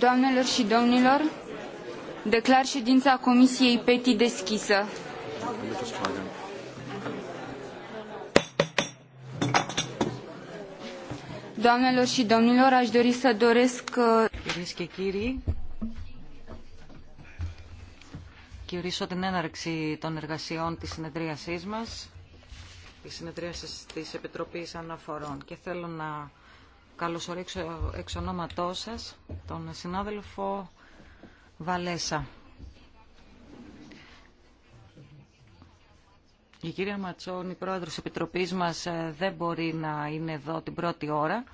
Doamnelor și domnilor, declar ședința Comisiei PETI deschisă. Doamnelor și domnilor, aș dori să doresc... Uh, Κυρίες και κύριοι, κηρύσω την έναρξη των εργασιών της συνεδρίασής μας, της συνεδρίασης της Επιτροπής Αναφορών και θέλω να Καλωσορίξω εξ ονόματός σας τον συνάδελφο Βαλέσα. Η κυρία Ματσόνη, πρόεδρος Επιτροπής μας, ε, δεν μπορεί να είναι εδώ την πρώτη ώρα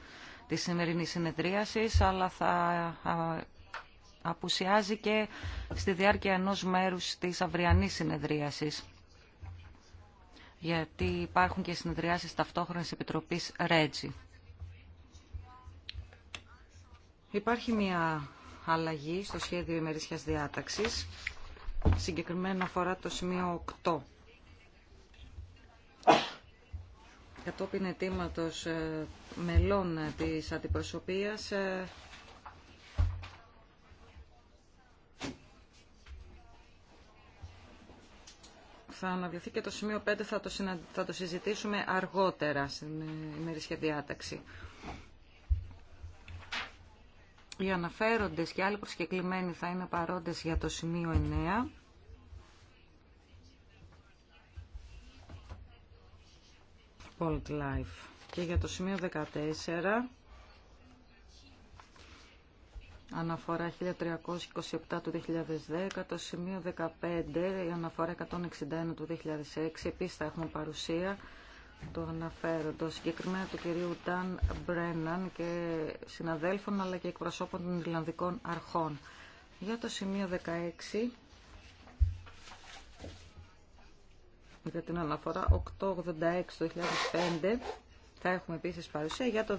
της σημερινής συνεδρίασης, αλλά θα απουσιάζει και στη διάρκεια ενός μέρους της αυριανής συνεδρίασης γιατί υπάρχουν και συνεδριάσεις ταυτόχρονας Επιτροπής Ρέτζι. Υπάρχει μια αλλαγή στο σχέδιο ημερησιά διάταξης, συγκεκριμένα αφορά το σημείο 8. Κατόπιν αιτήματος ε, μελών της αντιπροσωπείας ε, θα αναβληθεί και το σημείο 5 θα το, συζητήσουμε αργότερα στην ε, ημερήσια διάταξη. Οι αναφέροντες και άλλοι προσκεκλημένοι θα είναι παρόντες για το σημείο 9. Life. Και για το σημείο 14, αναφορά 1327 του 2010, το σημείο 15, η αναφορά 161 του 2006, επίσης θα έχουμε παρουσία το αναφέροντο, συγκεκριμένα του κυρίου Ταν Μπρέναν και συναδέλφων αλλά και εκπροσώπων των Ιρλανδικών Αρχών. Για το σημείο 16, για την αναφορά 886 το 2005, θα έχουμε επίσης παρουσία για το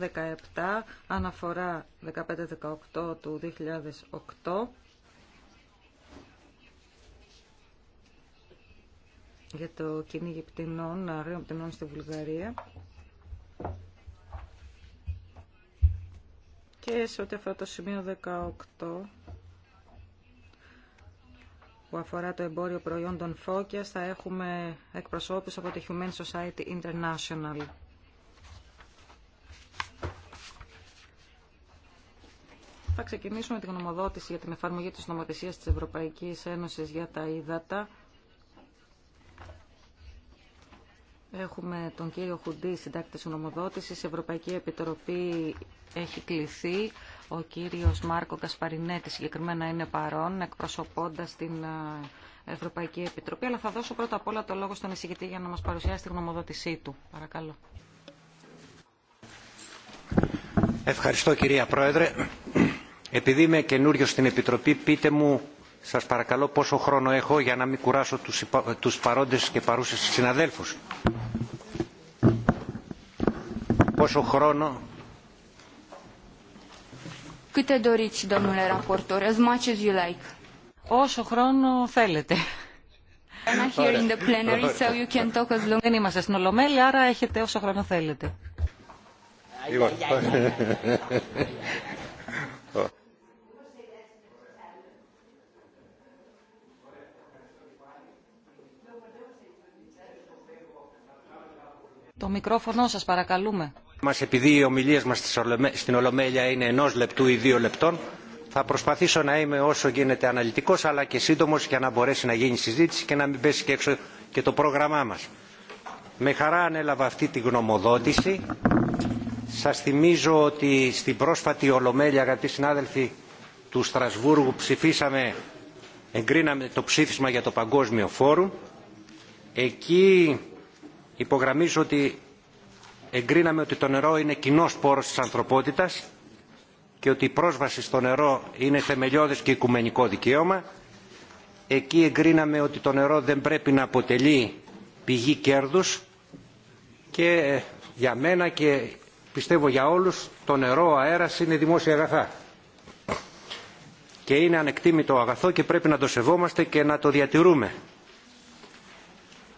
17, αναφορά 1518 του 2008, για το κυνήγι πτηνών, αγρίων πτηνών στη Βουλγαρία. Και σε ό,τι αφορά το σημείο 18 που αφορά το εμπόριο προϊόντων φώκιας θα έχουμε εκπροσώπους από το Human Society International. Θα ξεκινήσουμε την γνωμοδότηση για την εφαρμογή της νομοθεσίας της Ευρωπαϊκής Ένωσης για τα ύδατα. Έχουμε τον κύριο Χουντή, συντάκτη νομοδότησης. Η Ευρωπαϊκή Επιτροπή έχει κληθεί. Ο κύριος Μάρκο Κασπαρινέτη συγκεκριμένα είναι παρόν, εκπροσωπώντας την ε, Ευρωπαϊκή Επιτροπή. Αλλά θα δώσω πρώτα απ' όλα το λόγο στον εισηγητή για να μας παρουσιάσει τη γνωμοδότησή του. Παρακαλώ. Ευχαριστώ κυρία Πρόεδρε. Επειδή είμαι καινούριο στην Επιτροπή, πείτε μου σας παρακαλώ πόσο χρόνο έχω για να μην κουράσω τους, τους παρόντες και παρούσες συναδέλφους. Πόσο χρόνο... Câte doriți, domnule raportor, as much as you like. Όσο χρόνο θέλετε. Here in the plenary, so you can talk as long... Δεν είμαστε στην Ολομέλη, άρα έχετε όσο χρόνο θέλετε. Το μικρόφωνο σας παρακαλούμε. επειδή οι ομιλίες μας στην Ολομέλεια είναι ενός λεπτού ή δύο λεπτών, θα προσπαθήσω να είμαι όσο γίνεται αναλυτικός αλλά και σύντομος για να μπορέσει να γίνει συζήτηση και να μην πέσει και έξω και το πρόγραμμά μας. Με χαρά ανέλαβα αυτή τη γνωμοδότηση. Σας θυμίζω ότι στην πρόσφατη Ολομέλεια, αγαπητοί συνάδελφοι, του Στρασβούργου ψηφίσαμε, εγκρίναμε το ψήφισμα για το Παγκόσμιο Φόρουμ. Εκεί υπογραμμίζω ότι εγκρίναμε ότι το νερό είναι κοινό πόρο τη ανθρωπότητας και ότι η πρόσβαση στο νερό είναι θεμελιώδες και οικουμενικό δικαίωμα. Εκεί εγκρίναμε ότι το νερό δεν πρέπει να αποτελεί πηγή κέρδους και για μένα και πιστεύω για όλους το νερό, ο αέρας είναι δημόσια αγαθά και είναι ανεκτήμητο αγαθό και πρέπει να το σεβόμαστε και να το διατηρούμε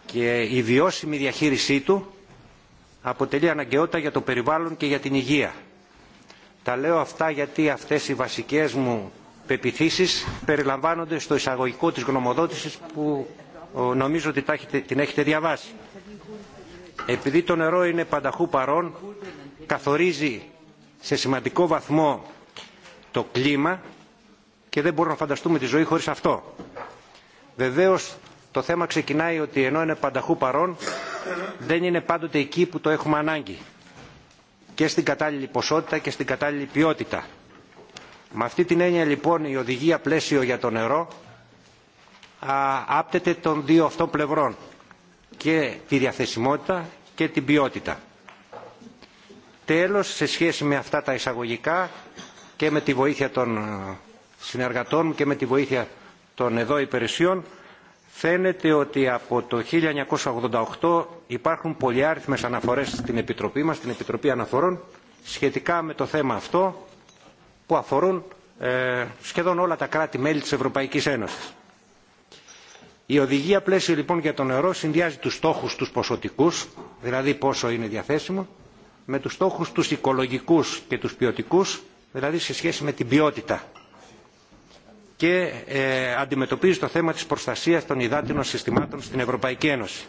και η βιώσιμη διαχείρισή του αποτελεί αναγκαιότητα για το περιβάλλον και για την υγεία. Τα λέω αυτά γιατί αυτές οι βασικές μου πεπιθήσεις περιλαμβάνονται στο εισαγωγικό της γνωμοδότησης που ε, νομίζω ότι την έχετε διαβάσει. Επειδή το νερό είναι πανταχού παρόν, καθορίζει σε σημαντικό βαθμό το κλίμα και δεν μπορούμε να φανταστούμε τη ζωή χωρίς αυτό. Βεβαίως το θέμα ξεκινάει ότι ενώ είναι πανταχού παρόν δεν είναι πάντοτε εκεί που το έχουμε ανάγκη και στην κατάλληλη ποσότητα και στην κατάλληλη ποιότητα. Με αυτή την έννοια λοιπόν η οδηγία πλαίσιο για το νερό α, άπτεται των δύο αυτών πλευρών και τη διαθεσιμότητα και την ποιότητα. Τέλος, σε σχέση με αυτά τα εισαγωγικά και με τη βοήθεια των ε, συνεργατών και με τη βοήθεια των εδώ υπηρεσιών Φαίνεται ότι από το 1988 υπάρχουν πολυάριθμες αναφορές στην Επιτροπή μας, στην Επιτροπή Αναφορών, σχετικά με το θέμα αυτό που αφορούν ε, σχεδόν όλα τα κράτη-μέλη της Ευρωπαϊκής Ένωσης. Η οδηγία πλαίσιο λοιπόν για το νερό συνδυάζει τους στόχους τους ποσοτικούς, δηλαδή πόσο είναι διαθέσιμο, με τους στόχους τους οικολογικούς και τους ποιοτικούς, δηλαδή σε σχέση με την ποιότητα και ε, αντιμετωπίζει το θέμα της προστασίας των υδάτινων συστημάτων στην Ευρωπαϊκή Ένωση.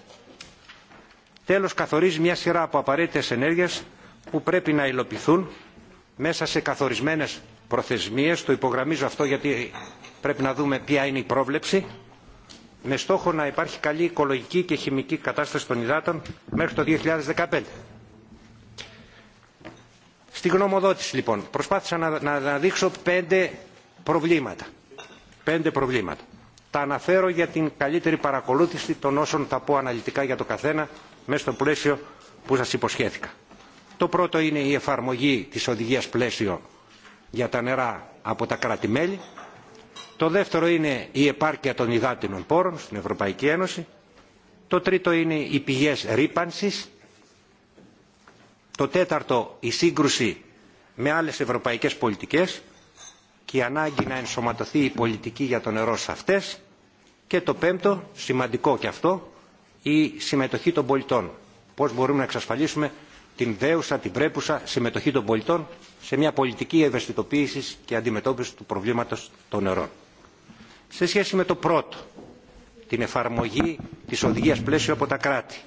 Τέλος, καθορίζει μια σειρά από απαραίτητες ενέργειες που πρέπει να υλοποιηθούν μέσα σε καθορισμένες προθεσμίες, το υπογραμμίζω αυτό γιατί πρέπει να δούμε ποια είναι η πρόβλεψη, με στόχο να υπάρχει καλή οικολογική και χημική κατάσταση των υδάτων μέχρι το 2015. Στη γνωμοδότηση λοιπόν προσπάθησα να, να, να δείξω πέντε προβλήματα πέντε προβλήματα. Τα αναφέρω για την καλύτερη παρακολούθηση των όσων θα πω αναλυτικά για το καθένα μέσα στο πλαίσιο που σας υποσχέθηκα. Το πρώτο είναι η εφαρμογή της οδηγίας πλαίσιο για τα νερά από τα κράτη-μέλη. Το δεύτερο είναι η επάρκεια των υδάτινων πόρων στην Ευρωπαϊκή Ένωση. Το τρίτο είναι οι πηγές ρήπανσης. Το τέταρτο η σύγκρουση με άλλες ευρωπαϊκές πολιτικές και η ανάγκη να ενσωματωθεί η πολιτική για το νερό σε αυτές και το πέμπτο, σημαντικό και αυτό, η συμμετοχή των πολιτών. Πώς μπορούμε να εξασφαλίσουμε την δέουσα, την πρέπουσα συμμετοχή των πολιτών σε μια πολιτική ευαισθητοποίησης και αντιμετώπιση του προβλήματος των νερών. Σε σχέση με το πρώτο, την εφαρμογή της οδηγίας πλαίσιο από τα κράτη,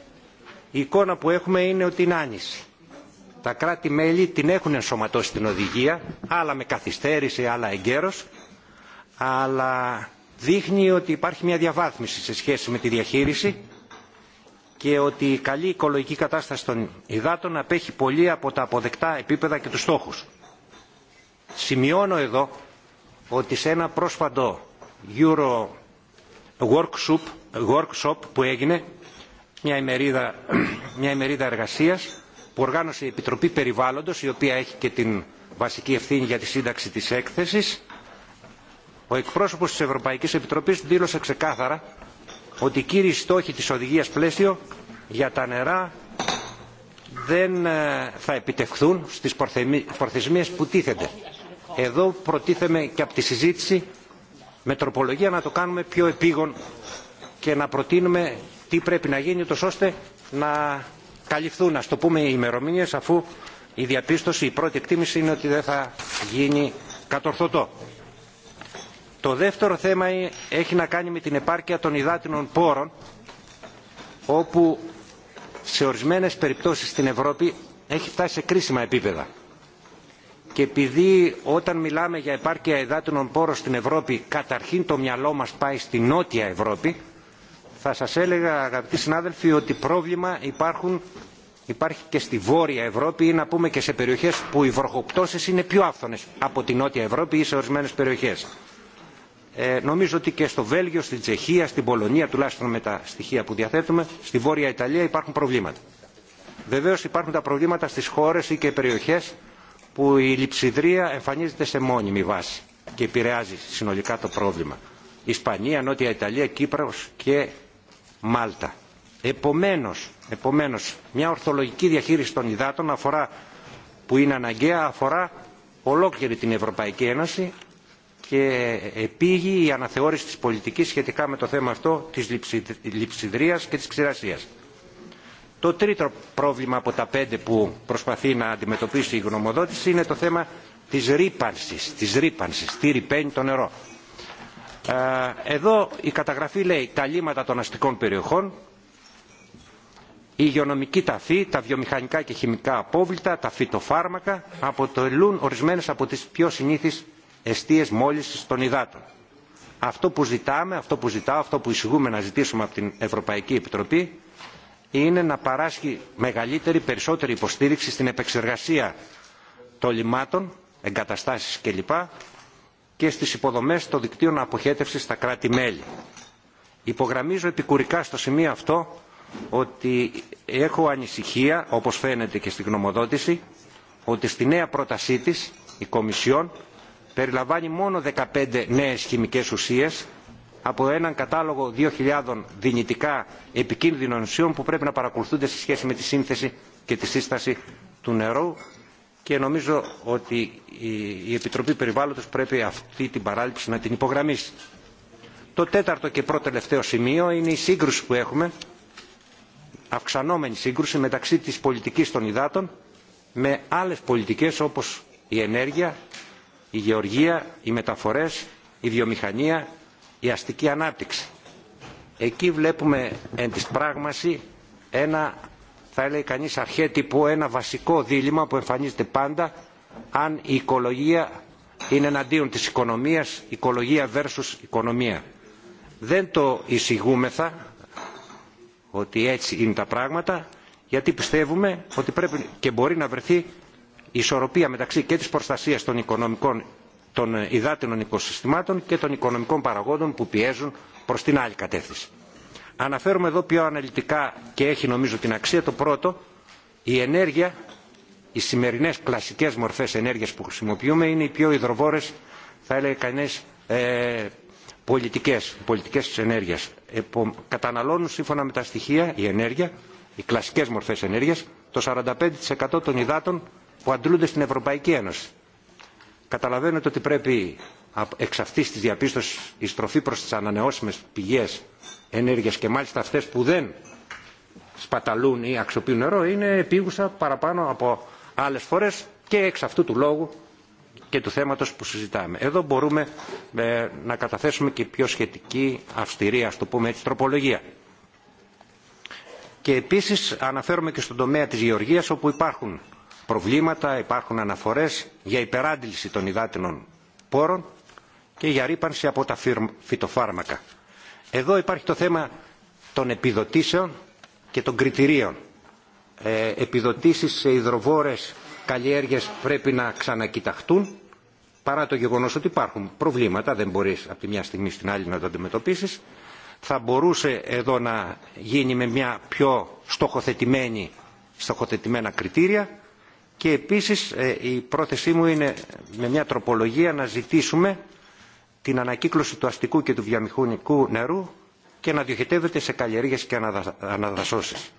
η εικόνα που έχουμε είναι ότι είναι άνηση τα κράτη μέλη την έχουν ενσωματώσει την οδηγία άλλα με καθυστέρηση άλλα εγκαίρως αλλά δείχνει ότι υπάρχει μια διαβάθμιση σε σχέση με τη διαχείριση και ότι η καλή οικολογική κατάσταση των υδάτων απέχει πολύ από τα αποδεκτά επίπεδα και τους στόχους. Σημειώνω εδώ ότι σε ένα πρόσφατο Euro workshop, που έγινε μια ημερίδα, μια ημερίδα εργασίας που οργάνωσε η Επιτροπή Περιβάλλοντος, η οποία έχει και την βασική ευθύνη για τη σύνταξη της έκθεσης, ο εκπρόσωπος της Ευρωπαϊκής Επιτροπής δήλωσε ξεκάθαρα ότι οι κύριοι στόχοι της οδηγίας πλαίσιο για τα νερά δεν ε, θα επιτευχθούν στις προθεσμίες που τίθενται. Εδώ προτίθεμε και από τη συζήτηση με τροπολογία να το κάνουμε πιο επίγον και να προτείνουμε τι πρέπει να γίνει ώστε να καλυφθούν ας το πούμε οι ημερομηνίε αφού η διαπίστωση, η πρώτη εκτίμηση είναι ότι δεν θα γίνει κατορθωτό. Το δεύτερο θέμα ε, έχει να κάνει με την επάρκεια των υδάτινων πόρων όπου σε ορισμένες περιπτώσεις στην Ευρώπη έχει φτάσει σε κρίσιμα επίπεδα. Και επειδή όταν μιλάμε για επάρκεια υδάτινων πόρων στην Ευρώπη καταρχήν το μυαλό μας πάει στη Νότια Ευρώπη θα σας έλεγα αγαπητοί συνάδελφοι ότι πρόβλημα υπάρχουν, υπάρχει και στη Βόρεια Ευρώπη ή να πούμε και σε περιοχές που οι βροχοπτώσεις είναι πιο άφθονες από τη Νότια Ευρώπη ή σε ορισμένες περιοχές. Ε, νομίζω ότι και στο Βέλγιο, στην Τσεχία, στην Πολωνία, τουλάχιστον με τα στοιχεία που διαθέτουμε, στη Βόρεια Ιταλία υπάρχουν προβλήματα. Βεβαίω υπάρχουν τα προβλήματα στι χώρε ή και περιοχέ που η λειψιδρία εμφανίζεται σε μόνιμη βάση και επηρεάζει συνολικά το πρόβλημα. Ισπανία, Νότια Ιταλία, Κύπρος και Μάλτα. Επομένως, επομένως, μια ορθολογική διαχείριση των υδάτων αφορά, που είναι αναγκαία αφορά ολόκληρη την Ευρωπαϊκή Ένωση και επίγει η αναθεώρηση της πολιτικής σχετικά με το θέμα αυτό της λειψιδρίας και της ξηρασίας. Το τρίτο πρόβλημα από τα πέντε που προσπαθεί να αντιμετωπίσει η γνωμοδότηση είναι το θέμα της ρήπανσης, της ρήπανσης, τι ρηπαίνει το νερό. Ε, εδώ η καταγραφή λέει τα λίματα των αστικών περιοχών, η υγειονομική ταφή, τα βιομηχανικά και χημικά απόβλητα, τα φυτοφάρμακα αποτελούν ορισμένες από τις πιο συνήθεις αιστείες μόλυσης των υδάτων. Αυτό που ζητάμε, αυτό που ζητάω, αυτό που εισηγούμε να ζητήσουμε από την Ευρωπαϊκή Επιτροπή είναι να παράσχει μεγαλύτερη, περισσότερη υποστήριξη στην επεξεργασία των λιμάτων, εγκαταστάσεις κλπ και στις υποδομές των δικτύων αποχέτευσης στα κράτη-μέλη. Υπογραμμίζω επικουρικά στο σημείο αυτό ότι έχω ανησυχία, όπως φαίνεται και στην γνωμοδότηση, ότι στη νέα πρότασή της, η Κομισιόν, περιλαμβάνει μόνο 15 νέες χημικές ουσίες από έναν κατάλογο 2.000 δυνητικά επικίνδυνων ουσιών που πρέπει να παρακολουθούνται σε σχέση με τη σύνθεση και τη σύσταση του νερού και νομίζω ότι η Επιτροπή Περιβάλλοντος πρέπει αυτή την παράληψη να την υπογραμμίσει. Το τέταρτο και πρώτο τελευταίο σημείο είναι η σύγκρουση που έχουμε, αυξανόμενη σύγκρουση μεταξύ της πολιτικής των υδάτων με άλλες πολιτικές όπως η ενέργεια, η γεωργία, οι μεταφορές, η βιομηχανία, η αστική ανάπτυξη. Εκεί βλέπουμε εν της πράγμαση ένα θα έλεγε κανείς αρχέτυπο ένα βασικό δίλημα που εμφανίζεται πάντα αν η οικολογία είναι εναντίον της οικονομίας, οικολογία versus οικονομία. Δεν το εισηγούμεθα ότι έτσι είναι τα πράγματα γιατί πιστεύουμε ότι πρέπει και μπορεί να βρεθεί ισορροπία μεταξύ και της προστασίας των οικονομικών των υδάτινων οικοσυστημάτων και των οικονομικών παραγόντων που πιέζουν προς την άλλη κατεύθυνση. Αναφέρουμε εδώ πιο αναλυτικά και έχει νομίζω την αξία το πρώτο, η ενέργεια, οι σημερινές κλασικές μορφές ενέργειας που χρησιμοποιούμε είναι οι πιο υδροβόρες, θα έλεγε κανείς, ε, πολιτικές, πολιτικές της ενέργειας. Ε, που καταναλώνουν σύμφωνα με τα στοιχεία η ενέργεια, οι κλασικές μορφές ενέργειας, το 45% των υδάτων που αντλούνται στην Ευρωπαϊκή Ένωση. Καταλαβαίνετε ότι πρέπει εξ αυτής της διαπίστωσης η στροφή προς τις ανανεώσιμες πηγές ενέργειες και μάλιστα αυτές που δεν σπαταλούν ή αξιοποιούν νερό είναι επίγουσα παραπάνω από άλλες φορές και εξ αυτού του λόγου και του θέματος που συζητάμε. Εδώ μπορούμε ε, να καταθέσουμε και πιο σχετική αυστηρία, ας το πούμε έτσι, τροπολογία. Και επίσης αναφέρομαι και στον τομέα της γεωργίας όπου υπάρχουν προβλήματα, υπάρχουν αναφορές για υπεράντληση των υδάτινων πόρων και για ρήπανση από τα φυτοφάρμακα. Εδώ υπάρχει το θέμα των επιδοτήσεων και των κριτηρίων. Ε, επιδοτήσεις σε υδροβόρες καλλιέργειες πρέπει να ξανακοιταχτούν παρά το γεγονός ότι υπάρχουν προβλήματα, δεν μπορείς από τη μια στιγμή στην άλλη να τα αντιμετωπίσεις. Θα μπορούσε εδώ να γίνει με μια πιο στοχοθετημένη, στοχοθετημένα κριτήρια και επίσης ε, η πρόθεσή μου είναι με μια τροπολογία να ζητήσουμε την ανακύκλωση του αστικού και του βιομηχανικού νερού και να διοχετεύεται σε καλλιέργειες και αναδασώσεις.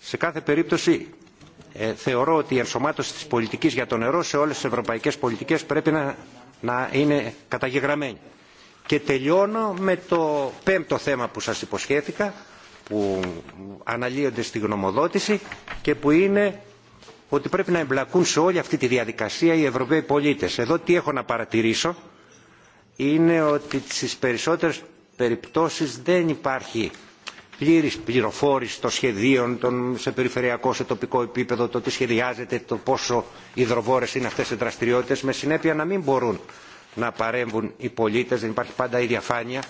Σε κάθε περίπτωση ε, θεωρώ ότι η ενσωμάτωση της πολιτικής για το νερό σε όλες τις ευρωπαϊκές πολιτικές πρέπει να, να είναι καταγεγραμμένη. Και τελειώνω με το πέμπτο θέμα που σας υποσχέθηκα, που αναλύονται στη γνωμοδότηση και που είναι ότι πρέπει να εμπλακούν σε όλη αυτή τη διαδικασία οι Ευρωπαίοι πολίτες. Εδώ τι έχω να παρατηρήσω είναι ότι στις περισσότερες περιπτώσεις δεν υπάρχει πλήρης πληροφόρηση των σχεδίων των, σε περιφερειακό, σε τοπικό επίπεδο, το τι σχεδιάζεται, το πόσο υδροβόρες είναι αυτές οι δραστηριότητες, με συνέπεια να μην μπορούν να παρέμβουν οι πολίτες, δεν υπάρχει πάντα η διαφάνεια.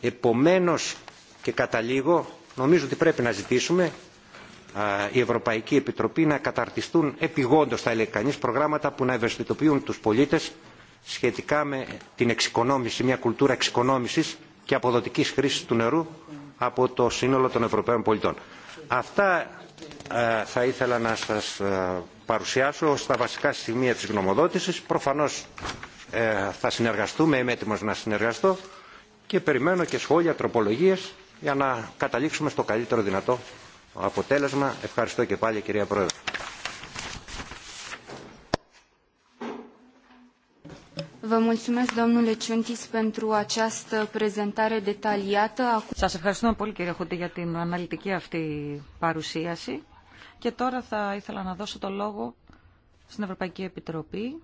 Επομένως και καταλήγω, νομίζω ότι πρέπει να ζητήσουμε η Ευρωπαϊκή Επιτροπή να καταρτιστούν επιγόντως, θα έλεγε κανείς, προγράμματα που να ευαισθητοποιούν τους πολίτες σχετικά με την εξοικονόμηση, μια κουλτούρα εξοικονόμηση και αποδοτική χρήση του νερού από το σύνολο των Ευρωπαίων πολιτών. Αυτά ε, θα ήθελα να σας ε, παρουσιάσω στα βασικά σημεία της γνωμοδότησης. Προφανώς ε, θα συνεργαστούμε, είμαι έτοιμο να συνεργαστώ και περιμένω και σχόλια, τροπολογίες για να καταλήξουμε στο καλύτερο δυνατό αποτέλεσμα. Ευχαριστώ και πάλι κυρία Πρόεδρε. Σας ευχαριστούμε πολύ, κύριε Χούντι, για την αναλυτική αυτή παρουσίαση. Και τώρα θα ήθελα να δώσω το λόγο στην Ευρωπαϊκή Επιτροπή.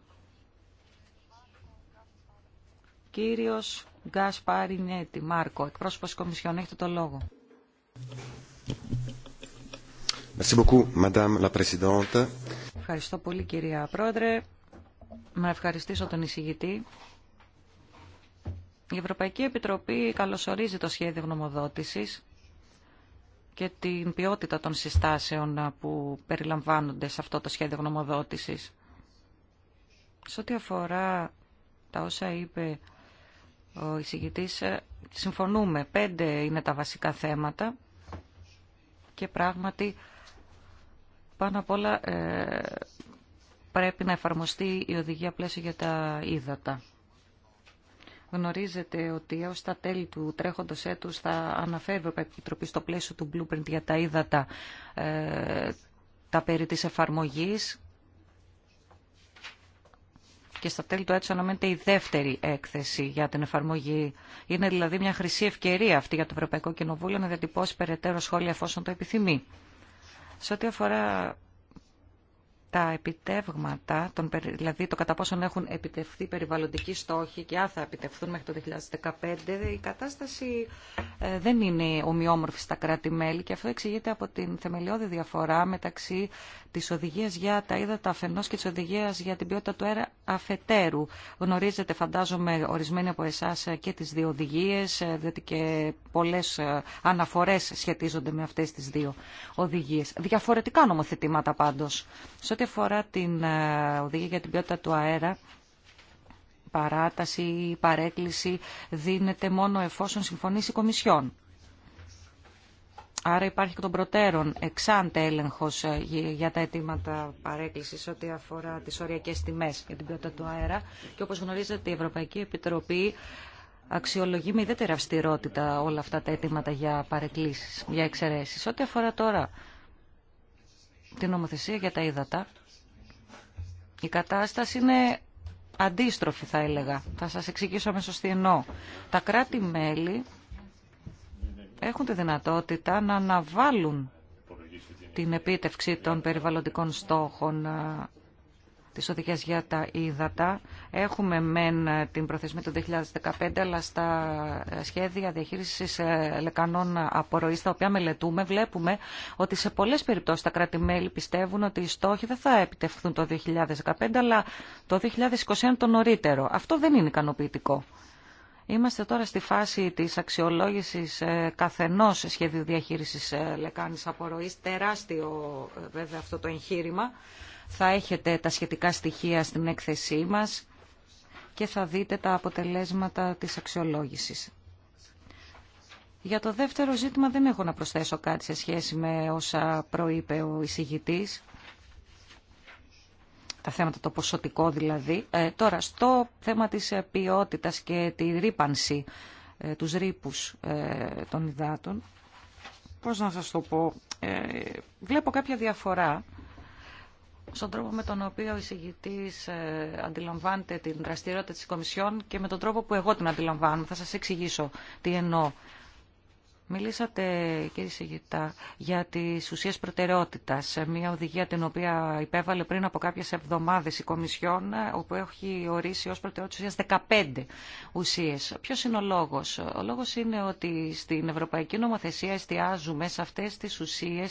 Κύριος Γκάσπαρη Νέτη, Μάρκο, εκπρόσωπος της Κομισιόν, έχετε το λόγο. Ευχαριστώ πολύ, κυρία Πρόεδρε να ευχαριστήσω τον εισηγητή. Η Ευρωπαϊκή Επιτροπή καλωσορίζει το σχέδιο γνωμοδότησης και την ποιότητα των συστάσεων που περιλαμβάνονται σε αυτό το σχέδιο γνωμοδότησης. Σε ό,τι αφορά τα όσα είπε ο εισηγητής, ε, συμφωνούμε. Πέντε είναι τα βασικά θέματα και πράγματι πάνω απ' όλα ε, πρέπει να εφαρμοστεί η οδηγία πλαίσια για τα ύδατα. Γνωρίζετε ότι έω τα τέλη του τρέχοντο έτου θα αναφέρει η Ευρωπαϊκή Επιτροπή στο πλαίσιο του Blueprint για τα ύδατα ε, τα περί τη εφαρμογή και στα τέλη του έτου αναμένεται η δεύτερη έκθεση για την εφαρμογή. Είναι δηλαδή μια χρυσή ευκαιρία αυτή για το Ευρωπαϊκό Κοινοβούλιο να διατυπώσει περαιτέρω σχόλια εφόσον το επιθυμεί. Σε ό,τι αφορά τα επιτεύγματα, δηλαδή το κατά πόσον έχουν επιτευχθεί περιβαλλοντικοί στόχοι και αν θα επιτευχθούν μέχρι το 2015, η κατάσταση ε, δεν είναι ομοιόμορφη στα κράτη-μέλη και αυτό εξηγείται από την θεμελιώδη διαφορά μεταξύ τη οδηγία για τα ύδατα αφενός και τη οδηγία για την ποιότητα του αέρα αφετέρου. Γνωρίζετε, φαντάζομαι, ορισμένοι από εσά ε, και τι δύο οδηγίε, ε, διότι και πολλέ αναφορέ σχετίζονται με αυτέ τι δύο οδηγίε. Διαφορετικά νομοθετήματα πάντω αφορά την ε, οδηγία για την ποιότητα του αέρα, παράταση ή παρέκκληση δίνεται μόνο εφόσον συμφωνήσει η Κομισιόν. Άρα υπάρχει και των προτέρων εξάντε έλεγχο ε, για τα αιτήματα παρέκκλησης ό,τι αφορά τις οριακέ τιμές για την ποιότητα του αέρα. Και όπως γνωρίζετε η Ευρωπαϊκή Επιτροπή αξιολογεί με ιδιαίτερη αυστηρότητα όλα αυτά τα αιτήματα για παρεκκλήσεις, για εξαιρέσεις. Ό,τι αφορά τώρα την νομοθεσία για τα ύδατα, η κατάσταση είναι αντίστροφη θα έλεγα. Θα σας εξηγήσω με σωστή εννοώ. Τα κράτη-μέλη έχουν τη δυνατότητα να αναβάλουν την επίτευξη των περιβαλλοντικών στόχων τις οδηγίες για τα ύδατα. Έχουμε μεν ε, την προθεσμία του 2015, αλλά στα ε, σχέδια διαχείρισης ε, λεκανών απορροής, τα οποία μελετούμε, βλέπουμε ότι σε πολλές περιπτώσεις τα κρατη πιστεύουν ότι οι στόχοι δεν θα επιτευχθούν το 2015, αλλά το 2021 το νωρίτερο. Αυτό δεν είναι ικανοποιητικό. Είμαστε τώρα στη φάση της αξιολόγησης καθενός σχεδίου διαχείρισης λεκάνης απορροής. Τεράστιο βέβαια αυτό το εγχείρημα. Θα έχετε τα σχετικά στοιχεία στην έκθεσή μας και θα δείτε τα αποτελέσματα της αξιολόγησης. Για το δεύτερο ζήτημα δεν έχω να προσθέσω κάτι σε σχέση με όσα προείπε ο εισηγητής. Τα θέματα το ποσοτικό δηλαδή. Ε, τώρα, στο θέμα της ε, ποιότητας και τη ρήπανση, ε, τους ρήπους ε, των υδάτων, πώς να σας το πω, βλέπω κάποια διαφορά στον τρόπο με τον οποίο ο εισηγητής ε, αντιλαμβάνεται την δραστηριότητα τη Κομισιόν και με τον τρόπο που εγώ την αντιλαμβάνω. Θα σα εξηγήσω τι εννοώ. Μιλήσατε, κύριε Σιγητά, για τι ουσίε προτεραιότητα. Μια οδηγία την οποία υπέβαλε πριν από κάποιε εβδομάδε η Κομισιόν, όπου έχει ορίσει ω προτεραιότητα 15 ουσίε. Ποιο είναι ο λόγο, Ο λόγο είναι ότι στην Ευρωπαϊκή Νομοθεσία εστιάζουμε σε αυτέ τι ουσίε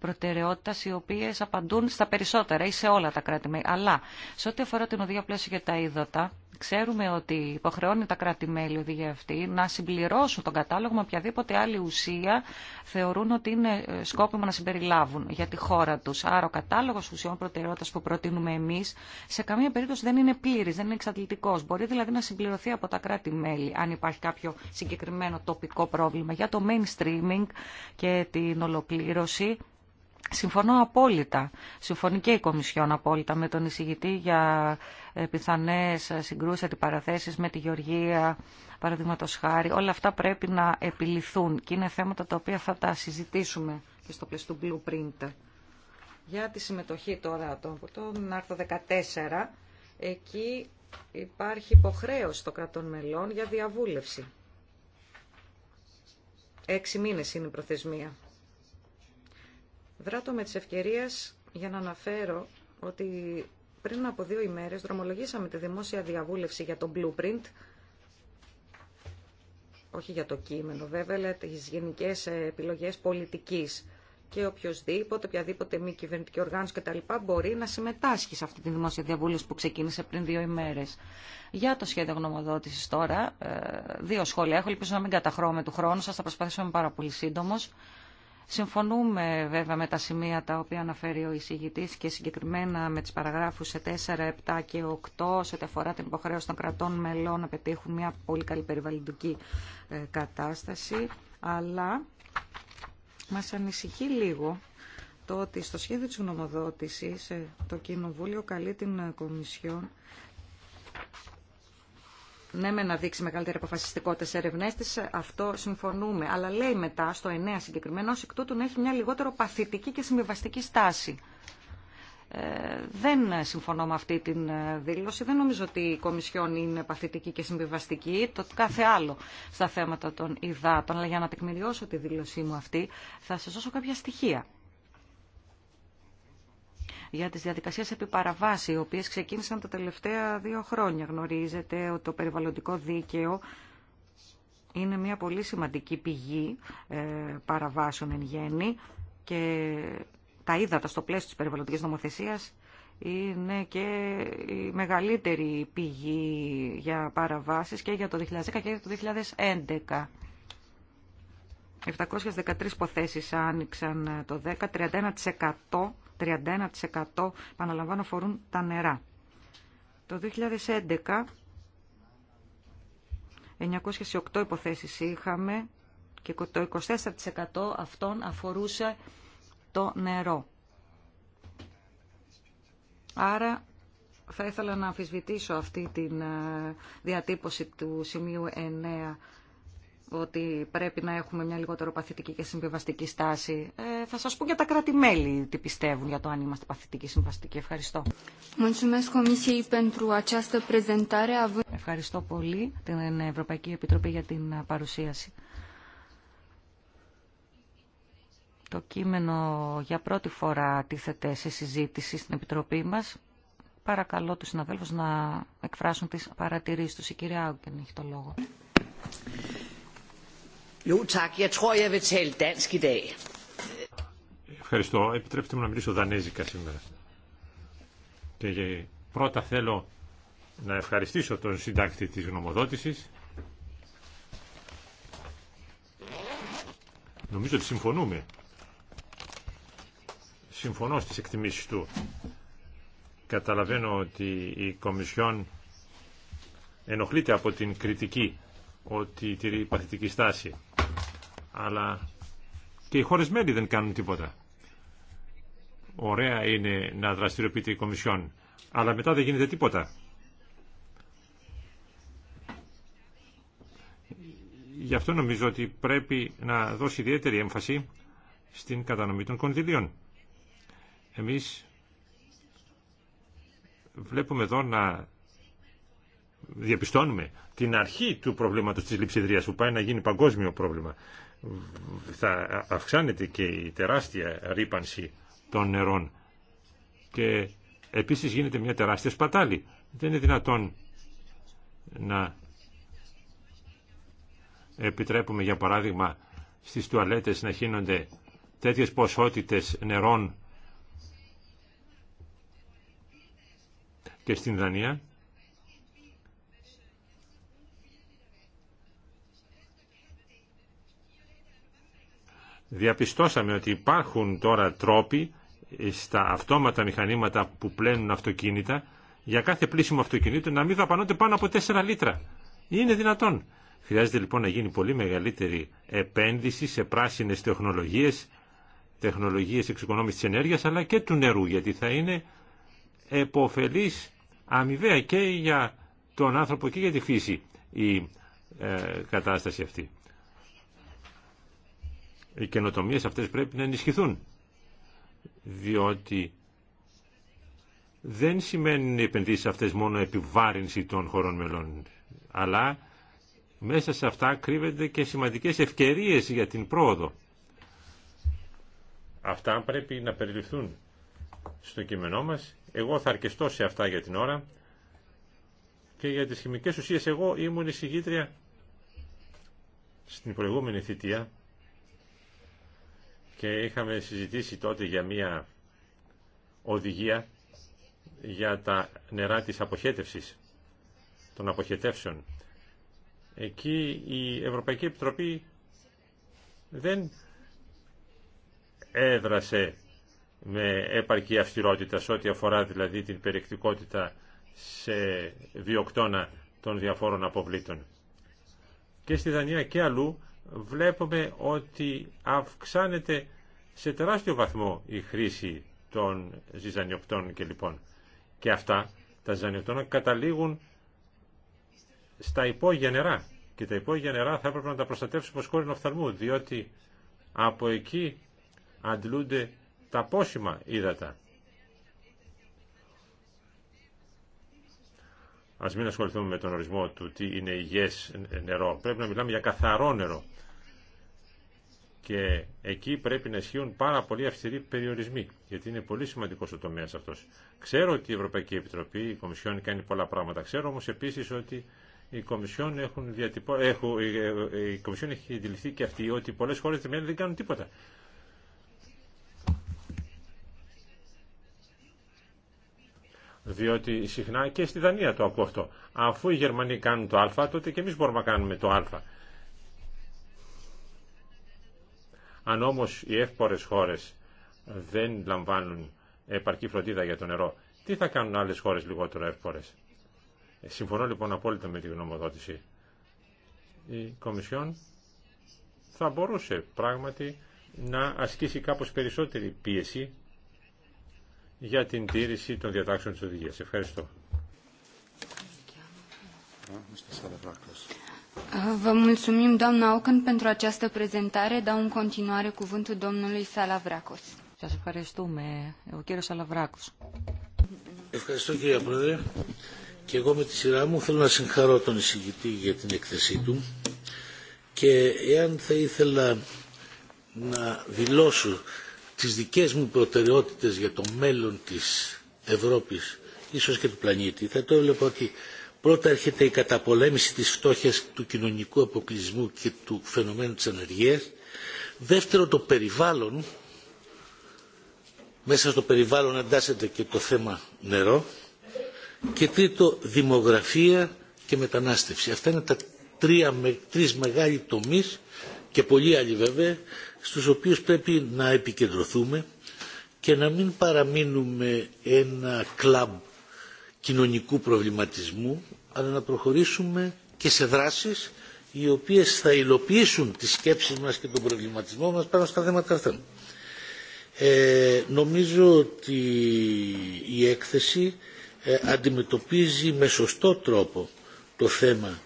προτεραιότητα, οι οποίε απαντούν στα περισσότερα ή σε όλα τα κράτη. Αλλά σε ό,τι αφορά την οδηγία πλαίσιο για τα είδωτα, Ξέρουμε ότι υποχρεώνει τα κράτη-μέλη να συμπληρώσουν τον κατάλογο με οποιαδήποτε άλλη ουσία θεωρούν ότι είναι ε, σκόπιμο να συμπεριλάβουν για τη χώρα του. Άρα ο κατάλογο ουσιών προτεραιότητα που προτείνουμε εμεί σε καμία περίπτωση δεν είναι πλήρη, δεν είναι εξαντλητικό. Μπορεί δηλαδή να συμπληρωθεί από τα κράτη-μέλη αν υπάρχει κάποιο συγκεκριμένο τοπικό πρόβλημα. Για το mainstreaming και την ολοκλήρωση Συμφωνώ απόλυτα, συμφωνεί και η Κομισιόν απόλυτα με τον εισηγητή για πιθανές συγκρούσεις, αντιπαραθέσεις με τη Γεωργία, παραδείγματο χάρη. Όλα αυτά πρέπει να επιληθούν και είναι θέματα τα οποία θα τα συζητήσουμε και στο πλαίσιο του blueprint. Για τη συμμετοχή τώρα των τον άρθρο 14, εκεί υπάρχει υποχρέωση των κρατών μελών για διαβούλευση. Έξι μήνες είναι η προθεσμία. Δράτω με τις ευκαιρίες για να αναφέρω ότι πριν από δύο ημέρες δρομολογήσαμε τη δημόσια διαβούλευση για το blueprint, όχι για το κείμενο βέβαια, αλλά τις γενικές επιλογές πολιτικής και οποιοδήποτε, οποιαδήποτε μη κυβερνητική οργάνωση κτλ. μπορεί να συμμετάσχει σε αυτή τη δημόσια διαβούλευση που ξεκίνησε πριν δύο ημέρε. Για το σχέδιο γνωμοδότηση τώρα, ε, δύο σχόλια έχω. Ελπίζω να μην καταχρώμε του χρόνου σα, θα προσπαθήσω πάρα πολύ σύντομο. Συμφωνούμε βέβαια με τα σημεία τα οποία αναφέρει ο εισηγητή και συγκεκριμένα με τις παραγράφους 4, 7 και 8 σε ό,τι αφορά την υποχρέωση των κρατών μελών να πετύχουν μια πολύ καλή περιβαλλοντική ε, κατάσταση. Αλλά μας ανησυχεί λίγο το ότι στο σχέδιο της γνωμοδότησης ε, το Κοινοβούλιο καλεί την ε, Κομισιόν ναι με να δείξει μεγαλύτερη αποφασιστικότητα σε ερευνές της, αυτό συμφωνούμε. Αλλά λέει μετά στο 9 συγκεκριμένο, ως εκ τούτου να έχει μια λιγότερο παθητική και συμβιβαστική στάση. Ε, δεν συμφωνώ με αυτή την ε, δήλωση. Δεν νομίζω ότι η Κομισιόν είναι παθητική και συμβιβαστική. Το κάθε άλλο στα θέματα των υδάτων. Αλλά για να τεκμηριώσω τη δήλωσή μου αυτή, θα σας δώσω κάποια στοιχεία για τις διαδικασίες επί οι οποίες ξεκίνησαν τα τελευταία δύο χρόνια. Γνωρίζετε ότι το περιβαλλοντικό δίκαιο είναι μια πολύ σημαντική πηγή ε, παραβάσεων εν γέννη και τα ύδατα στο πλαίσιο της περιβαλλοντικής νομοθεσίας είναι και η μεγαλύτερη πηγή για παραβάσεις και για το 2010 και για το 2011. 713 υποθέσεις άνοιξαν το 10, 31% 31% επαναλαμβάνω φορούν τα νερά. Το 2011 908 υποθέσεις είχαμε και το 24% αυτών αφορούσε το νερό. Άρα θα ήθελα να αμφισβητήσω αυτή τη ε, διατύπωση του σημείου 9 ότι πρέπει να έχουμε μια λιγότερο παθητική και συμβιβαστική στάση. Ε, θα σας πω για τα κράτη-μέλη τι πιστεύουν για το αν είμαστε παθητικοί ή συμβαστικοί. Ευχαριστώ. Ευχαριστώ πολύ την Ευρωπαϊκή Επιτροπή για την παρουσίαση. Το κείμενο για πρώτη φορά τίθεται σε συζήτηση στην Επιτροπή μας. Παρακαλώ τους συναδέλφους να εκφράσουν τις παρατηρήσεις τους. Η κυρία Άουγκεν έχει το λόγο. Ευχαριστώ. Επιτρέψτε μου να μιλήσω δανέζικα σήμερα. Και πρώτα θέλω να ευχαριστήσω τον συντάκτη της γνωμοδότησης. Νομίζω ότι συμφωνούμε. Συμφωνώ στις εκτιμήσεις του. Καταλαβαίνω ότι η Κομισιόν ενοχλείται από την κριτική ότι τηρεί παθητική στάση. Αλλά και οι χώρες μέλη δεν κάνουν τίποτα. Ωραία είναι να δραστηριοποιείται η Κομισιόν, αλλά μετά δεν γίνεται τίποτα. Γι' αυτό νομίζω ότι πρέπει να δώσει ιδιαίτερη έμφαση στην κατανομή των κονδυλίων. Εμείς βλέπουμε εδώ να διαπιστώνουμε την αρχή του προβλήματος της λειψιδρίας που πάει να γίνει παγκόσμιο πρόβλημα. Θα αυξάνεται και η τεράστια ρήπανση των νερών και επίσης γίνεται μια τεράστια σπατάλη. Δεν είναι δυνατόν να επιτρέπουμε για παράδειγμα στις τουαλέτες να χύνονται τέτοιες ποσότητες νερών και στην Δανία διαπιστώσαμε ότι υπάρχουν τώρα τρόποι στα αυτόματα μηχανήματα που πλένουν αυτοκίνητα για κάθε πλήσιμο αυτοκινήτου να μην δαπανώνται πάνω από 4 λίτρα. Είναι δυνατόν. Χρειάζεται λοιπόν να γίνει πολύ μεγαλύτερη επένδυση σε πράσινες τεχνολογίες, τεχνολογίες εξοικονόμησης της ενέργειας αλλά και του νερού γιατί θα είναι εποφελής αμοιβαία και για τον άνθρωπο και για τη φύση η ε, κατάσταση αυτή οι καινοτομίες αυτές πρέπει να ενισχυθούν διότι δεν σημαίνει οι επενδύσεις αυτές μόνο επιβάρυνση των χωρών μελών αλλά μέσα σε αυτά κρύβεται και σημαντικές ευκαιρίες για την πρόοδο. Αυτά πρέπει να περιληφθούν στο κείμενό μας. Εγώ θα αρκεστώ σε αυτά για την ώρα και για τις χημικές ουσίες εγώ ήμουν εισηγήτρια στην προηγούμενη θητεία και είχαμε συζητήσει τότε για μια οδηγία για τα νερά της αποχέτευσης, των αποχετεύσεων. Εκεί η Ευρωπαϊκή Επιτροπή δεν έδρασε με έπαρκη αυστηρότητα σε ό,τι αφορά δηλαδή την περιεκτικότητα σε διοκτώνα των διαφόρων αποβλήτων. Και στη Δανία και αλλού βλέπουμε ότι αυξάνεται σε τεράστιο βαθμό η χρήση των ζυζανιοπτών και λοιπόν. Και αυτά τα ζυζανιοκτώνα καταλήγουν στα υπόγεια νερά. Και τα υπόγεια νερά θα έπρεπε να τα προστατεύσουμε ως κόρυνο φθαλμού, διότι από εκεί αντλούνται τα πόσιμα ύδατα. Ας μην ασχοληθούμε με τον ορισμό του τι είναι υγιές νερό. Πρέπει να μιλάμε για καθαρό νερό. Και εκεί πρέπει να ισχύουν πάρα πολύ αυστηροί περιορισμοί, γιατί είναι πολύ σημαντικό ο τομέα αυτό. Ξέρω ότι η Ευρωπαϊκή Επιτροπή, η Κομισιόν κάνει πολλά πράγματα. Ξέρω όμω επίση ότι ε, ε, η Κομισιόν, έχει αντιληφθεί και αυτή ότι πολλέ χώρε δεν κάνουν τίποτα. Διότι συχνά και στη Δανία το ακούω αυτό. Αφού οι Γερμανοί κάνουν το Α, τότε και εμείς μπορούμε να κάνουμε το Α. Αν όμως οι εύπορες χώρες δεν λαμβάνουν επαρκή φροντίδα για το νερό, τι θα κάνουν άλλες χώρες λιγότερο εύπορες. Ε, συμφωνώ λοιπόν απόλυτα με τη γνωμοδότηση. Η Κομισιόν θα μπορούσε πράγματι να ασκήσει κάπως περισσότερη πίεση για την τήρηση των διατάξεων της οδηγίας. Ευχαριστώ. Vă mulțumim, doamna Ocan, pentru această prezentare. Dau în continuare cuvântul domnului Salavracos. ευχαριστούμε. Ο κύριος Ευχαριστώ κύριε Πρόεδρε. Και εγώ με τη σειρά μου θέλω να συγχαρώ τον εισηγητή για την έκθεσή του και εάν θα ήθελα να δηλώσω τις δικές μου προτεραιότητες για το μέλλον της Ευρώπης, ίσως και του πλανήτη, θα το έβλεπα ότι πρώτα έρχεται η καταπολέμηση της φτώχειας του κοινωνικού αποκλεισμού και του φαινομένου της ανεργίας, δεύτερο το περιβάλλον, μέσα στο περιβάλλον αντάσσεται και το θέμα νερό, και τρίτο δημογραφία και μετανάστευση. Αυτά είναι τα τρία, τρεις μεγάλοι τομείς και πολλοί άλλοι βέβαια στους οποίους πρέπει να επικεντρωθούμε και να μην παραμείνουμε ένα κλαμπ κοινωνικού προβληματισμού αλλά να προχωρήσουμε και σε δράσεις οι οποίες θα υλοποιήσουν τις σκέψεις μας και τον προβληματισμό μας πάνω στα θέματα αυτά. Ε, νομίζω ότι η έκθεση ε, αντιμετωπίζει με σωστό τρόπο το θέμα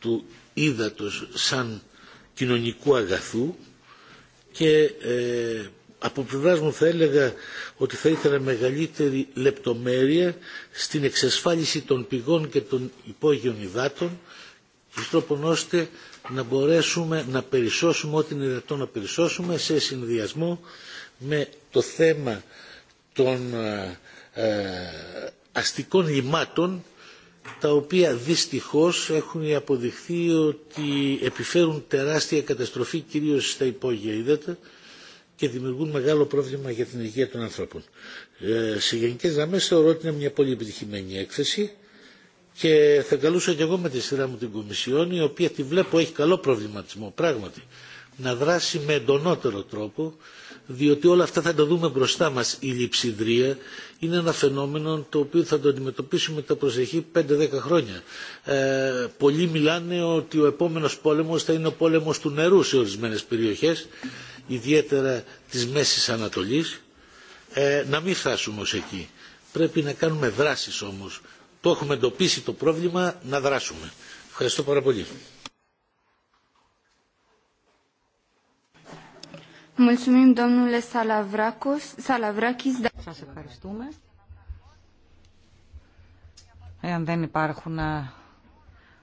του ύδατος σαν κοινωνικού αγαθού και ε, από πλευρά μου θα έλεγα ότι θα ήθελα μεγαλύτερη λεπτομέρεια στην εξασφάλιση των πηγών και των υπόγειων υδάτων τρόπον ώστε να μπορέσουμε να περισσώσουμε ό,τι είναι δυνατόν να περισσώσουμε σε συνδυασμό με το θέμα των ε, ε, αστικών λιμάτων τα οποία δυστυχώς έχουν αποδειχθεί ότι επιφέρουν τεράστια καταστροφή κυρίως στα υπόγεια ύδατα και δημιουργούν μεγάλο πρόβλημα για την υγεία των ανθρώπων. Ε, σε γενικέ γραμμέ θεωρώ ότι είναι μια πολύ επιτυχημένη έκθεση και θα καλούσα και εγώ με τη σειρά μου την Κομισιόν, η οποία τη βλέπω έχει καλό προβληματισμό πράγματι, να δράσει με εντονότερο τρόπο διότι όλα αυτά θα τα δούμε μπροστά μας. Η λειψιδρία είναι ένα φαινόμενο το οποίο θα το αντιμετωπίσουμε τα προσεχή 5-10 χρόνια. Ε, πολλοί μιλάνε ότι ο επόμενος πόλεμος θα είναι ο πόλεμος του νερού σε ορισμένες περιοχές, ιδιαίτερα της Μέσης Ανατολής. Ε, να μην φτάσουμε ως εκεί. Πρέπει να κάνουμε δράσεις όμως. Το έχουμε εντοπίσει το πρόβλημα, να δράσουμε. Ευχαριστώ πάρα πολύ. Mulțumim, Σας ευχαριστούμε. Εάν δεν υπάρχουν ε,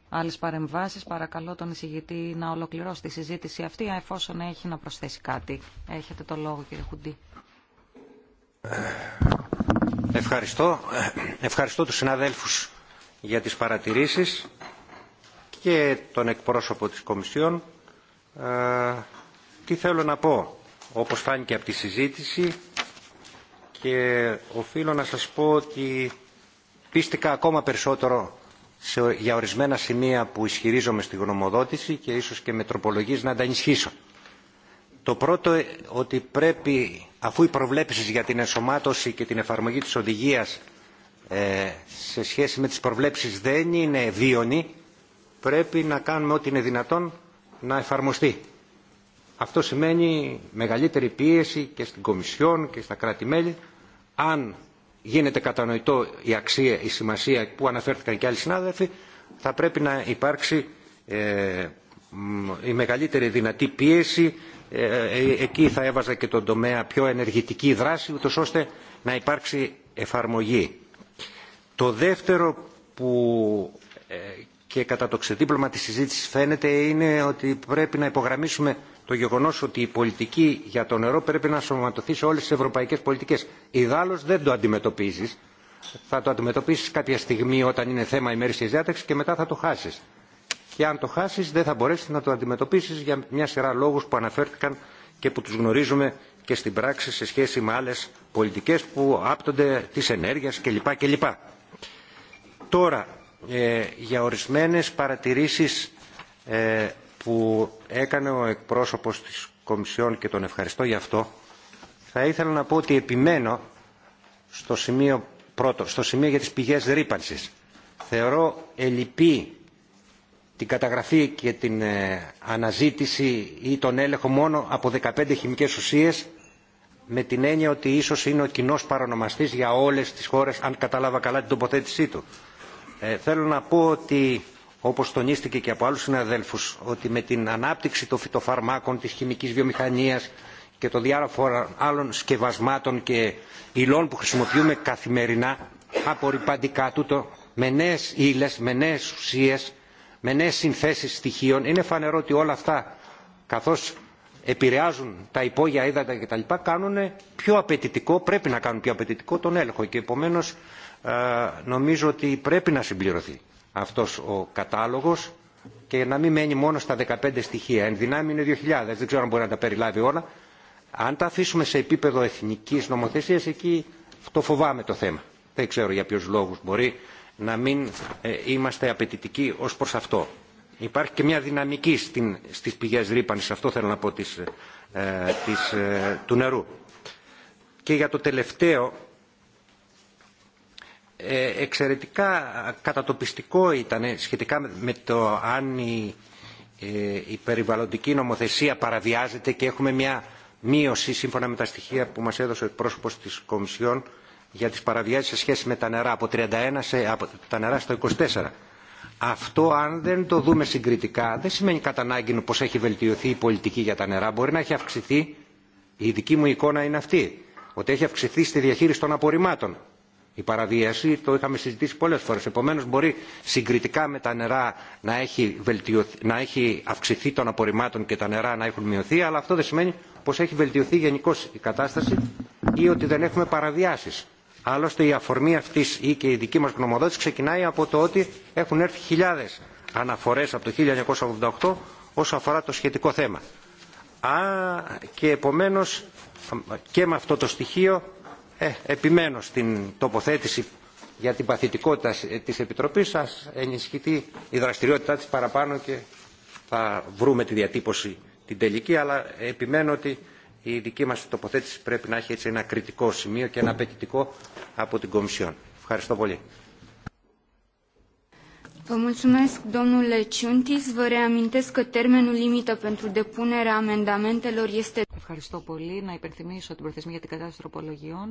άλλες παρεμβάσεις, παρακαλώ τον εισηγητή να ολοκληρώσει τη συζήτηση αυτή, εφόσον έχει να προσθέσει κάτι. Έχετε το λόγο, κύριε Χουντή. Ευχαριστώ. Ευχαριστώ τους συναδέλφους για τις παρατηρήσεις και τον εκπρόσωπο της Κομισιόν. Ε, τι θέλω να πω όπως φάνηκε από τη συζήτηση και οφείλω να σας πω ότι πίστηκα ακόμα περισσότερο σε, για ορισμένα σημεία που ισχυρίζομαι στη γνωμοδότηση και ίσως και με τροπολογίες να τα Το πρώτο ότι πρέπει, αφού οι προβλέψεις για την ενσωμάτωση και την εφαρμογή της οδηγίας ε, σε σχέση με τις προβλέψεις δεν είναι βίωνοι, πρέπει να κάνουμε ό,τι είναι δυνατόν να εφαρμοστεί. Αυτό σημαίνει μεγαλύτερη πίεση και στην Κομισιόν και στα κράτη-μέλη. Αν γίνεται κατανοητό η αξία, η σημασία που αναφέρθηκαν και άλλοι συνάδελφοι, θα πρέπει να υπάρξει ε, η μεγαλύτερη δυνατή πίεση. Ε, ε, εκεί θα έβαζα και τον τομέα πιο ενεργητική δράση, ούτως ώστε να υπάρξει εφαρμογή. Το δεύτερο που και κατά το ξεδίπλωμα της συζήτησης φαίνεται είναι ότι πρέπει να υπογραμμίσουμε το γεγονό ότι η πολιτική για το νερό πρέπει να σωματωθεί σε όλε τι ευρωπαϊκέ πολιτικέ. Ιδάλω δεν το αντιμετωπίζει. Θα το αντιμετωπίσει κάποια στιγμή όταν είναι θέμα της διάταξη και μετά θα το χάσει. Και αν το χάσει, δεν θα μπορέσει να το αντιμετωπίσει για μια σειρά λόγου που αναφέρθηκαν και που του γνωρίζουμε και στην πράξη σε σχέση με άλλε πολιτικέ που άπτονται τη ενέργεια κλπ. κλπ. Τώρα, ε, για ορισμένε παρατηρήσει. ε, που έκανε ο εκπρόσωπος της Κομισιόν και τον ευχαριστώ για αυτό, θα ήθελα να πω ότι επιμένω στο σημείο πρώτο, στο σημείο για τις πηγές ρήπανσης. Θεωρώ ελλειπή την καταγραφή και την ε, αναζήτηση ή τον έλεγχο μόνο από 15 χημικές ουσίες με την έννοια ότι ίσως είναι ο κοινός παρονομαστής για όλες τις χώρες αν κατάλαβα καλά την τοποθέτησή του. Ε, θέλω να πω ότι όπως τονίστηκε και από άλλους συναδέλφους, ότι με την ανάπτυξη των φυτοφαρμάκων, της χημικής βιομηχανίας και των διάφορων άλλων σκευασμάτων και υλών που χρησιμοποιούμε καθημερινά, απορριπαντικά τούτο, με νέες ύλες, με νέες ουσίες, με νέες συνθέσεις στοιχείων, είναι φανερό ότι όλα αυτά, καθώς επηρεάζουν τα υπόγεια ύδατα κτλ. κάνουν πιο απαιτητικό, πρέπει να κάνουν πιο απαιτητικό τον έλεγχο και επομένως ε, νομίζω ότι πρέπει να συμπληρωθεί αυτός ο κατάλογος και να μην μένει μόνο στα 15 στοιχεία. Εν δυνάμει είναι 2.000, δεν ξέρω αν μπορεί να τα περιλάβει όλα. Αν τα αφήσουμε σε επίπεδο εθνικής νομοθεσίας, εκεί το φοβάμαι το θέμα. Δεν ξέρω για ποιους λόγους μπορεί να μην ε, είμαστε απαιτητικοί ως προς αυτό. Υπάρχει και μια δυναμική στην, στις πηγές αυτό θέλω να πω, της, ε, ε, του νερού. Και για το τελευταίο, ε, εξαιρετικά κατατοπιστικό ήταν ε, σχετικά με το αν ε, η, περιβαλλοντική νομοθεσία παραβιάζεται και έχουμε μια μείωση σύμφωνα με τα στοιχεία που μας έδωσε ο πρόσωπος της Κομισιόν για τις παραβιάσεις σε σχέση με τα νερά από 31 σε, από τα νερά στο 24. Αυτό αν δεν το δούμε συγκριτικά δεν σημαίνει κατά ανάγκη πως έχει βελτιωθεί η πολιτική για τα νερά. Μπορεί να έχει αυξηθεί, η δική μου εικόνα είναι αυτή, ότι έχει αυξηθεί στη διαχείριση των απορριμμάτων η παραβίαση το είχαμε συζητήσει πολλές φορές. Επομένως μπορεί συγκριτικά με τα νερά να έχει, βελτιωθεί, να έχει αυξηθεί των απορριμμάτων και τα νερά να έχουν μειωθεί, αλλά αυτό δεν σημαίνει πως έχει βελτιωθεί γενικώ η κατάσταση ή ότι δεν έχουμε παραβιάσεις. Άλλωστε η αφορμή αυτής ή και η δική μας γνωμοδότηση ξεκινάει από το ότι έχουν έρθει χιλιάδες αναφορές από το 1988 όσο αφορά το σχετικό θέμα. Α, και επομένως και με αυτό το στοιχείο ε, επιμένω στην τοποθέτηση για την παθητικότητα της Επιτροπής σας ενισχυθεί η δραστηριότητά της παραπάνω και θα βρούμε τη διατύπωση την τελική αλλά επιμένω ότι η δική μας τοποθέτηση πρέπει να έχει έτσι ένα κριτικό σημείο και ένα απαιτητικό από την Κομισιόν. Ευχαριστώ πολύ. Ευχαριστώ πολύ. Να υπενθυμίσω την προθεσμία για την κατάσταση τροπολογιών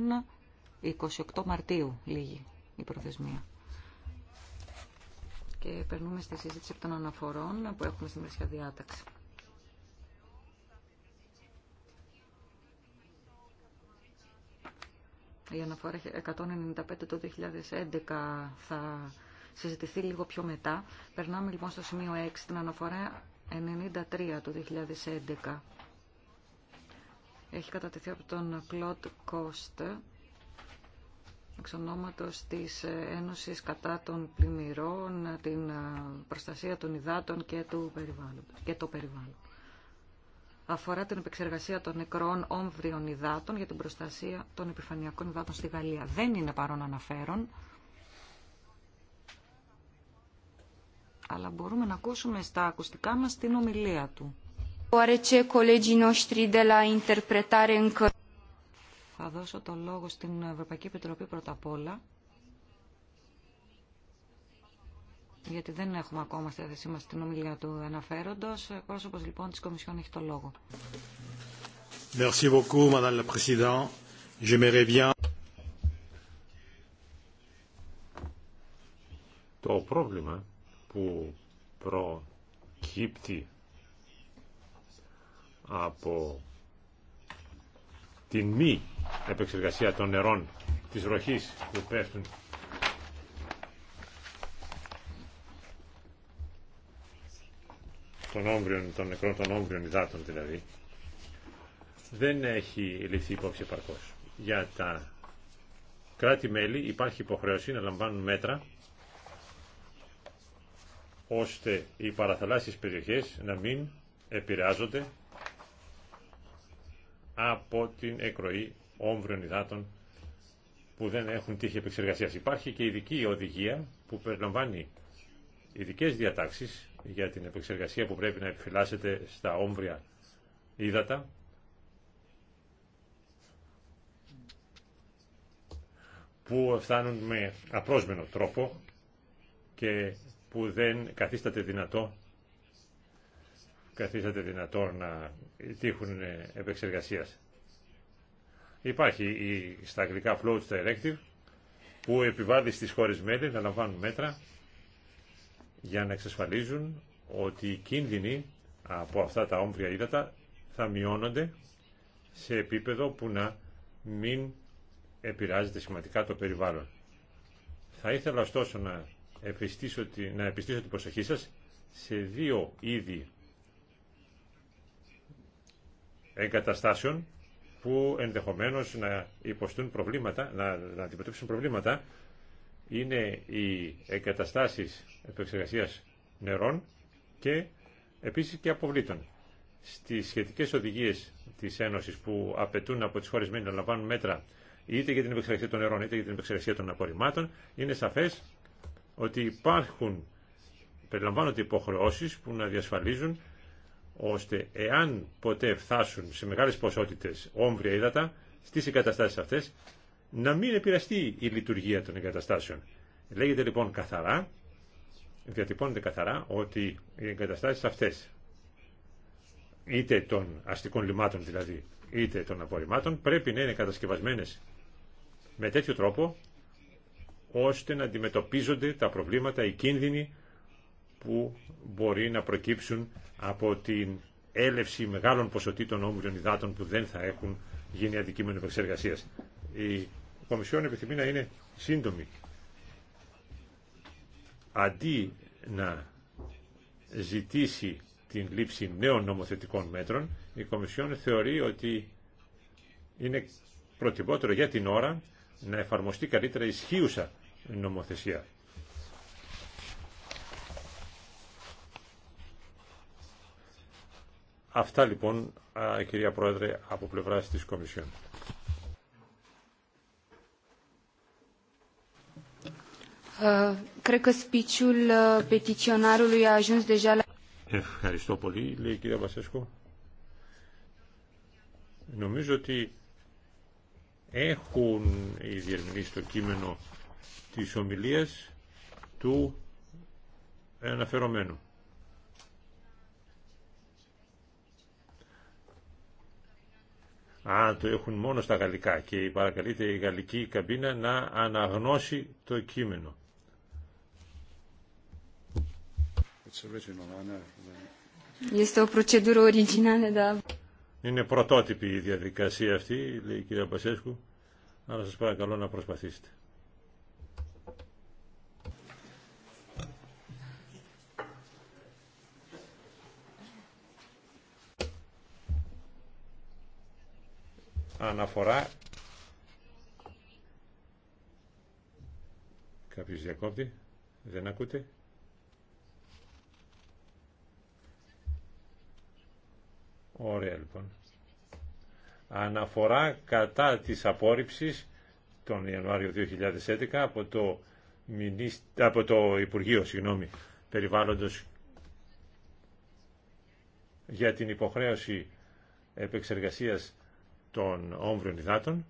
28 Μαρτίου λίγη η προθεσμία. Και περνούμε στη συζήτηση των αναφορών που έχουμε στην Μεσιά Διάταξη. Η αναφορά 195 το 2011 θα συζητηθεί λίγο πιο μετά. Περνάμε λοιπόν στο σημείο 6, την αναφορά 93 του 2011. Έχει κατατεθεί από τον Κλοντ Κόστ, εξ ονόματος της Ένωσης κατά των πλημμυρών, την ε, προστασία των υδάτων και, του περιβάλλοντος, και το περιβάλλον. Αφορά την επεξεργασία των νεκρών όμβριων υδάτων για την προστασία των επιφανειακών υδάτων στη Γαλλία. Δεν είναι παρόν αναφέρον. αλλά μπορούμε να ακούσουμε στα ακουστικά μας την ομιλία του. Θα δώσω το λόγο στην Ευρωπαϊκή Επιτροπή πρώτα απ' όλα, γιατί δεν έχουμε ακόμα στη θέση μας την ομιλία του αναφέροντος. Πρόσωπος λοιπόν της Κομισιόν έχει το λόγο. Το πρόβλημα που προκύπτει από την μη επεξεργασία των νερών της ροχής που πέφτουν των, όμβριων, των νεκρών των όμβριων υδάτων δηλαδή δεν έχει ληφθεί υπόψη επαρκώς. Για τα κράτη-μέλη υπάρχει υποχρέωση να λαμβάνουν μέτρα ώστε οι παραθαλάσσιες περιοχές να μην επηρεάζονται από την εκροή όμβριων υδάτων που δεν έχουν τύχη επεξεργασίας. Υπάρχει και ειδική οδηγία που περιλαμβάνει ειδικές διατάξεις για την επεξεργασία που πρέπει να επιφυλάσσεται στα όμβρια ύδατα που φτάνουν με απρόσμενο τρόπο και που δεν καθίσταται δυνατό καθίσταται δυνατό να τύχουν ε, επεξεργασίας. Υπάρχει η, στα αγγλικά Float Directive που επιβάλλει στις χώρες μέλη να λαμβάνουν μέτρα για να εξασφαλίζουν ότι οι κίνδυνοι από αυτά τα όμβρια ύδατα θα μειώνονται σε επίπεδο που να μην επηρεάζεται σημαντικά το περιβάλλον. Θα ήθελα ωστόσο να επιστήσω να επιστήσω την προσοχή σας σε δύο είδη εγκαταστάσεων που ενδεχομένως να υποστούν προβλήματα, να, να αντιμετωπίσουν προβλήματα είναι οι εγκαταστάσεις επεξεργασίας νερών και επίσης και αποβλήτων. Στις σχετικές οδηγίες της Ένωσης που απαιτούν από τις χώρες μέλη να λαμβάνουν μέτρα είτε για την επεξεργασία των νερών είτε για την επεξεργασία των απορριμμάτων είναι σαφές ότι υπάρχουν, περιλαμβάνονται υποχρεώσεις που να διασφαλίζουν ώστε εάν ποτέ φτάσουν σε μεγάλες ποσότητες όμβρια ύδατα στις εγκαταστάσεις αυτές να μην επηρεαστεί η λειτουργία των εγκαταστάσεων. Λέγεται λοιπόν καθαρά, διατυπώνεται καθαρά ότι οι εγκαταστάσεις αυτές είτε των αστικών λιμάτων δηλαδή είτε των απορριμμάτων πρέπει να είναι κατασκευασμένες με τέτοιο τρόπο ώστε να αντιμετωπίζονται τα προβλήματα, οι κίνδυνοι που μπορεί να προκύψουν από την έλευση μεγάλων ποσοτήτων όμβριων υδάτων που δεν θα έχουν γίνει αντικείμενο επεξεργασία. Η Κομισιόν επιθυμεί να είναι σύντομη. Αντί να ζητήσει την λήψη νέων νομοθετικών μέτρων, η Κομισιόν θεωρεί ότι είναι προτιμότερο για την ώρα να εφαρμοστεί καλύτερα ισχύουσα νομοθεσία. Αυτά λοιπόν, κυρία Πρόεδρε, από πλευράς της Κομισιόν. Ε, ε, Ευχαριστώ πολύ, λέει η κυρία Βασέσκο. Νομίζω ότι έχουν οι διερμηνείς στο κείμενο της ομιλίας του αναφερομένου. Α, το έχουν μόνο στα γαλλικά και παρακαλείται η γαλλική καμπίνα να αναγνώσει το κείμενο. Είναι πρωτότυπη η διαδικασία αυτή, λέει η κυρία Πασέσκου, αλλά σας παρακαλώ να προσπαθήσετε. αναφορά κάποιος διακόπτη δεν ακούτε ωραία λοιπόν αναφορά κατά της απόρριψης τον Ιανουάριο 2011 από το, από το Υπουργείο συγγνώμη, Περιβάλλοντος για την υποχρέωση επεξεργασίας των όμβριων υδάτων.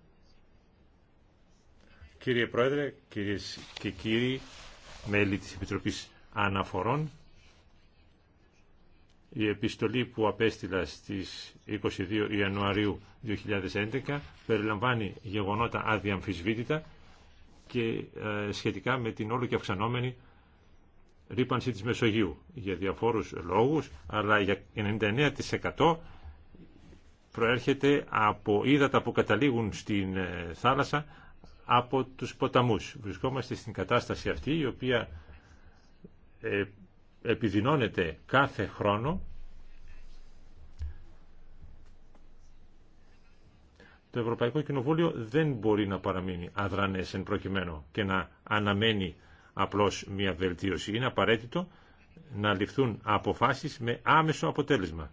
Κύριε Πρόεδρε, κυρίες και κύριοι μέλη της Επιτροπής Αναφορών, η επιστολή που απέστειλα στις 22 Ιανουαρίου 2011 περιλαμβάνει γεγονότα αδιαμφισβήτητα και ε, σχετικά με την όλο και αυξανόμενη ρήπανση της Μεσογείου για διαφόρους λόγους, αλλά για 99% προέρχεται από ύδατα που καταλήγουν στην ε, θάλασσα από τους ποταμούς. Βρισκόμαστε στην κατάσταση αυτή η οποία ε, επιδεινώνεται κάθε χρόνο. Το Ευρωπαϊκό Κοινοβούλιο δεν μπορεί να παραμείνει αδρανές εν προκειμένου και να αναμένει απλώς μια βελτίωση. Είναι απαραίτητο να ληφθούν αποφάσεις με άμεσο αποτέλεσμα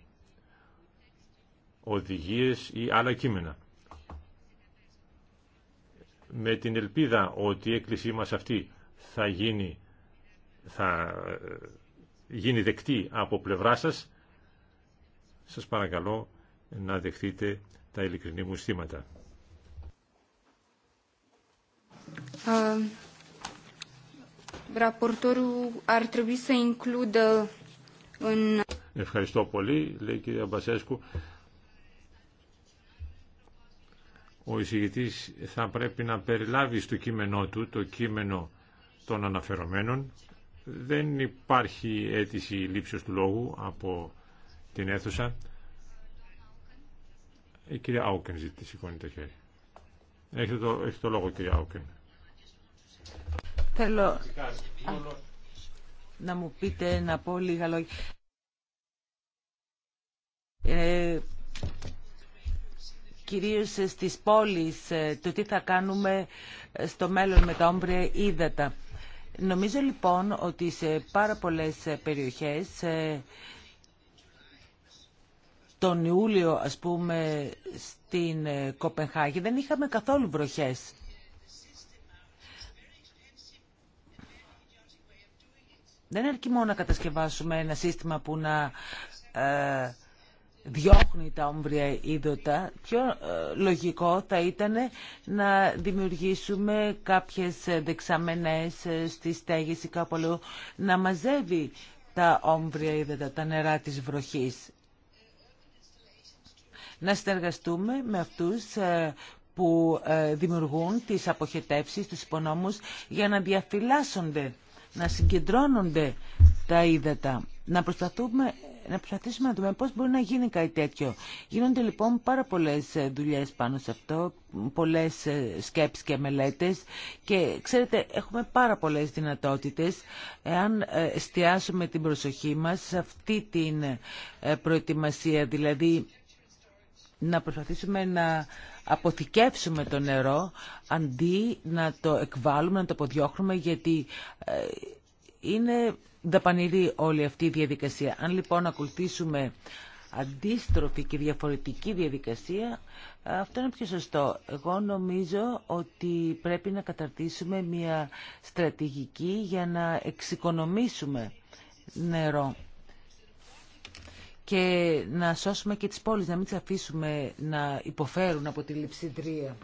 οδηγίες ή άλλα κείμενα. Με την ελπίδα ότι η έκκλησή μας αυτή θα γίνει, θα ε, γίνει δεκτή από πλευρά σας, σας παρακαλώ να δεχτείτε τα ειλικρινή μου στήματα. Ε, Ευχαριστώ πολύ, λέει η κυρία Μπασέσκου. ο εισηγητής θα πρέπει να περιλάβει στο κείμενό του το κείμενο των αναφερομένων. Δεν υπάρχει αίτηση λήψεως του λόγου από την αίθουσα. Η κυρία Άουκεν ζητεί, σηκώνει το χέρι. Έχετε το, το λόγο, κυρία Άουκεν. Θέλω να μου πείτε να πω λίγα λόγια. Ε, κυρίως στις πόλεις, ε, το τι θα κάνουμε ε, στο μέλλον με τα όμπρια ύδατα. Νομίζω λοιπόν ότι σε πάρα πολλές ε, περιοχές, τον Ιούλιο ας πούμε στην Κοπενχάγη, δεν είχαμε καθόλου βροχές. Δεν αρκεί μόνο να κατασκευάσουμε ένα σύστημα που να διώχνει τα όμβρια είδωτα, πιο ε, λογικό θα ήταν να δημιουργήσουμε κάποιες δεξαμενές ε, στη στέγη ή κάπου αλλού, να μαζεύει τα όμβρια είδωτα, τα νερά της βροχής. Να συνεργαστούμε με αυτούς ε, που δημιουργούν τις αποχετεύσεις, τους υπονόμους, για να διαφυλάσσονται, να συγκεντρώνονται τα είδατα, Να προσπαθούμε να προσπαθήσουμε να δούμε πώς μπορεί να γίνει κάτι τέτοιο. Γίνονται λοιπόν πάρα πολλές ε, δουλειές πάνω σε αυτό, πολλές ε, σκέψεις και μελέτες και ξέρετε έχουμε πάρα πολλές δυνατότητες εάν ε, εστιάσουμε την προσοχή μας σε αυτή την προετοιμασία, δηλαδή να προσπαθήσουμε να αποθηκεύσουμε το νερό αντί να το εκβάλουμε, να το αποδιώχνουμε γιατί είναι δαπανηρή όλη αυτή η διαδικασία. Αν λοιπόν ακολουθήσουμε αντίστροφη και διαφορετική διαδικασία, αυτό είναι πιο σωστό. Εγώ νομίζω ότι πρέπει να καταρτήσουμε μια στρατηγική για να εξοικονομήσουμε νερό και να σώσουμε και τις πόλεις, να μην τις αφήσουμε να υποφέρουν από τη λειψιδρία.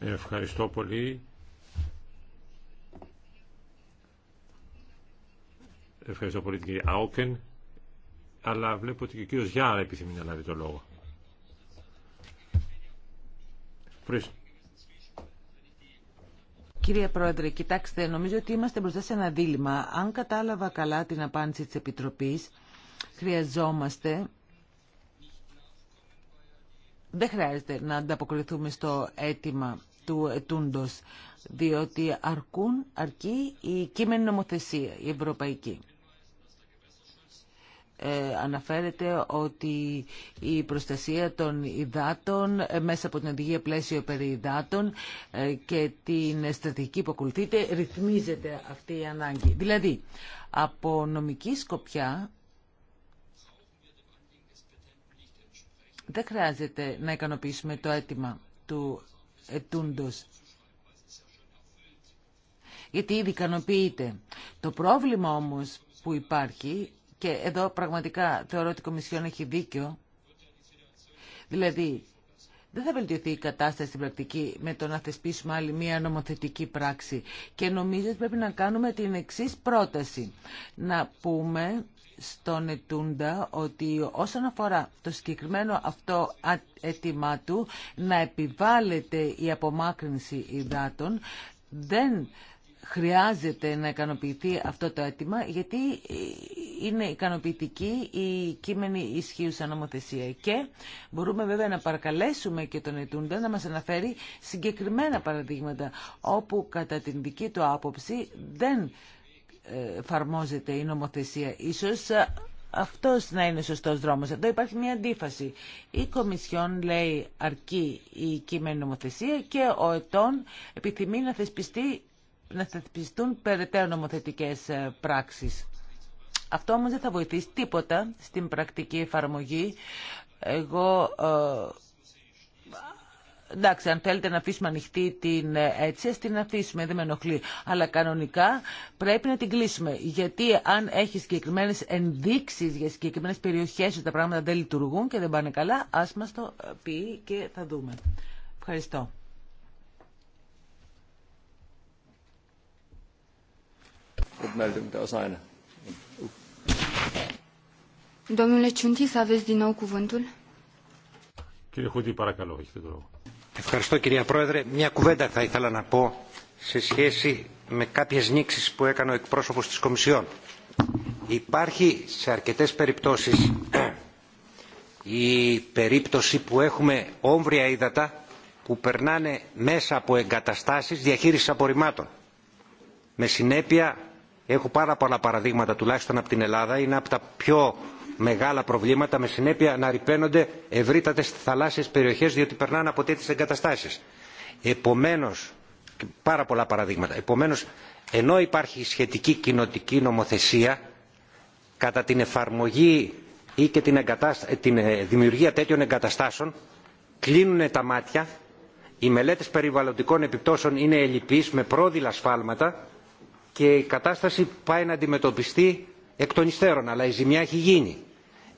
Ευχαριστώ πολύ. Ευχαριστώ πολύ την κυρία Άουκεν, αλλά βλέπω ότι και ο κύριος Γιάρα επιθυμεί να λάβει το λόγο. Κύριε Πρόεδρε, κοιτάξτε, νομίζω ότι είμαστε μπροστά σε ένα δίλημα. Αν κατάλαβα καλά την απάντηση της Επιτροπής, χρειαζόμαστε... Δεν χρειάζεται να ανταποκριθούμε στο αίτημα του ετούντος, διότι αρκούν, αρκεί η κείμενη νομοθεσία, η ευρωπαϊκή. Ε, αναφέρεται ότι η προστασία των υδάτων ε, μέσα από την οδηγία πλαίσιο περί υδάτων ε, και την στρατηγική που ακολουθείται ρυθμίζεται αυτή η ανάγκη. Δηλαδή, από νομική σκοπιά δεν χρειάζεται να ικανοποιήσουμε το αίτημα του ετούντος γιατί ήδη ικανοποιείται. Το πρόβλημα όμως που υπάρχει και εδώ πραγματικά θεωρώ ότι η Κομισιόν έχει δίκιο, δηλαδή δεν θα βελτιωθεί η κατάσταση στην πρακτική με το να θεσπίσουμε άλλη μία νομοθετική πράξη. Και νομίζω ότι πρέπει να κάνουμε την εξή πρόταση. Να πούμε στον Ετούντα ότι όσον αφορά το συγκεκριμένο αυτό αίτημά του να επιβάλλεται η απομάκρυνση υδάτων δεν χρειάζεται να ικανοποιηθεί αυτό το αίτημα γιατί είναι ικανοποιητική η κείμενη ισχύουσα νομοθεσία και μπορούμε βέβαια να παρακαλέσουμε και τον ετούντα να μας αναφέρει συγκεκριμένα παραδείγματα όπου κατά την δική του άποψη δεν ε, εφαρμόζεται η νομοθεσία. Ίσως ε, αυτός να είναι ο σωστός δρόμος. Εδώ υπάρχει μια αντίφαση. Η Κομισιόν λέει αρκεί η κείμενη νομοθεσία και ο ετών επιθυμεί να θεσπιστεί να θεσπιστούν περαιτέρω νομοθετικέ ε, πράξεις. Αυτό όμω δεν θα βοηθήσει τίποτα στην πρακτική εφαρμογή. Εγώ ε, εντάξει, αν θέλετε να αφήσουμε ανοιχτή την ε, έτσι, ας την αφήσουμε, δεν με ενοχλεί. Αλλά κανονικά πρέπει να την κλείσουμε. Γιατί αν έχει συγκεκριμένε ενδείξει για συγκεκριμένε περιοχέ ότι τα πράγματα δεν λειτουργούν και δεν πάνε καλά, α μα το ε, πει και θα δούμε. Ευχαριστώ. Wortmeldung Κύριε Ευχαριστώ κυρία Πρόεδρε. Μια κουβέντα θα ήθελα να πω σε σχέση με κάποιες νήξεις που έκανε ο εκπρόσωπος της Κομισιόν. Υπάρχει σε αρκετές περιπτώσεις η περίπτωση που έχουμε όμβρια ύδατα που περνάνε μέσα από εγκαταστάσεις διαχείρισης απορριμμάτων με συνέπεια έχω πάρα πολλά παραδείγματα τουλάχιστον από την ελλάδα είναι από τα πιο μεγάλα προβλήματα με συνέπεια να ρηπαίνονται ευρύτατε θαλάσσιες περιοχές διότι περνάνε από τέτοιες εγκαταστάσεις. Επομένως, πάρα πολλά παραδείγματα. Επομένως, ενώ υπάρχει σχετική κοινοτική νομοθεσία, κατά την εφαρμογή ή και την, ε, την ε, δημιουργία τέτοιων εγκαταστάσεων κλείνουν τα μάτια, οι μελέτες περιβαλλοντικών επιπτώσεων είναι ελλειπείς με πρόδειλα σφάλματα και η κατάσταση πάει να αντιμετωπιστεί εκ των υστέρων, αλλά η ζημιά έχει γίνει.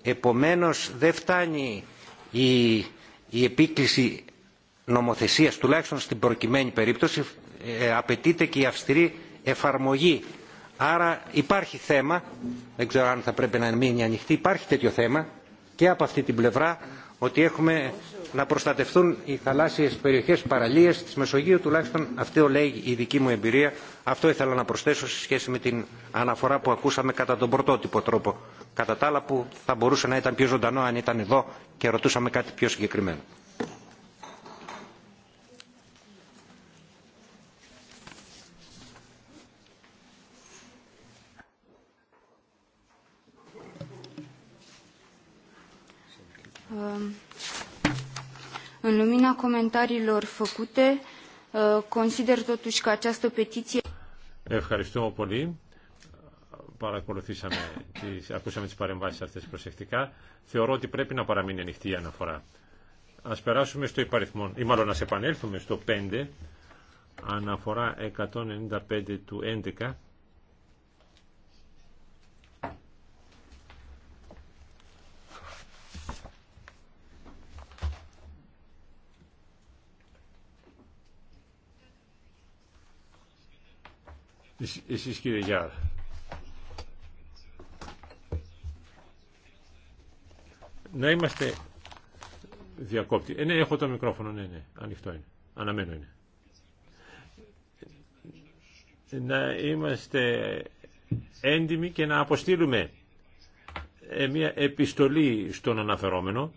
Επομένως δεν φτάνει η, επίκληση νομοθεσίας, τουλάχιστον στην προκειμένη περίπτωση, ε, απαιτείται και η αυστηρή εφαρμογή. Άρα υπάρχει θέμα, δεν ξέρω αν θα πρέπει να μείνει ανοιχτή, υπάρχει τέτοιο θέμα και από αυτή την πλευρά ότι έχουμε να προστατευτούν οι θαλάσσιες περιοχές παραλίες της Μεσογείου, τουλάχιστον αυτό λέει η δική μου εμπειρία. Αυτό ήθελα να προσθέσω σε σχέση με την αναφορά που ακούσαμε κατά τον πρωτότυπο τρόπο. Κατά τα άλλα που θα μπορούσε να ήταν πιο ζωντανό αν ήταν εδώ και ρωτούσαμε κάτι πιο συγκεκριμένο. Um... În lumina comentariilor făcute, uh, consider totuși că această petiție... ευχαριστούμε πολύ. Παρακολουθήσαμε, τις, ακούσαμε τις παρεμβάσεις αυτές προσεκτικά. Θεωρώ ότι πρέπει να παραμείνει ανοιχτή η αναφορά. Ας περάσουμε στο υπαριθμό, ή μάλλον ας επανέλθουμε στο 5, αναφορά 195 του 11, Εσείς κύριε Γιάρ. Να είμαστε διακόπτη. Ε, ναι, έχω το μικρόφωνο, ναι, ναι, ανοιχτό είναι. Αναμένω είναι. Να είμαστε έντιμοι και να αποστείλουμε ε, μια επιστολή στον αναφερόμενο,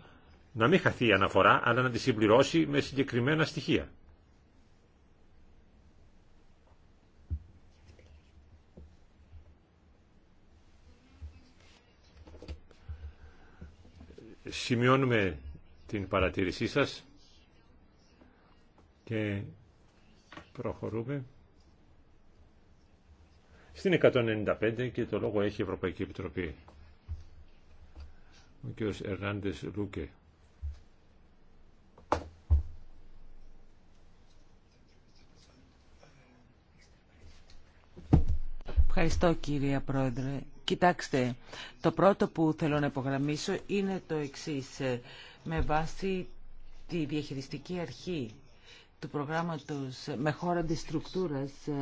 να μην χαθεί η αναφορά, αλλά να τη συμπληρώσει με συγκεκριμένα στοιχεία. Σημειώνουμε την παρατήρησή σας και προχωρούμε στην 195 και το λόγο έχει η Ευρωπαϊκή Επιτροπή. Ο κ. Ερνάντες Λούκε. Ευχαριστώ κύριε Πρόεδρε. Κοιτάξτε, το πρώτο που θέλω να υπογραμμίσω είναι το εξής. Με βάση τη διαχειριστική αρχή του προγράμματος με χώρα της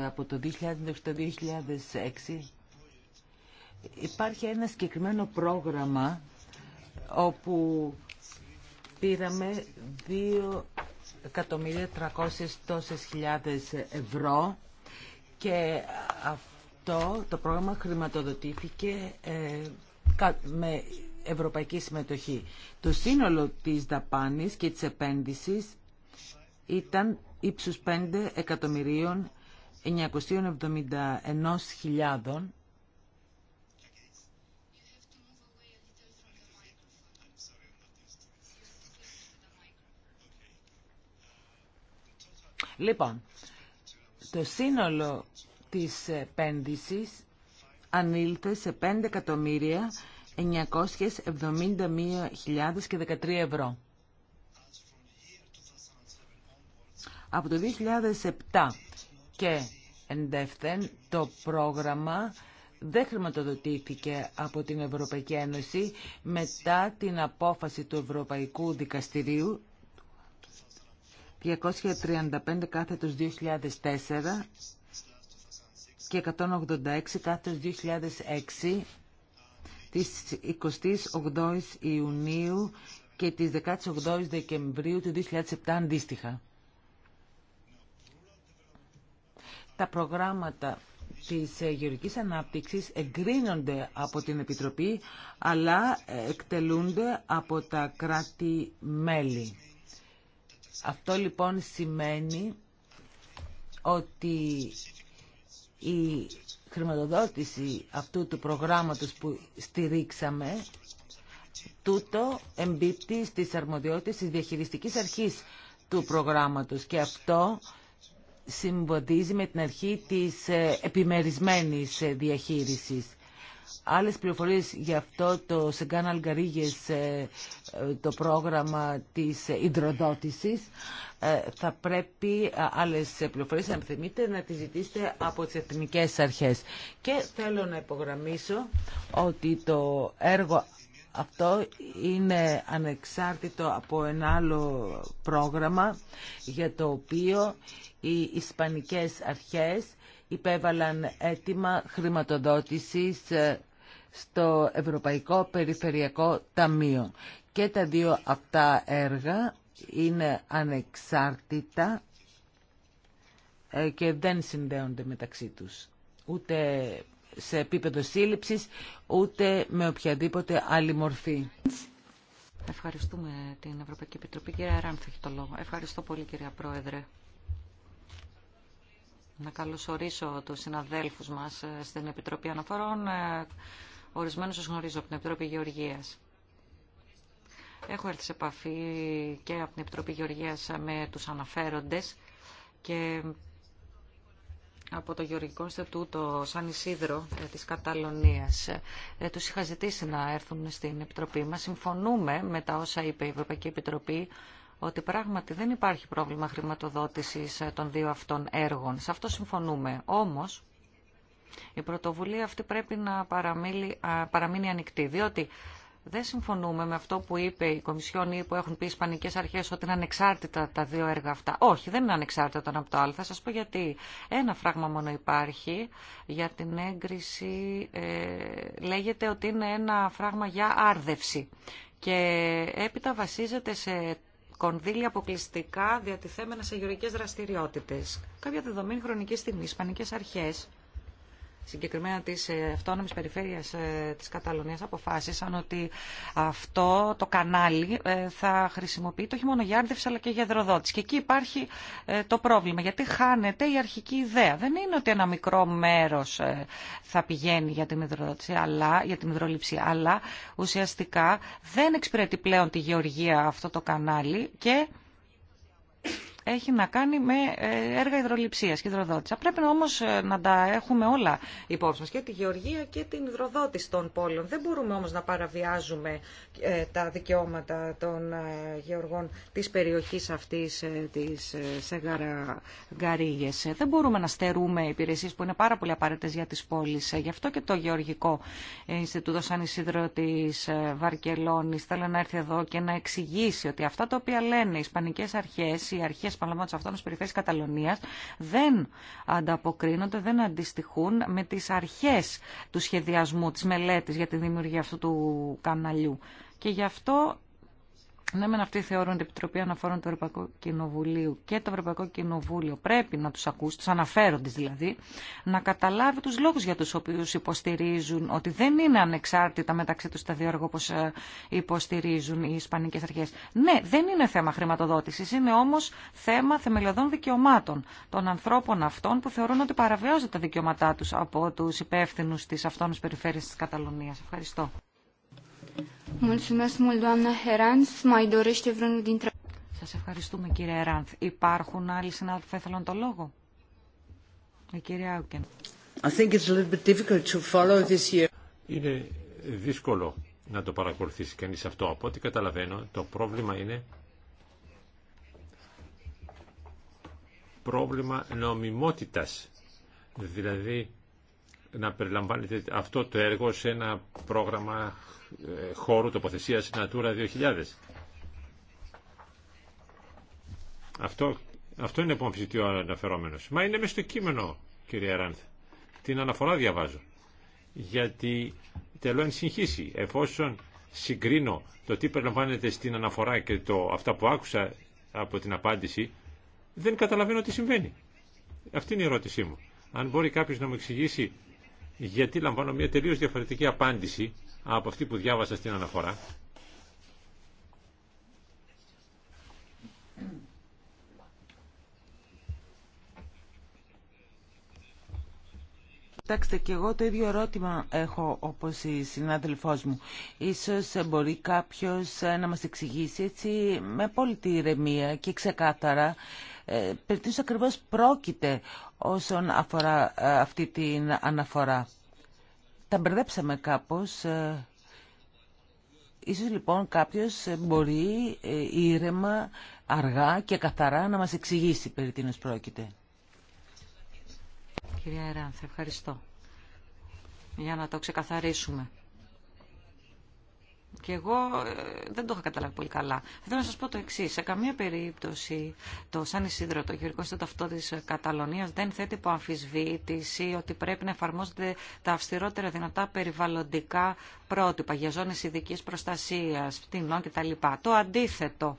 από το 2000 2006 υπάρχει ένα συγκεκριμένο πρόγραμμα όπου πήραμε 2.300.000 ευρώ και αυτό αυτό το πρόγραμμα χρηματοδοτήθηκε ε, με ευρωπαϊκή συμμετοχή. Το σύνολο της δαπάνης και της επένδυσης ήταν ύψους 5 εκατομμυρίων χιλιάδων Λοιπόν, το σύνολο της επένδυσης ανήλθε σε 5.971.013 ευρώ. Από το 2007 και εντεύθεν το πρόγραμμα δεν χρηματοδοτήθηκε από την Ευρωπαϊκή Ένωση μετά την απόφαση του Ευρωπαϊκού Δικαστηρίου 235 κάθετος 2004 και 186 κάθε 2006 της 28 Ιουνίου και της 18 Δεκεμβρίου του 2007 αντίστοιχα. Τα προγράμματα της ε, γεωργικής ανάπτυξης εγκρίνονται από την Επιτροπή αλλά ε, εκτελούνται από τα κράτη-μέλη. Αυτό λοιπόν σημαίνει ότι η χρηματοδότηση αυτού του προγράμματος που στηρίξαμε, τούτο εμπίπτει στις αρμοδιότητες της διαχειριστικής αρχής του προγράμματος και αυτό συμβοδίζει με την αρχή της ε, επιμερισμένης ε, διαχείρισης άλλες πληροφορίες για αυτό το Σεγκάν Αλγαρίγες, ε, ε, το πρόγραμμα της υδροδότησης, ε, θα πρέπει άλλες πληροφορίες, αν θυμείτε, να τις ζητήσετε από τις εθνικές αρχές. Και θέλω να υπογραμμίσω ότι το έργο αυτό είναι ανεξάρτητο από ένα άλλο πρόγραμμα για το οποίο οι Ισπανικές αρχές υπέβαλαν αίτημα χρηματοδότησης στο Ευρωπαϊκό Περιφερειακό Ταμείο. Και τα δύο αυτά έργα είναι ανεξάρτητα ε, και δεν συνδέονται μεταξύ τους. Ούτε σε επίπεδο σύλληψης, ούτε με οποιαδήποτε άλλη μορφή. Ευχαριστούμε την Ευρωπαϊκή Επιτροπή. Κύριε Ράνθ έχει το λόγο. Ευχαριστώ πολύ κυρία Πρόεδρε. Να καλωσορίσω τους συναδέλφους μας ε, στην Επιτροπή Αναφορών. Ε, ορισμένους σα γνωρίζω από την Επιτροπή Γεωργίας. Έχω έρθει σε επαφή και από την Επιτροπή Γεωργίας με τους αναφέροντες και από το Γεωργικό Ινστιτούτο Σαν Ισίδρο της Καταλωνίας. Ε, τους είχα ζητήσει να έρθουν στην Επιτροπή μας. Συμφωνούμε με τα όσα είπε η Ευρωπαϊκή Επιτροπή ότι πράγματι δεν υπάρχει πρόβλημα χρηματοδότησης των δύο αυτών έργων. Σε αυτό συμφωνούμε. Όμως, η πρωτοβουλία αυτή πρέπει να παραμείνει, παραμείνει ανοιχτή, διότι δεν συμφωνούμε με αυτό που είπε η Κομισιόν ή που έχουν πει οι Ισπανικέ Αρχέ ότι είναι ανεξάρτητα τα δύο έργα αυτά. Όχι, δεν είναι ανεξάρτητα το ένα από το άλλο. Θα σα πω γιατί. Ένα φράγμα μόνο υπάρχει για την έγκριση. Ε, λέγεται ότι είναι ένα φράγμα για άρδευση. Και έπειτα βασίζεται σε κονδύλια αποκλειστικά διατηθέμενα σε γεωργικέ δραστηριότητε. Κάποια δεδομένη χρονική στιγμή, οι Ισπανικές Αρχές συγκεκριμένα της ε, αυτόνομης περιφέρειας ε, της Καταλωνίας αποφάσισαν ότι αυτό το κανάλι ε, θα χρησιμοποιείται όχι μόνο για άρδευση αλλά και για δροδότηση. Και εκεί υπάρχει το πρόβλημα γιατί χάνεται η αρχική ιδέα. Δεν είναι ότι ένα μικρό μέρος θα πηγαίνει για την υδροδότηση, αλλά, για την αλλά ουσιαστικά δεν εξυπηρετεί πλέον τη γεωργία αυτό το κανάλι και έχει να κάνει με ε, έργα υδροληψίας και υδροδότησα. Πρέπει όμως ε, να τα έχουμε όλα υπόψη μας και τη γεωργία και την υδροδότηση των πόλεων. Δεν μπορούμε όμως να παραβιάζουμε ε, τα δικαιώματα των γεωργών της περιοχής αυτής της Σεγαργαρίγες. Δεν μπορούμε να στερούμε υπηρεσίες που είναι πάρα πολύ απαραίτητες για τις πόλεις. Γι' αυτό και το Γεωργικό Ινστιτούτο Σαν Ισίδρο της Βαρκελόνης θέλει να έρθει εδώ και να εξηγήσει ότι αυτά τα οποία λένε οι Ισπανικές αρχές, οι αρχές παραλαμβάνω της Περιφέρειας Καταλωνίας δεν ανταποκρίνονται, δεν αντιστοιχούν με τις αρχές του σχεδιασμού, της μελέτης για τη δημιουργία αυτού του καναλιού. Και γι' αυτό ναι, μεν αυτοί θεωρούν την Επιτροπή Αναφόρων του Ευρωπαϊκού Κοινοβουλίου και το Ευρωπαϊκό Κοινοβούλιο πρέπει να του ακούσει, του αναφέροντε δηλαδή, να καταλάβει του λόγου για του οποίου υποστηρίζουν ότι δεν είναι ανεξάρτητα μεταξύ του τα δύο έργα όπω ε, υποστηρίζουν οι Ισπανικέ Αρχέ. Ναι, δεν είναι θέμα χρηματοδότηση, είναι όμω θέμα θεμελιωδών δικαιωμάτων των ανθρώπων αυτών που θεωρούν ότι παραβιάζονται τα δικαιώματά του από του υπεύθυνου τη αυτόνομη περιφέρεια τη Καταλωνία. Ευχαριστώ. Σας ευχαριστούμε κύριε Ράνθ. Υπάρχουν άλλοι συνάδελφοι που θέλουν το λόγο. Η κυρία Άουκεν. Είναι δύσκολο να το παρακολουθήσει κανείς αυτό. Από ό,τι καταλαβαίνω, το πρόβλημα είναι πρόβλημα νομιμότητας. Δηλαδή, να περιλαμβάνεται αυτό το έργο σε ένα πρόγραμμα ε, χώρου τοποθεσίας Natura 2000. Αυτό, αυτό είναι που αμφισβητεί ο αναφερόμενος. Μα είναι μες στο κείμενο, κύριε Ράνθ. Την αναφορά διαβάζω. Γιατί τελώ εν συγχύσει. Εφόσον συγκρίνω το τι περιλαμβάνεται στην αναφορά και το, αυτά που άκουσα από την απάντηση, δεν καταλαβαίνω τι συμβαίνει. Αυτή είναι η ερώτησή μου. Αν μπορεί κάποιος να μου εξηγήσει γιατί λαμβάνω μια τελείως διαφορετική απάντηση από αυτή που διάβασα στην αναφορά. Κοιτάξτε, και εγώ το ίδιο ερώτημα έχω όπως η συνάδελφός μου. Ίσως μπορεί κάποιος ε, να μας εξηγήσει έτσι με απόλυτη ηρεμία και ξεκάθαρα ε, περί ακριβώς πρόκειται όσον αφορά ε, αυτή την αναφορά τα μπερδέψαμε κάπως. Ε, ίσως λοιπόν κάποιος μπορεί ε, ήρεμα, αργά και καθαρά να μας εξηγήσει περί τίνος πρόκειται. Κυρία Εράνθε, ευχαριστώ. Για να το ξεκαθαρίσουμε. Και εγώ ε, δεν το είχα καταλάβει πολύ καλά. Θέλω να σα πω το εξή. Σε καμία περίπτωση το Σαν Ισίδρο, το Γεωργικό Ινστιτούτο αυτό τη Καταλωνία, δεν θέτει υπό αμφισβήτηση ότι πρέπει να εφαρμόζονται τα αυστηρότερα δυνατά περιβαλλοντικά πρότυπα για ζώνε ειδική προστασία, πτηνών κτλ. Το αντίθετο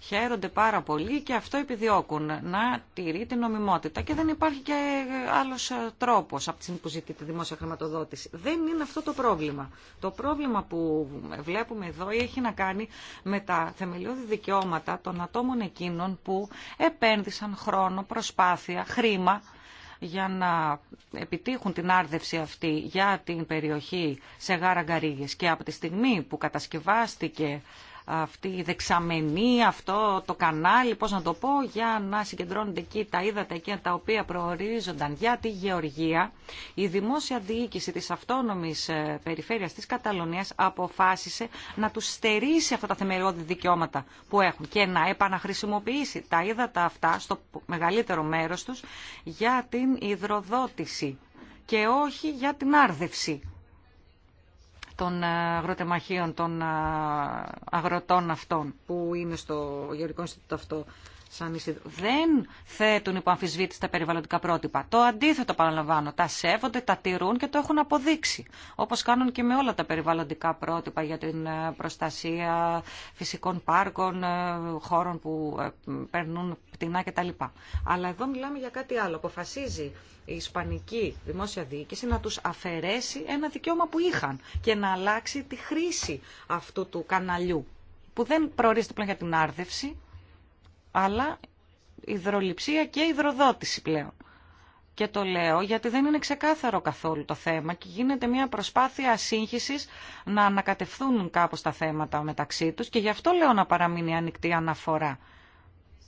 χαίρονται πάρα πολύ και αυτό επιδιώκουν, να τηρεί την νομιμότητα. Και δεν υπάρχει και άλλος ε, τρόπος από την που ζητεί τη δημόσια χρηματοδότηση. Δεν είναι αυτό το πρόβλημα. Το πρόβλημα που βλέπουμε εδώ έχει να κάνει με τα θεμελιώδη δικαιώματα των ατόμων εκείνων που επένδυσαν χρόνο, προσπάθεια, χρήμα για να επιτύχουν την άρδευση αυτή για την περιοχή σε γάρα Και από τη στιγμή που κατασκευάστηκε αυτή η δεξαμενή, αυτό το κανάλι, πώς να το πω, για να συγκεντρώνονται εκεί τα ύδατα εκείνα τα οποία προορίζονταν για τη γεωργία. Η δημόσια διοίκηση της αυτόνομης ε, περιφέρειας της Καταλωνίας αποφάσισε να τους στερήσει αυτά τα θεμελιώδη δικαιώματα που έχουν και να επαναχρησιμοποιήσει τα ύδατα αυτά στο μεγαλύτερο μέρος τους για την υδροδότηση και όχι για την άρδευση των ε, αγροτεμαχίων των ε, αγροτών αυτών που είναι στο Γεωργικό Ινστιτούτο αυτό σαν δεν θέτουν υποαμφισβήτηση τα περιβαλλοντικά πρότυπα. Το αντίθετο παραλαμβάνω, τα σέβονται, τα τηρούν και το έχουν αποδείξει. Όπω κάνουν και με όλα τα περιβαλλοντικά πρότυπα για την ε, προστασία φυσικών πάρκων, ε, χώρων που ε, περνούν πτηνά κτλ. Αλλά εδώ μιλάμε για κάτι άλλο. Αποφασίζει η Ισπανική Δημόσια Διοίκηση να του αφαιρέσει ένα δικαίωμα που είχαν και να αλλάξει τη χρήση αυτού του καναλιού που δεν προορίζεται πλέον για την άρδευση, αλλά υδροληψία και υδροδότηση πλέον. Και το λέω γιατί δεν είναι ξεκάθαρο καθόλου το θέμα και γίνεται μια προσπάθεια σύγχυσης να ανακατευθούν κάπως τα θέματα μεταξύ τους και γι' αυτό λέω να παραμείνει ανοιχτή αναφορά.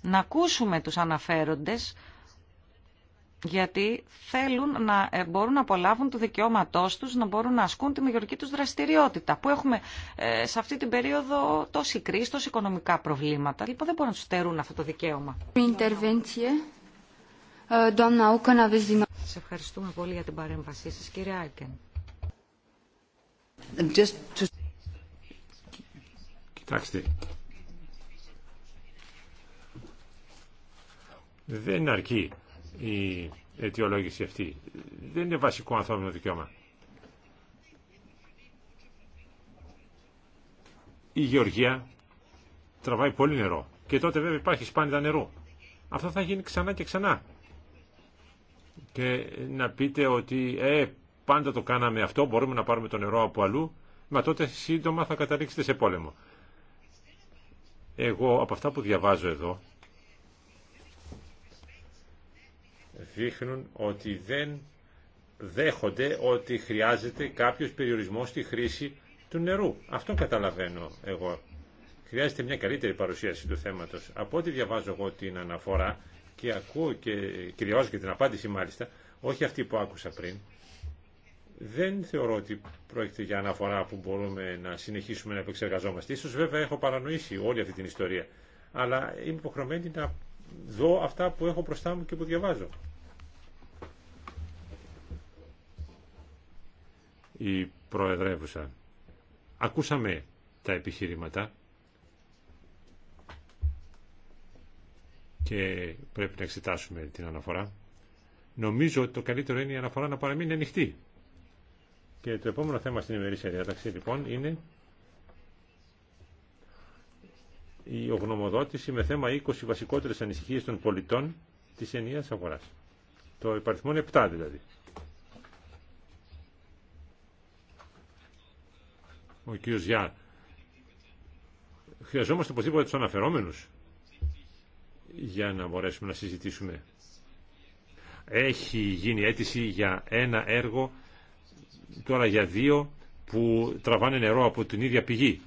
Να ακούσουμε τους αναφέροντες, γιατί θέλουν να ε, μπορούν να απολαύουν το δικαιώματό του να μπορούν να ασκούν τη μεγιορική τους δραστηριότητα, που έχουμε ε, σε αυτή την περίοδο τόση κρίση, τόση οικονομικά προβλήματα. Λοιπόν, δεν μπορούν να του στερούν αυτό το δικαίωμα. Ε, σας ευχαριστούμε πολύ για την παρέμβασή σα, κύριε Άικεν. Κοιτάξτε, δεν αρκεί η αιτιολόγηση αυτή. Δεν είναι βασικό ανθρώπινο δικαίωμα. Η γεωργία τραβάει πολύ νερό. Και τότε βέβαια υπάρχει σπάνιδα νερού. Αυτό θα γίνει ξανά και ξανά. Και να πείτε ότι ε, πάντα το κάναμε αυτό, μπορούμε να πάρουμε το νερό από αλλού, μα τότε σύντομα θα καταλήξετε σε πόλεμο. Εγώ από αυτά που διαβάζω εδώ, δείχνουν ότι δεν δέχονται ότι χρειάζεται κάποιος περιορισμός στη χρήση του νερού. Αυτό καταλαβαίνω εγώ. Χρειάζεται μια καλύτερη παρουσίαση του θέματος. Από ό,τι διαβάζω εγώ την αναφορά και ακούω και κυριάζω και την απάντηση μάλιστα, όχι αυτή που άκουσα πριν, δεν θεωρώ ότι πρόκειται για αναφορά που μπορούμε να συνεχίσουμε να επεξεργαζόμαστε. Ίσως βέβαια έχω παρανοήσει όλη αυτή την ιστορία, αλλά είμαι υποχρεωμένη να δω αυτά που έχω μπροστά μου και που διαβάζω. η Προεδρεύουσα. Ακούσαμε τα επιχειρήματα και πρέπει να εξετάσουμε την αναφορά. Νομίζω ότι το καλύτερο είναι η αναφορά να παραμείνει ανοιχτή. Και το επόμενο θέμα στην ημερήσια διάταξη λοιπόν είναι η ογνωμοδότηση με θέμα 20 βασικότερες ανησυχίες των πολιτών της ενιαίας αγοράς. Το υπαριθμό 7 δηλαδή. ο κ. Γιάρ. Χρειαζόμαστε οπωσδήποτε του αναφερόμενου, για να μπορέσουμε να συζητήσουμε. Έχει γίνει αίτηση για ένα έργο, τώρα για δύο, που τραβάνε νερό από την ίδια πηγή.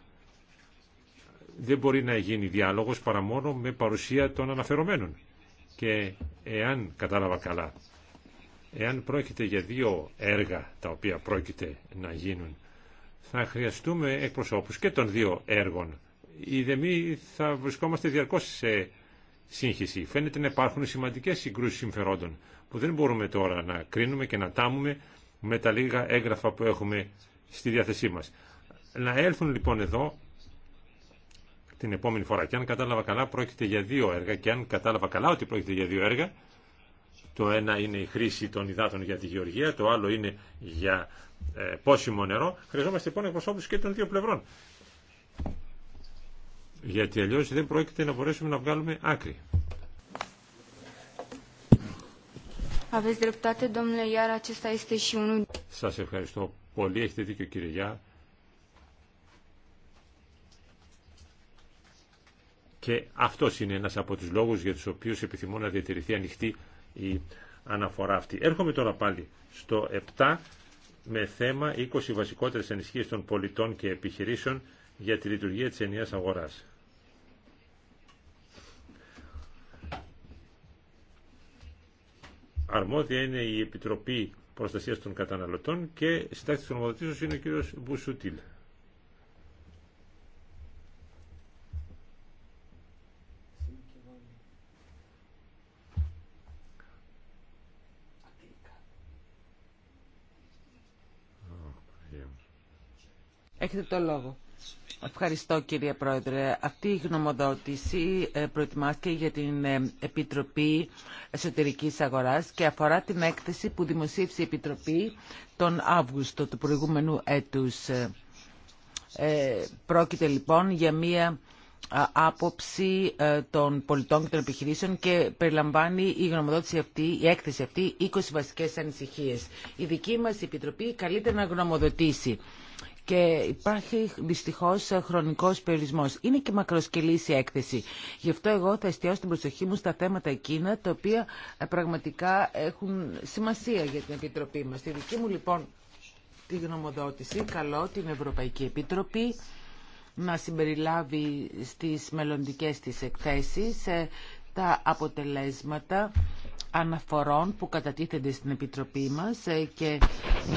Δεν μπορεί να γίνει διάλογος παρά μόνο με παρουσία των αναφερομένων. Και εάν κατάλαβα καλά, εάν πρόκειται για δύο έργα τα οποία πρόκειται να γίνουν θα χρειαστούμε εκπροσώπους και των δύο έργων. Οι δεμοί θα βρισκόμαστε διαρκώς σε σύγχυση. Φαίνεται να υπάρχουν σημαντικές συγκρούσεις συμφερόντων που δεν μπορούμε τώρα να κρίνουμε και να τάμουμε με τα λίγα έγγραφα που έχουμε στη διάθεσή μας. Να έλθουν λοιπόν εδώ την επόμενη φορά. Και αν κατάλαβα καλά πρόκειται για δύο έργα και αν κατάλαβα καλά ότι πρόκειται για δύο έργα το ένα είναι η χρήση των υδάτων για τη γεωργία, το άλλο είναι για ε, πόσιμο νερό, χρειαζόμαστε λοιπόν εκπροσώπου και των δύο πλευρών. Γιατί αλλιώ δεν πρόκειται να μπορέσουμε να βγάλουμε άκρη. Σα ευχαριστώ πολύ. Έχετε δίκιο κύριε Γιά. Και αυτό είναι ένας από τους λόγους για τους οποίους επιθυμώ να διατηρηθεί ανοιχτή η αναφορά αυτή. Έρχομαι τώρα πάλι στο 7 με θέμα 20 βασικότερες ενισχύσεις των πολιτών και επιχειρήσεων για τη λειτουργία της ενιαίας αγοράς. Αρμόδια είναι η Επιτροπή Προστασίας των Καταναλωτών και συντάξει των Ομοδοτήσεων είναι ο κ. Μπουσούτιλ. Έχετε το λόγο. Ευχαριστώ κύριε Πρόεδρε. Αυτή η γνωμοδότηση ε, προετοιμάστηκε για την ε, Επιτροπή Εσωτερικής Αγοράς και αφορά την έκθεση που δημοσίευσε η Επιτροπή τον Αύγουστο του προηγούμενου έτους. Ε, πρόκειται λοιπόν για μία άποψη των πολιτών και των επιχειρήσεων και περιλαμβάνει η γνωμοδότηση αυτή, η έκθεση αυτή, 20 βασικές ανησυχίες. Η δική μας Επιτροπή καλύτερα να γνωμοδοτήσει και υπάρχει δυστυχώ χρονικό περιορισμό. Είναι και μακροσκελή η έκθεση. Γι' αυτό εγώ θα εστιάσω την προσοχή μου στα θέματα εκείνα τα οποία ε, πραγματικά έχουν σημασία για την Επιτροπή μα. Στη δική μου λοιπόν τη γνωμοδότηση καλώ την Ευρωπαϊκή Επιτροπή να συμπεριλάβει στις μελλοντικές της εκθέσεις ε, τα αποτελέσματα αναφορών που κατατίθενται στην Επιτροπή μας ε, και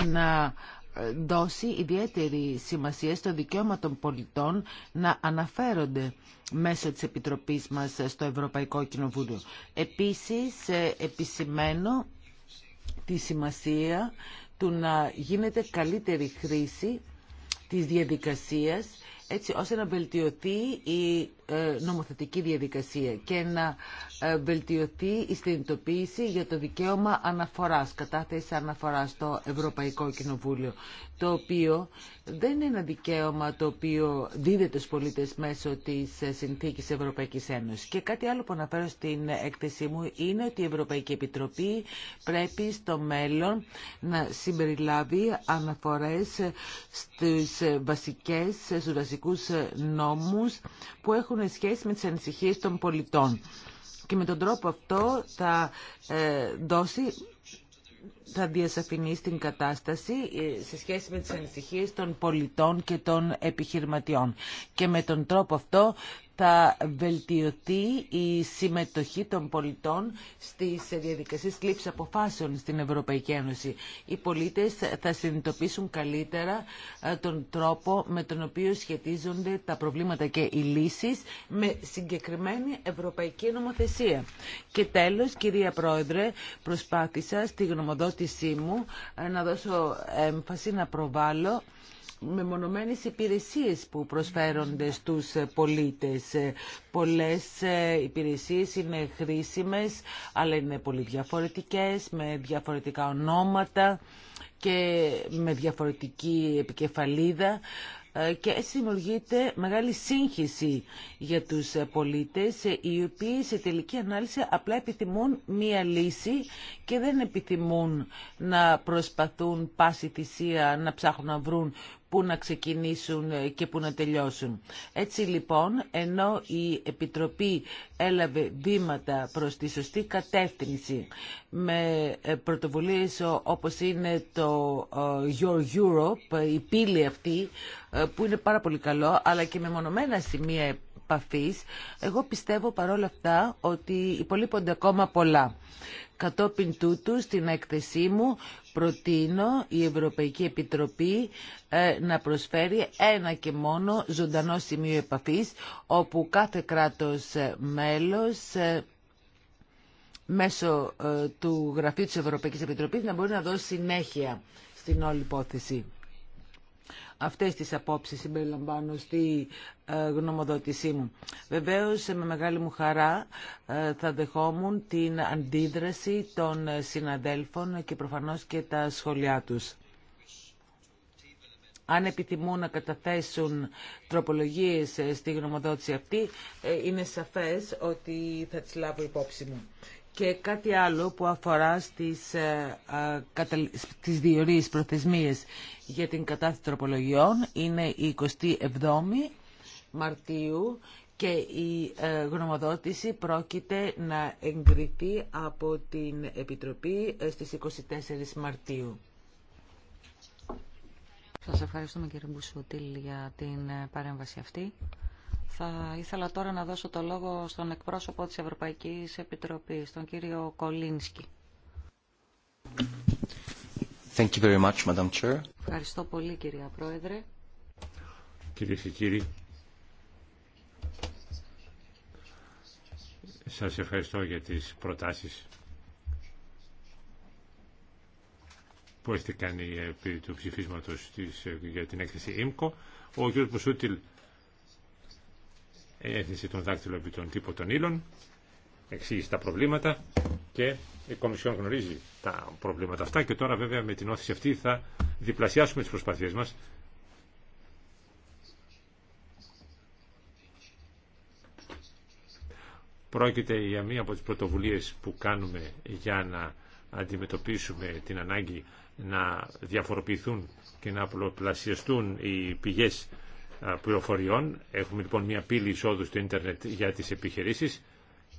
να ε, δώσει ιδιαίτερη σημασία στο δικαίωμα των πολιτών να αναφέρονται μέσω της Επιτροπής μας στο Ευρωπαϊκό Κοινοβούλιο. Επίσης, ε, επισημαίνω τη σημασία του να γίνεται καλύτερη χρήση της διαδικασίας έτσι ώστε να βελτιωθεί η ε, νομοθετική διαδικασία και να ε, βελτιωθεί η συνειδητοποίηση για το δικαίωμα αναφοράς, κατάθεση αναφοράς στο Ευρωπαϊκό Κοινοβούλιο, το οποίο δεν είναι ένα δικαίωμα το οποίο δίδεται στους πολίτες μέσω της ε, Συνθήκης Ευρωπαϊκής Ένωσης. Και κάτι άλλο που αναφέρω στην έκθεσή μου είναι ότι η Ευρωπαϊκή Επιτροπή πρέπει στο μέλλον να συμπεριλάβει αναφορές στους βασικούς νόμους που έχουν σε σχέση με τις ανησυχίες των πολιτών. Και με τον τρόπο αυτό θα ε, δώσει θα διασαφηνεί την κατάσταση ε, σε σχέση με τις ανησυχίες των πολιτών και των επιχειρηματιών. Και με τον τρόπο αυτό θα βελτιωθεί η συμμετοχή των πολιτών στις διαδικασίες λήψης αποφάσεων στην Ευρωπαϊκή Ένωση. Οι πολίτες θα συνειδητοποιήσουν καλύτερα ε, τον τρόπο με τον οποίο σχετίζονται τα προβλήματα και οι λύσεις με συγκεκριμένη ευρωπαϊκή νομοθεσία. Και τέλος, κυρία Πρόεδρε, προσπάθησα στη γνωμοδότησή μου ε, να δώσω έμφαση να προβάλλω μεμονωμένες υπηρεσίες που προσφέρονται στους πολίτες. Πολλές ε, υπηρεσίες είναι χρήσιμες, αλλά είναι πολύ διαφορετικές, με διαφορετικά ονόματα και με διαφορετική επικεφαλίδα ε, και έτσι μεγάλη σύγχυση για τους πολίτες ε, οι οποίοι σε τελική ανάλυση απλά επιθυμούν μία λύση και δεν επιθυμούν να προσπαθούν πάση θυσία να ψάχνουν να βρουν πού να ξεκινήσουν ε, και πού να τελειώσουν. Έτσι λοιπόν, ενώ η Επιτροπή έλαβε βήματα προς τη σωστή κατεύθυνση με ε, πρωτοβουλίες όπως είναι το ε, Your Europe, η πύλη αυτή που είναι πάρα πολύ καλό, αλλά και με μονομένα σημεία επαφής, εγώ πιστεύω παρόλα αυτά ότι υπολείπονται ακόμα πολλά. Κατόπιν τούτου στην έκθεσή μου προτείνω η Ευρωπαϊκή Επιτροπή ε, να προσφέρει ένα και μόνο ζωντανό σημείο επαφής όπου κάθε κράτος ε, μέλος ε, μέσω του Γραφείου της Ευρωπαϊκής Επιτροπής να μπορεί να δώσει συνέχεια στην όλη υπόθεση. Αυτές τις απόψεις συμπεριλαμβάνω στη ε, γνωμοδότησή μου. Βεβαίως, με μεγάλη μου χαρά ε, θα δεχόμουν την αντίδραση των συναδέλφων και προφανώς και τα σχόλιά τους. Αν επιθυμούν να καταθέσουν τροπολογίες ε, στη γνωμοδότηση αυτή, είναι σαφές ότι θα τις λάβω υπόψη μου. Και κάτι άλλο που αφορά στις, ε, προθεσμίες για την κατάθεση τροπολογιών είναι η 27η Μαρτίου και η ε, γνωμοδότηση πρόκειται να εγκριθεί από την Επιτροπή ε, στις 24 Μαρτίου. Σας ευχαριστούμε κύριε Μπουσουτήλ για την ε, παρέμβαση αυτή. Θα ήθελα τώρα να δώσω το λόγο στον εκπρόσωπο της Ευρωπαϊκής Επιτροπής, τον κύριο Κολίνσκι. Thank you very much, Madam Chair. Ευχαριστώ πολύ, κυρία Πρόεδρε. Κυρίες και κύριοι, σας ευχαριστώ για τις προτάσεις που έχετε κάνει επί του ψηφίσματος της, για την έκθεση ΙΜΚΟ. Ο κ. Μπουσούτιλ έθνηση των δάκτυλων επί των τύπων των ύλων, εξήγησε τα προβλήματα και η Κομισιόν γνωρίζει τα προβλήματα αυτά και τώρα βέβαια με την όθηση αυτή θα διπλασιάσουμε τις προσπάθειές μας Πρόκειται για μία από τις πρωτοβουλίες που κάνουμε για να αντιμετωπίσουμε την ανάγκη να διαφοροποιηθούν και να απλοπλασιαστούν οι πηγές πληροφοριών. Έχουμε λοιπόν μια πύλη εισόδου στο ίντερνετ για τις επιχειρήσεις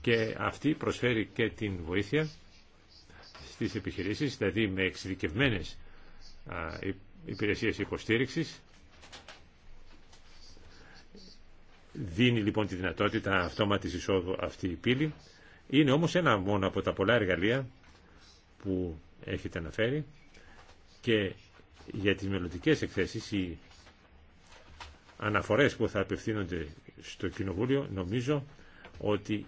και αυτή προσφέρει και την βοήθεια στις επιχειρήσεις, δηλαδή με εξειδικευμένες υπηρεσίες υποστήριξης. Δίνει λοιπόν τη δυνατότητα αυτόματης εισόδου αυτή η πύλη. Είναι όμως ένα μόνο από τα πολλά εργαλεία που έχετε αναφέρει και για τις μελλοντικέ εκθέσεις η αναφορές που θα απευθύνονται στο Κοινοβούλιο, νομίζω ότι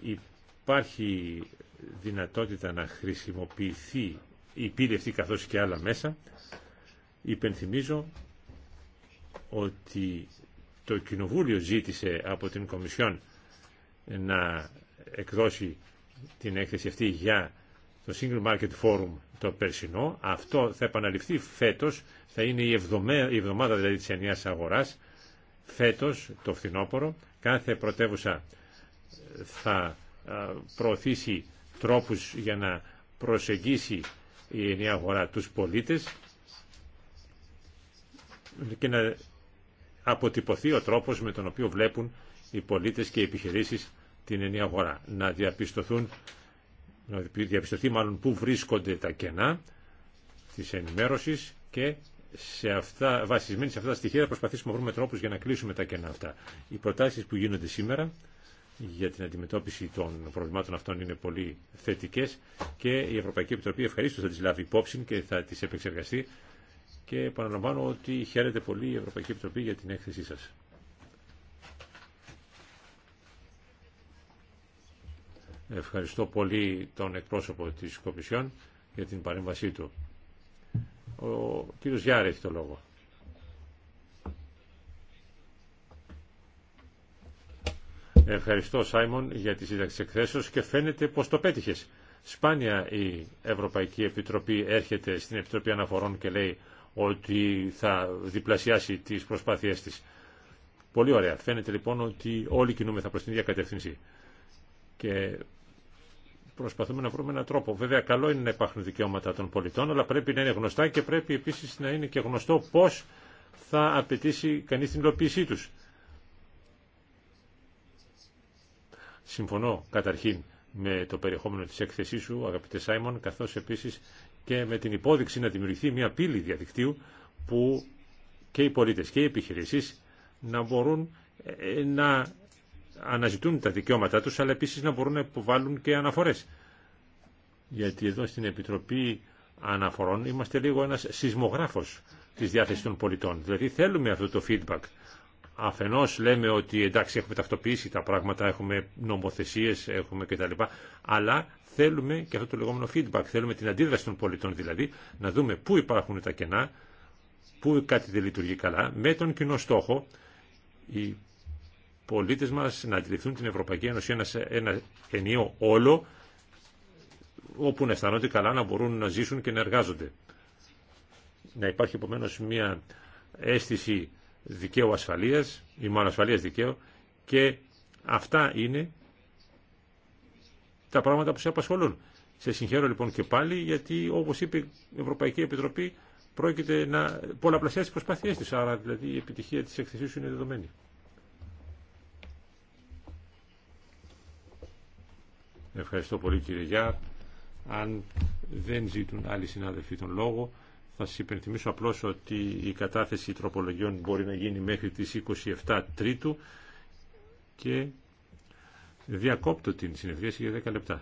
υπάρχει δυνατότητα να χρησιμοποιηθεί η πύλη αυτή καθώς και άλλα μέσα. Υπενθυμίζω ότι το Κοινοβούλιο ζήτησε από την Κομισιόν να εκδώσει την έκθεση αυτή για το Single Market Forum το περσινό. Αυτό θα επαναληφθεί φέτος, θα είναι η εβδομάδα, η δηλαδή της αγοράς Φέτος, το φθινόπωρο, κάθε πρωτεύουσα θα προωθήσει τρόπους για να προσεγγίσει η ενιαία αγορά τους πολίτες και να αποτυπωθεί ο τρόπος με τον οποίο βλέπουν οι πολίτες και οι επιχειρήσεις την ενιαία αγορά. Να διαπιστωθούν, να διαπιστωθεί μάλλον πού βρίσκονται τα κενά της ενημέρωσης και σε αυτά, βασισμένοι σε αυτά τα στοιχεία, θα προσπαθήσουμε να βρούμε τρόπους για να κλείσουμε τα κενά αυτά. Οι προτάσεις που γίνονται σήμερα για την αντιμετώπιση των προβλημάτων αυτών είναι πολύ θετικές και η Ευρωπαϊκή Επιτροπή ευχαριστώ θα τις λάβει υπόψη και θα τις επεξεργαστεί και επαναλαμβάνω ότι χαίρεται πολύ η Ευρωπαϊκή Επιτροπή για την έκθεσή σας. Ευχαριστώ πολύ τον εκπρόσωπο της Κομισιόν για την παρέμβασή του. Ο κύριος Γιάρη έχει το λόγο. Ευχαριστώ Σάιμον για τη σύνταξη εκθέσεως και φαίνεται πως το πέτυχες. Σπάνια η Ευρωπαϊκή Επιτροπή έρχεται στην Επιτροπή Αναφορών και λέει ότι θα διπλασιάσει τις προσπάθειές της. Πολύ ωραία. Φαίνεται λοιπόν ότι όλοι κινούμεθα προς την ίδια κατεύθυνση. Και προσπαθούμε να βρούμε έναν τρόπο. Βέβαια, καλό είναι να υπάρχουν δικαιώματα των πολιτών, αλλά πρέπει να είναι γνωστά και πρέπει επίσης να είναι και γνωστό πώς θα απαιτήσει κανείς την υλοποίησή τους. Συμφωνώ καταρχήν με το περιεχόμενο της έκθεσή σου, αγαπητέ Σάιμον, καθώς επίσης και με την υπόδειξη να δημιουργηθεί μια πύλη διαδικτύου που και οι πολίτες και οι επιχειρήσεις να μπορούν ε, να αναζητούν τα δικαιώματά τους, αλλά επίσης να μπορούν να υποβάλουν και αναφορές. Γιατί εδώ στην Επιτροπή Αναφορών είμαστε λίγο ένας σεισμογράφος της διάθεσης των πολιτών. Δηλαδή θέλουμε αυτό το feedback. Αφενός λέμε ότι εντάξει έχουμε ταυτοποιήσει τα πράγματα, έχουμε νομοθεσίες, έχουμε κτλ. Αλλά θέλουμε και αυτό το λεγόμενο feedback, θέλουμε την αντίδραση των πολιτών δηλαδή, να δούμε πού υπάρχουν τα κενά, πού κάτι δεν λειτουργεί καλά, με τον κοινό στόχο πολίτες μας να αντιληφθούν την Ευρωπαϊκή Ένωση ένα, ένα όλο όπου να αισθανόνται καλά να μπορούν να ζήσουν και να εργάζονται. Να υπάρχει επομένω μια αίσθηση δικαίου ασφαλείας ή μάλλον ασφαλεία δικαίου και αυτά είναι τα πράγματα που σε απασχολούν. Σε συγχαίρω λοιπόν και πάλι γιατί όπως είπε η Ευρωπαϊκή Επιτροπή πρόκειται να πολλαπλασιάσει τι προσπάθειές τη. άρα δηλαδή η επιτυχία τη εκθεσή σου είναι δεδομένη. Ευχαριστώ πολύ κύριε Γιάρ. Αν δεν ζητούν άλλοι συνάδελφοι τον λόγο, θα σας υπενθυμίσω απλώς ότι η κατάθεση τροπολογιών μπορεί να γίνει μέχρι τις 27 Τρίτου και διακόπτω την συνεδρίαση για 10 λεπτά.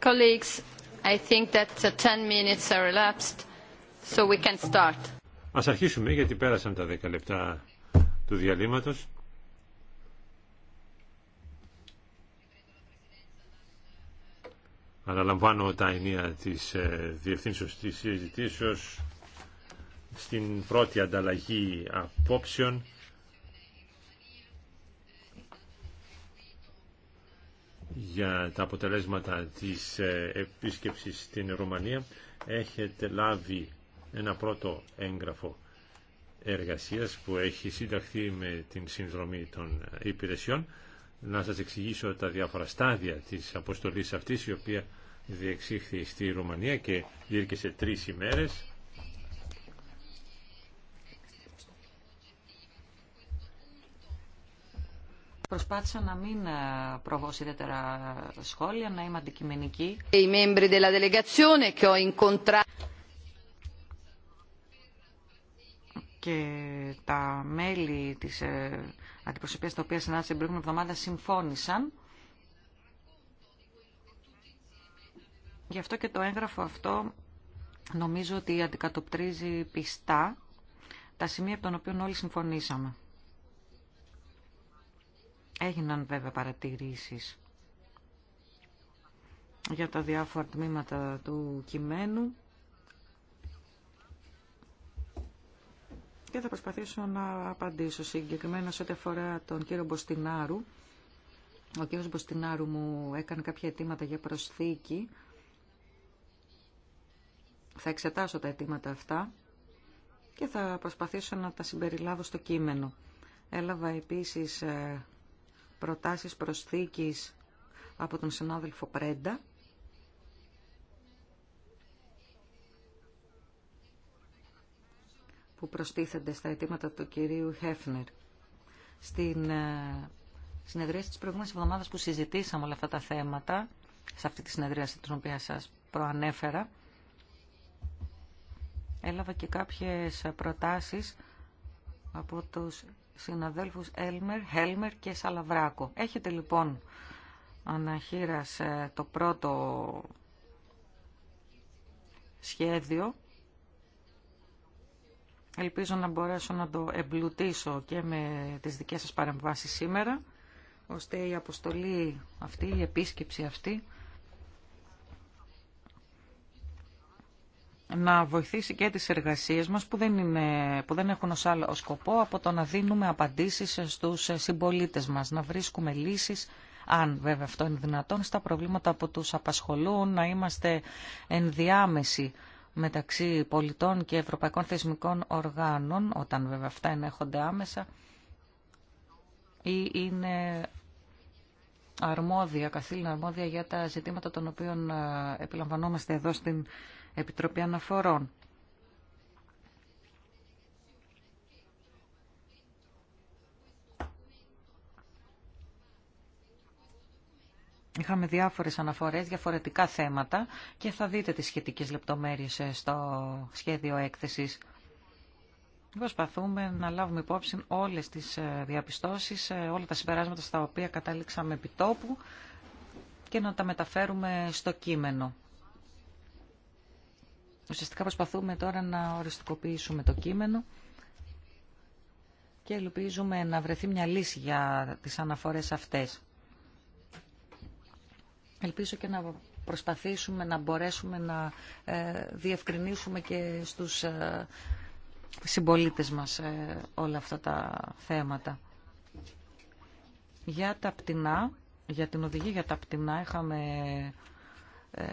Colleagues, I think that the 10 minutes are elapsed, so we can start. Ας αρχίσουμε γιατί πέρασαν τα 10 λεπτά του διαλύματος. Αναλαμβάνω τα ενία της ε, διευθύνσεως της συζητήσεως στην πρώτη ανταλλαγή απόψεων για τα αποτελέσματα της ε, επίσκεψης στην Ρουμανία. Έχετε λάβει ένα πρώτο έγγραφο εργασίας που έχει συνταχθεί με την συνδρομή των υπηρεσιών. Να σας εξηγήσω τα διάφορα στάδια της αποστολής αυτής η οποία διεξήχθη στη Ρουμανία και διήρκεσε τρεις ημέρες. Προσπάθησα να μην ε, προβώ ιδιαίτερα σχόλια, να είμαι αντικειμενική. Και τα μέλη της ε, αντιπροσωπείας, τα οποία συνάντησαν την προηγούμενη εβδομάδα, συμφώνησαν. Γι' αυτό και το έγγραφο αυτό νομίζω ότι αντικατοπτρίζει πιστά τα σημεία από τα οποία όλοι συμφωνήσαμε. Έγιναν βέβαια παρατηρήσεις για τα διάφορα τμήματα του κειμένου και θα προσπαθήσω να απαντήσω συγκεκριμένα σε ό,τι αφορά τον κύριο Μποστινάρου. Ο κύριος Μποστινάρου μου έκανε κάποια αιτήματα για προσθήκη. Θα εξετάσω τα αιτήματα αυτά και θα προσπαθήσω να τα συμπεριλάβω στο κείμενο. Έλαβα επίσης ε, προτάσεις προσθήκης από τον συνάδελφο Πρέντα. που προστίθενται στα αιτήματα του κυρίου Χέφνερ. Στην ε, συνεδρία της προηγούμενης εβδομάδας που συζητήσαμε όλα αυτά τα θέματα, σε αυτή τη συνεδρία την οποία σας προανέφερα, έλαβα και κάποιες προτάσεις από τους συναδέλφους Έλμερ, Χέλμερ και Σαλαβράκο. Έχετε λοιπόν αναχείρας ε, το πρώτο σχέδιο. Ελπίζω να μπορέσω να το εμπλουτίσω και με τις δικές σας παρεμβάσεις σήμερα, ώστε η αποστολή αυτή, η επίσκεψη αυτή, να βοηθήσει και τις εργασίες μας που δεν, είναι, που δεν έχουν ως άλλο σκοπό από το να δίνουμε απαντήσεις στους συμπολίτες μας, να βρίσκουμε λύσεις αν βέβαια αυτό είναι δυνατόν, στα προβλήματα που τους απασχολούν, να είμαστε ενδιάμεση μεταξύ πολιτών και ευρωπαϊκών θεσμικών οργάνων, όταν βέβαια αυτά ενέχονται άμεσα, ή είναι αρμόδια, καθήλυνα αρμόδια για τα ζητήματα των οποίων ε, επιλαμβανόμαστε εδώ στην Επιτροπή Αναφορών. Είχαμε διάφορες αναφορές, διαφορετικά θέματα και θα δείτε τις σχετικές λεπτομέρειες ε, στο σχέδιο έκθεσης. Προσπαθούμε να λάβουμε υπόψη όλες τις ε, διαπιστώσεις, ε, όλα τα συμπεράσματα στα οποία κατάληξαμε επιτόπου και να τα μεταφέρουμε στο κείμενο. Ουσιαστικά προσπαθούμε τώρα να οριστικοποιήσουμε το κείμενο και ελπίζουμε να βρεθεί μια λύση για τις αναφορές αυτές. Ελπίζω και να προσπαθήσουμε να μπορέσουμε να ε, διευκρινίσουμε και στους ε, συμπολίτες μας ε, όλα αυτά τα θέματα. Για τα πτηνά, για την οδηγία για τα πτηνά είχαμε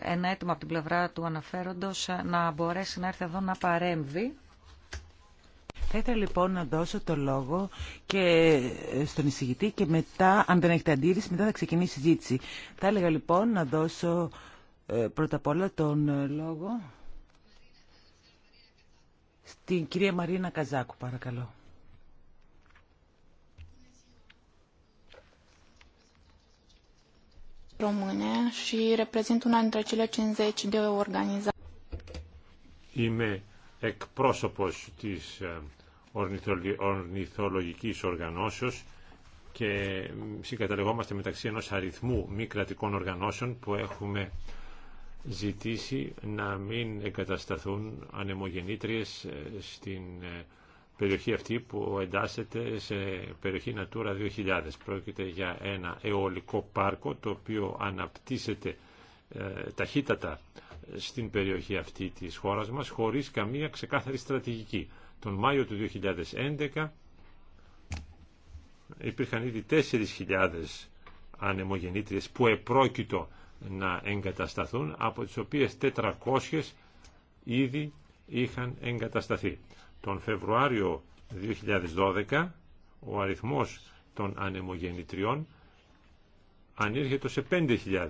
ένα αίτημα από την πλευρά του αναφέροντος να μπορέσει να έρθει εδώ να παρέμβει. Θα ήθελα λοιπόν να δώσω το λόγο και στον εισηγητή και μετά, αν δεν έχετε αντίρρηση, μετά θα ξεκινήσει η συζήτηση. Θα έλεγα λοιπόν να δώσω ε, πρώτα απ' όλα τον ε, λόγο στην κυρία Μαρίνα Καζάκου, παρακαλώ. române reprezint una dintre Είμαι εκπρόσωπος της ε, ορνηθολογικής οργανώσεως και συγκαταλεγόμαστε μεταξύ ενός αριθμού μη κρατικών οργανώσεων που έχουμε ζητήσει να μην εγκατασταθούν ανεμογεννήτριες ε, στην ε, περιοχή αυτή που εντάσσεται σε περιοχή Natura 2000. Πρόκειται για ένα αιωλικό πάρκο το οποίο αναπτύσσεται ε, ταχύτατα στην περιοχή αυτή της χώρας μας χωρίς καμία ξεκάθαρη στρατηγική. Τον Μάιο του 2011 υπήρχαν ήδη 4.000 ανεμογεννήτριες που επρόκειτο να εγκατασταθούν από τις οποίες 400 ήδη είχαν εγκατασταθεί τον Φεβρουάριο 2012 ο αριθμός των ανεμογεννητριών ανήρχεται σε 5.000.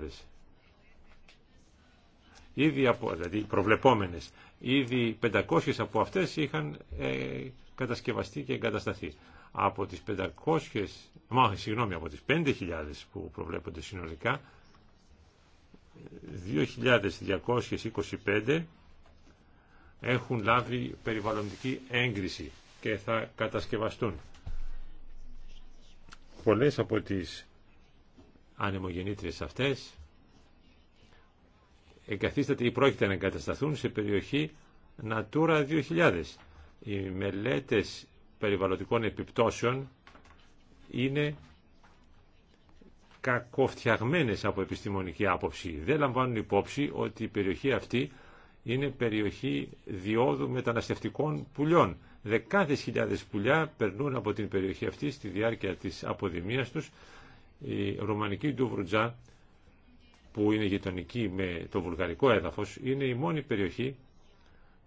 Ήδη από, δηλαδή προβλεπόμενες, ήδη 500 από αυτές είχαν ε, κατασκευαστεί και εγκατασταθεί. Από τις 500, συγγνώμη, από τις 5.000 που προβλέπονται συνολικά, 2.225 έχουν λάβει περιβαλλοντική έγκριση και θα κατασκευαστούν. Πολλές από τις ανεμογεννήτριες αυτές εγκαθίσταται ή πρόκειται να εγκατασταθούν σε περιοχή Natura 2000. Οι μελέτες περιβαλλοντικών επιπτώσεων είναι κακοφτιαγμένες από επιστημονική άποψη. Δεν λαμβάνουν υπόψη ότι η περιοχή αυτή είναι περιοχή διόδου μεταναστευτικών πουλιών. Δεκάδες χιλιάδες πουλιά περνούν από την περιοχή αυτή στη διάρκεια της αποδημίας τους. Η ρωμανική Ντουβρουτζά, που είναι γειτονική με το βουλγαρικό έδαφος, είναι η μόνη περιοχή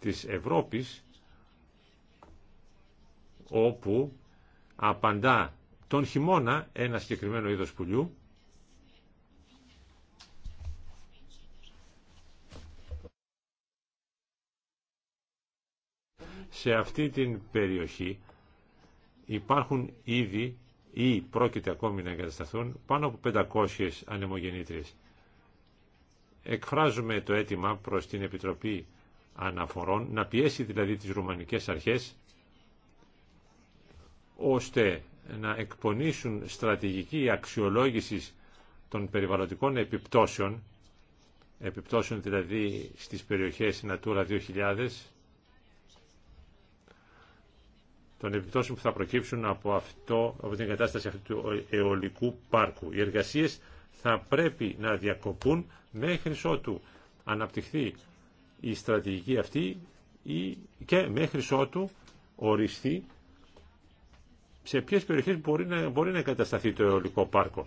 της Ευρώπης όπου απαντά τον χειμώνα ένα συγκεκριμένο είδος πουλιού σε αυτή την περιοχή υπάρχουν ήδη ή πρόκειται ακόμη να εγκατασταθούν πάνω από 500 ανεμογεννήτριες. Εκφράζουμε το αίτημα προς την Επιτροπή Αναφορών να πιέσει δηλαδή τις ρουμανικές αρχές ώστε να εκπονήσουν στρατηγική αξιολόγηση των περιβαλλοντικών επιπτώσεων επιπτώσεων δηλαδή στις περιοχές Natura 2000 των επιπτώσεων που θα προκύψουν από, αυτό, από την κατάσταση αυτού του αιωλικού πάρκου. Οι εργασίες θα πρέπει να διακοπούν μέχρι ότου αναπτυχθεί η στρατηγική αυτή και μέχρι ότου οριστεί σε ποιες περιοχές μπορεί να, μπορεί να εγκατασταθεί το αιωλικό πάρκο.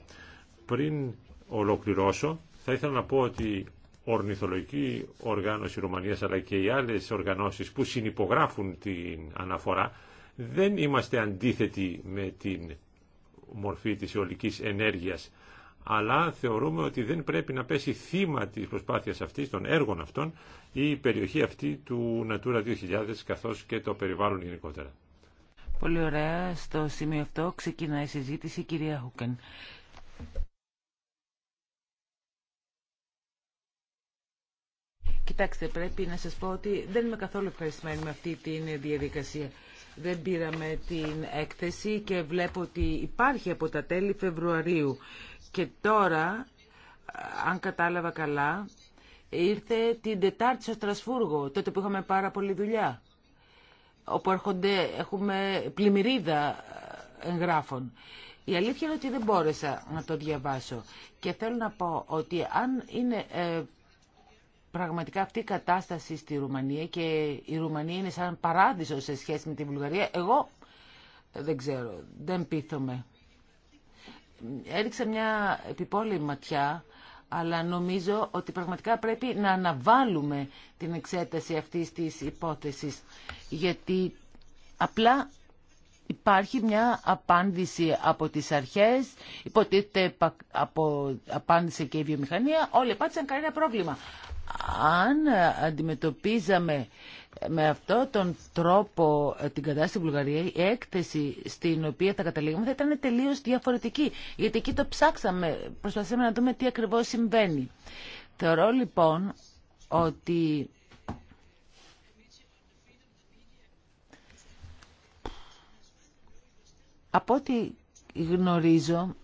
Πριν ολοκληρώσω, θα ήθελα να πω ότι ορνηθολογική οργάνωση Ρουμανίας αλλά και οι άλλες οργανώσεις που συνυπογράφουν την αναφορά δεν είμαστε αντίθετοι με την μορφή της ολικής ενέργειας, αλλά θεωρούμε ότι δεν πρέπει να πέσει θύμα της προσπάθειας αυτής, των έργων αυτών, η περιοχή αυτή του Natura 2000, καθώς και το περιβάλλον γενικότερα. Πολύ ωραία. Στο σημείο αυτό ξεκινάει η συζήτηση, κυρία Χούκεν. Κοιτάξτε, πρέπει να σας πω ότι δεν είμαι καθόλου ευχαριστημένη με αυτή τη διαδικασία δεν πήραμε την έκθεση και βλέπω ότι υπάρχει από τα τέλη Φεβρουαρίου. Και τώρα, αν κατάλαβα καλά, ήρθε την Τετάρτη στο Στρασβούργο, τότε που είχαμε πάρα πολλή δουλειά. Όπου έρχονται, έχουμε πλημμυρίδα ε, εγγράφων. Η αλήθεια είναι ότι δεν μπόρεσα να το διαβάσω. Και θέλω να πω ότι αν είναι ε, πραγματικά αυτή η κατάσταση στη Ρουμανία και η Ρουμανία είναι σαν παράδεισο σε σχέση με την Βουλγαρία, εγώ δεν ξέρω, δεν πείθομαι. Έριξα μια επιπόλυτη ματιά, αλλά νομίζω ότι πραγματικά πρέπει να αναβάλουμε την εξέταση αυτής της υπόθεσης, γιατί απλά υπάρχει μια απάντηση από τις αρχές, υποτίθεται από απάντησε και η βιομηχανία, όλοι πάτησαν κανένα πρόβλημα αν αντιμετωπίζαμε με αυτό τον τρόπο την κατάσταση στην Βουλγαρία, η έκθεση στην οποία θα καταλήγουμε θα ήταν τελείω διαφορετική. Γιατί εκεί το ψάξαμε, προσπαθήσαμε να δούμε τι ακριβώ συμβαίνει. Θεωρώ λοιπόν ότι. Από ό,τι γνωρίζω,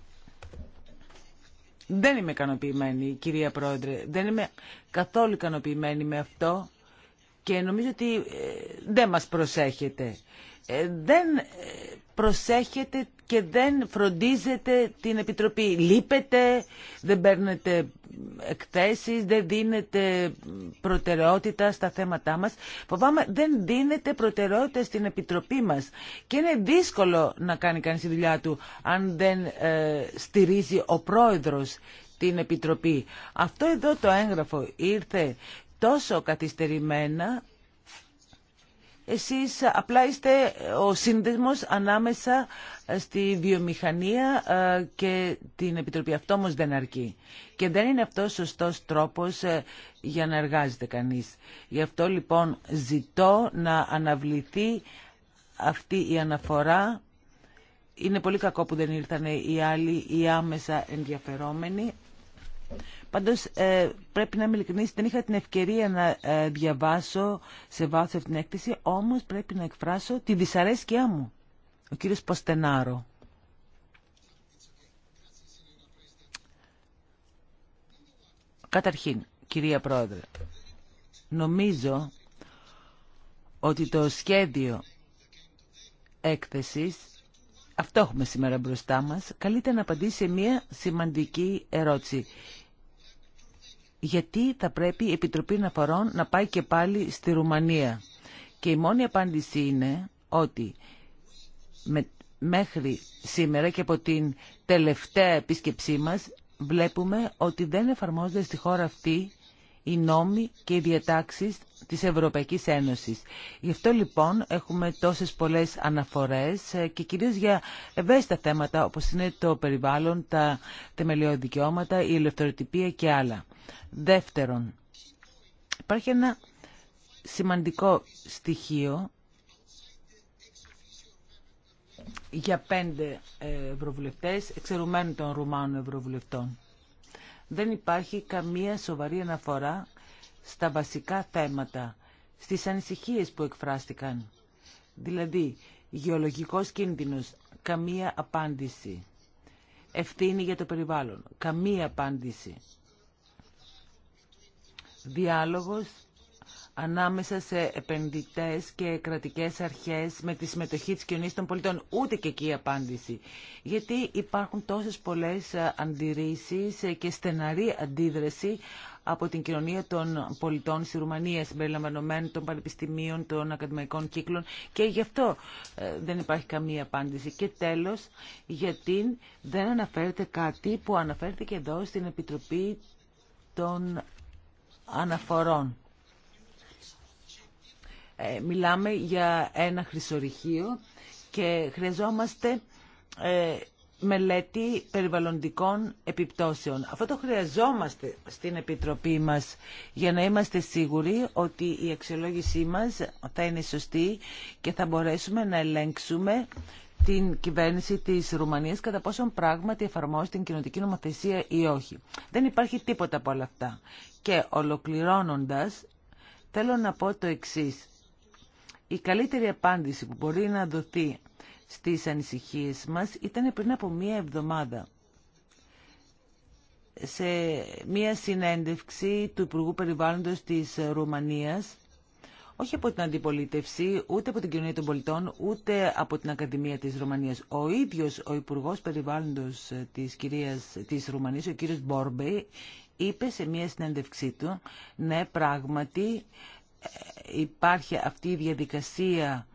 δεν είμαι ικανοποιημένη, κυρία Πρόεδρε. Δεν είμαι καθόλου ικανοποιημένη με αυτό και νομίζω ότι ε, δεν μας προσέχετε. Ε, δεν ε, προσέχετε και δεν φροντίζετε την Επιτροπή. Λείπετε, δεν παίρνετε εκθέσεις, δεν δίνετε προτεραιότητα στα θέματά μας. Φοβάμαι δεν δίνετε προτεραιότητα στην Επιτροπή μας. Και είναι δύσκολο να κάνει κανείς τη δουλειά του αν δεν ε, στηρίζει ο πρόεδρος την Επιτροπή. Αυτό εδώ το έγγραφο ήρθε τόσο καθυστερημένα εσείς απλά είστε ο σύνδεσμος ανάμεσα στη βιομηχανία ε, και την Επιτροπή. Αυτό όμως δεν αρκεί. Και δεν είναι αυτός σωστός τρόπος ε, για να εργάζεται κανείς. Γι' αυτό λοιπόν ζητώ να αναβληθεί αυτή η αναφορά. Είναι πολύ κακό που δεν ήρθαν οι άλλοι, οι άμεσα ενδιαφερόμενοι, Πάντως ε, πρέπει να είμαι ειλικρινής, δεν είχα την ευκαιρία να ε, διαβάσω σε βάθος αυτή την έκθεση, όμως πρέπει να εκφράσω τη δυσαρέσκειά μου. Ο κύριος Ποστενάρο. Καταρχήν, κυρία Πρόεδρε, νομίζω ότι το σχέδιο έκθεσης αυτό έχουμε σήμερα μπροστά μας. Καλείται να απαντήσει μια σημαντική ερώτηση. Γιατί θα πρέπει η Επιτροπή Ναφορών να πάει και πάλι στη Ρουμανία. Και η μόνη απάντηση είναι ότι μέχρι σήμερα και από την τελευταία επίσκεψή μας βλέπουμε ότι δεν εφαρμόζεται στη χώρα αυτή οι νόμοι και οι διατάξεις της Ευρωπαϊκής Ένωσης. Γι' αυτό λοιπόν έχουμε τόσες πολλές αναφορές ε, και κυρίως για ευαίσθητα θέματα όπως είναι το περιβάλλον, τα θεμελιώδη δικαιώματα, η ελευθεροτυπία και άλλα. Δεύτερον, υπάρχει ένα σημαντικό στοιχείο για πέντε ε, ευρωβουλευτές, εξαιρουμένων των Ρουμάνων ευρωβουλευτών δεν υπάρχει καμία σοβαρή αναφορά στα βασικά θέματα, στις ανησυχίες που εκφράστηκαν. Δηλαδή, γεωλογικός κίνδυνος, καμία απάντηση. Ευθύνη για το περιβάλλον, καμία απάντηση. Διάλογος ανάμεσα σε επενδυτές και κρατικές αρχές με τη συμμετοχή της κοινωνίας των πολιτών. Ούτε και εκεί η απάντηση. Γιατί υπάρχουν τόσες πολλές ε, αντιρρήσεις ε, και στεναρή αντίδραση από την κοινωνία των πολιτών στη Ρουμανία, συμπεριλαμβανομένων των πανεπιστημίων, των ακαδημαϊκών κύκλων και γι' αυτό ε, δεν υπάρχει καμία απάντηση. Και τέλος, γιατί δεν αναφέρεται κάτι που αναφέρθηκε εδώ στην Επιτροπή των Αναφορών. Ε, μιλάμε για ένα χρυσορυχείο και χρειαζόμαστε ε, μελέτη περιβαλλοντικών επιπτώσεων. Αυτό το χρειαζόμαστε στην Επιτροπή μας για να είμαστε σίγουροι ότι η αξιολόγησή μας θα είναι σωστή και θα μπορέσουμε να ελέγξουμε την κυβέρνηση της Ρουμανίας κατά πόσον πράγματι εφαρμόζει την κοινοτική νομοθεσία ή όχι. Δεν υπάρχει τίποτα από όλα αυτά. Και ολοκληρώνοντας, θέλω να πω το εξής. Η καλύτερη απάντηση που μπορεί να δοθεί στις ανησυχίες μας ήταν πριν από μία εβδομάδα σε μία συνέντευξη του Υπουργού Περιβάλλοντος της Ρουμανίας όχι από την αντιπολίτευση, ούτε από την κοινωνία των πολιτών, ούτε από την Ακαδημία της Ρουμανίας. Ο ίδιος ο Υπουργός Περιβάλλοντος της, κυρίας, της Ρουμανίας, ο κύριος Μπόρμπεϊ, είπε σε μία συνέντευξή του, ναι πράγματι υπάρχει αυτή η διαδικασία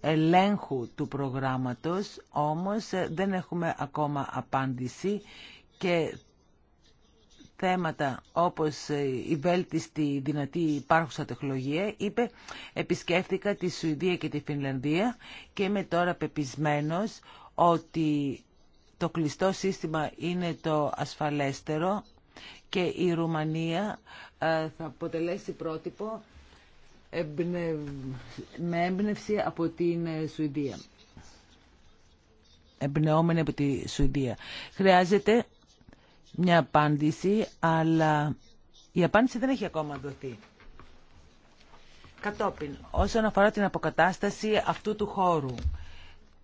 ελέγχου του προγράμματος, όμως ε, δεν έχουμε ακόμα απάντηση και θέματα όπως ε, η βέλτιστη δυνατή υπάρχουσα τεχνολογία είπε επισκέφθηκα τη Σουηδία και τη Φινλανδία και είμαι τώρα πεπισμένος ότι το κλειστό σύστημα είναι το ασφαλέστερο και η Ρουμανία ε, θα αποτελέσει πρότυπο με έμπνευση από την ε, Σουηδία. Εμπνεόμενη από τη Σουηδία. Χρειάζεται μια απάντηση, αλλά η απάντηση δεν έχει ακόμα δοθεί. Κατόπιν, όσον αφορά την αποκατάσταση αυτού του χώρου,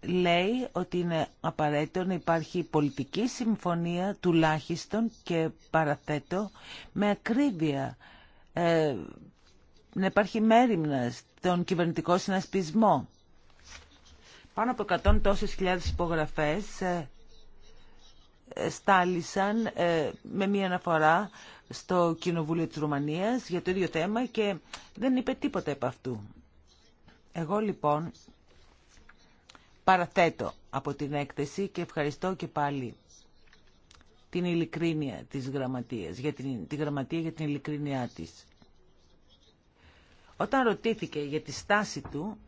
λέει ότι είναι απαραίτητο να υπάρχει πολιτική συμφωνία τουλάχιστον και παραθέτω με ακρίβεια. Ε, να υπάρχει μέρημνα στον κυβερνητικό συνασπισμό. Πάνω από 100 τόσες χιλιάδες υπογραφές ε, ε, στάλησαν ε, με μία αναφορά στο Κοινοβούλιο της Ρουμανίας για το ίδιο θέμα και δεν είπε τίποτα από αυτού. Εγώ λοιπόν παραθέτω από την έκθεση και ευχαριστώ και πάλι την ειλικρίνεια της γραμματείας, για την, τη γραμματεία για την ειλικρίνειά της. Όταν ρωτήθηκε για τη στάση του,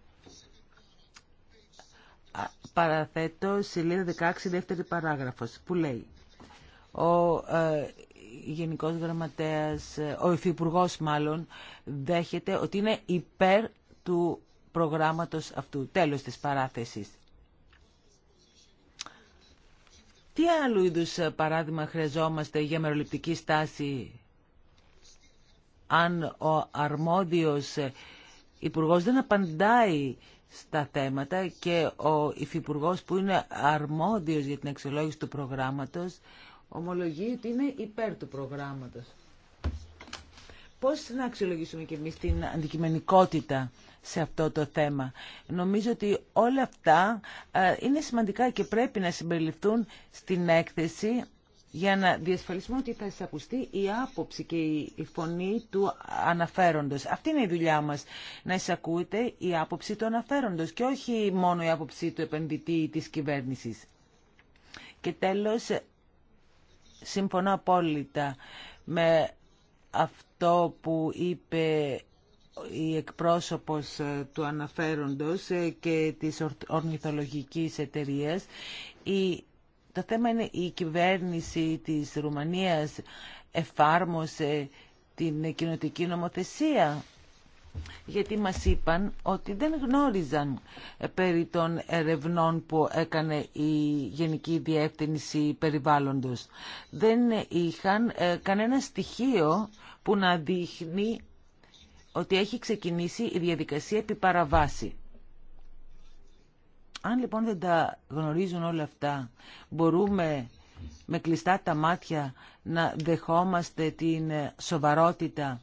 παραθέτω σελίδα 16, δεύτερη παράγραφος, που λέει ο ε, Γενικός Γραμματέας, ε, ο Υφυπουργός μάλλον, δέχεται ότι είναι υπέρ του προγράμματος αυτού, τέλος της παράθεσης. Τι άλλου είδους ε, παράδειγμα χρειαζόμαστε για μεροληπτική στάση αν ο αρμόδιος υπουργός δεν απαντάει στα θέματα και ο υφυπουργό που είναι αρμόδιος για την αξιολόγηση του προγράμματος ομολογεί ότι είναι υπέρ του προγράμματος. Πώς να αξιολογήσουμε και εμείς την αντικειμενικότητα σε αυτό το θέμα. Νομίζω ότι όλα αυτά ε, είναι σημαντικά και πρέπει να συμπεριληφθούν στην έκθεση για να διασφαλίσουμε ότι θα εισακουστεί η άποψη και η φωνή του αναφέροντος. Αυτή είναι η δουλειά μας, να εισακούεται η άποψη του αναφέροντος και όχι μόνο η άποψη του επενδυτή ή της κυβέρνησης. Και τέλος, συμφωνώ απόλυτα με αυτό που είπε εκπρόσωπος ε, του αναφέροντος ε, και της ορνηθολογικής εταιρείας. Η το θέμα είναι η κυβέρνηση της Ρουμανίας εφάρμοσε την κοινοτική νομοθεσία. Γιατί μας είπαν ότι δεν γνώριζαν ε, περί των ερευνών που έκανε η Γενική Διεύθυνση Περιβάλλοντος. Δεν είχαν ε, κανένα στοιχείο που να δείχνει ότι έχει ξεκινήσει η διαδικασία επί παραβάση. Αν λοιπόν δεν τα γνωρίζουν όλα αυτά, μπορούμε με κλειστά τα μάτια να δεχόμαστε την σοβαρότητα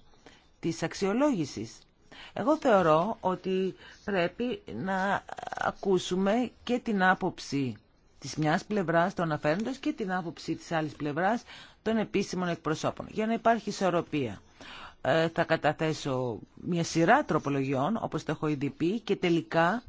της αξιολόγησης. Εγώ θεωρώ ότι πρέπει να ακούσουμε και την άποψη της μιας πλευράς των αφέροντος και την άποψη της άλλης πλευράς των επίσημων εκπροσώπων, για να υπάρχει ισορροπία. Ε, θα καταθέσω μια σειρά τροπολογιών, όπως το έχω ήδη πει, και τελικά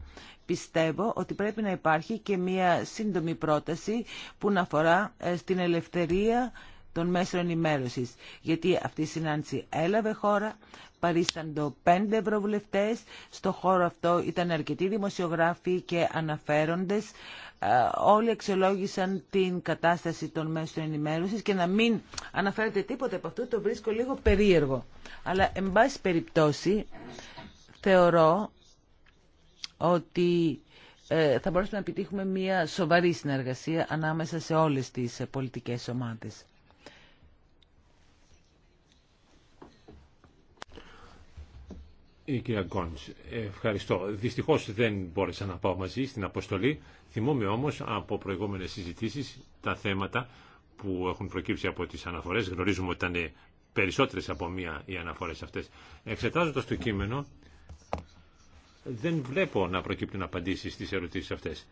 πιστεύω ότι πρέπει να υπάρχει και μια σύντομη πρόταση που να αφορά ε, στην ελευθερία των μέσων ενημέρωση. Γιατί αυτή η συνάντηση έλαβε χώρα, παρίσταντο πέντε ευρωβουλευτέ. Στο χώρο αυτό ήταν αρκετοί δημοσιογράφοι και αναφέροντες. Ε, όλοι αξιολόγησαν την κατάσταση των μέσων ενημέρωση και να μην αναφέρεται τίποτα από αυτό το βρίσκω λίγο περίεργο. Αλλά, εν πάση περιπτώσει, θεωρώ ότι ε, θα μπορούσαμε να επιτύχουμε μια σοβαρή συνεργασία ανάμεσα σε όλες τις ε, πολιτικές ομάδες. Η κυρία Γκόντς, ε, ευχαριστώ. Δυστυχώς δεν μπόρεσα να πάω μαζί στην αποστολή. Θυμούμαι όμως από προηγούμενες συζητήσεις τα θέματα που έχουν προκύψει από τις αναφορές. Γνωρίζουμε ότι ήταν περισσότερες από μία οι αναφορές αυτές. Εξετάζοντας το κείμενο, δεν βλέπω να προκύπτουν απαντήσει στις ερωτήσεις αυτές.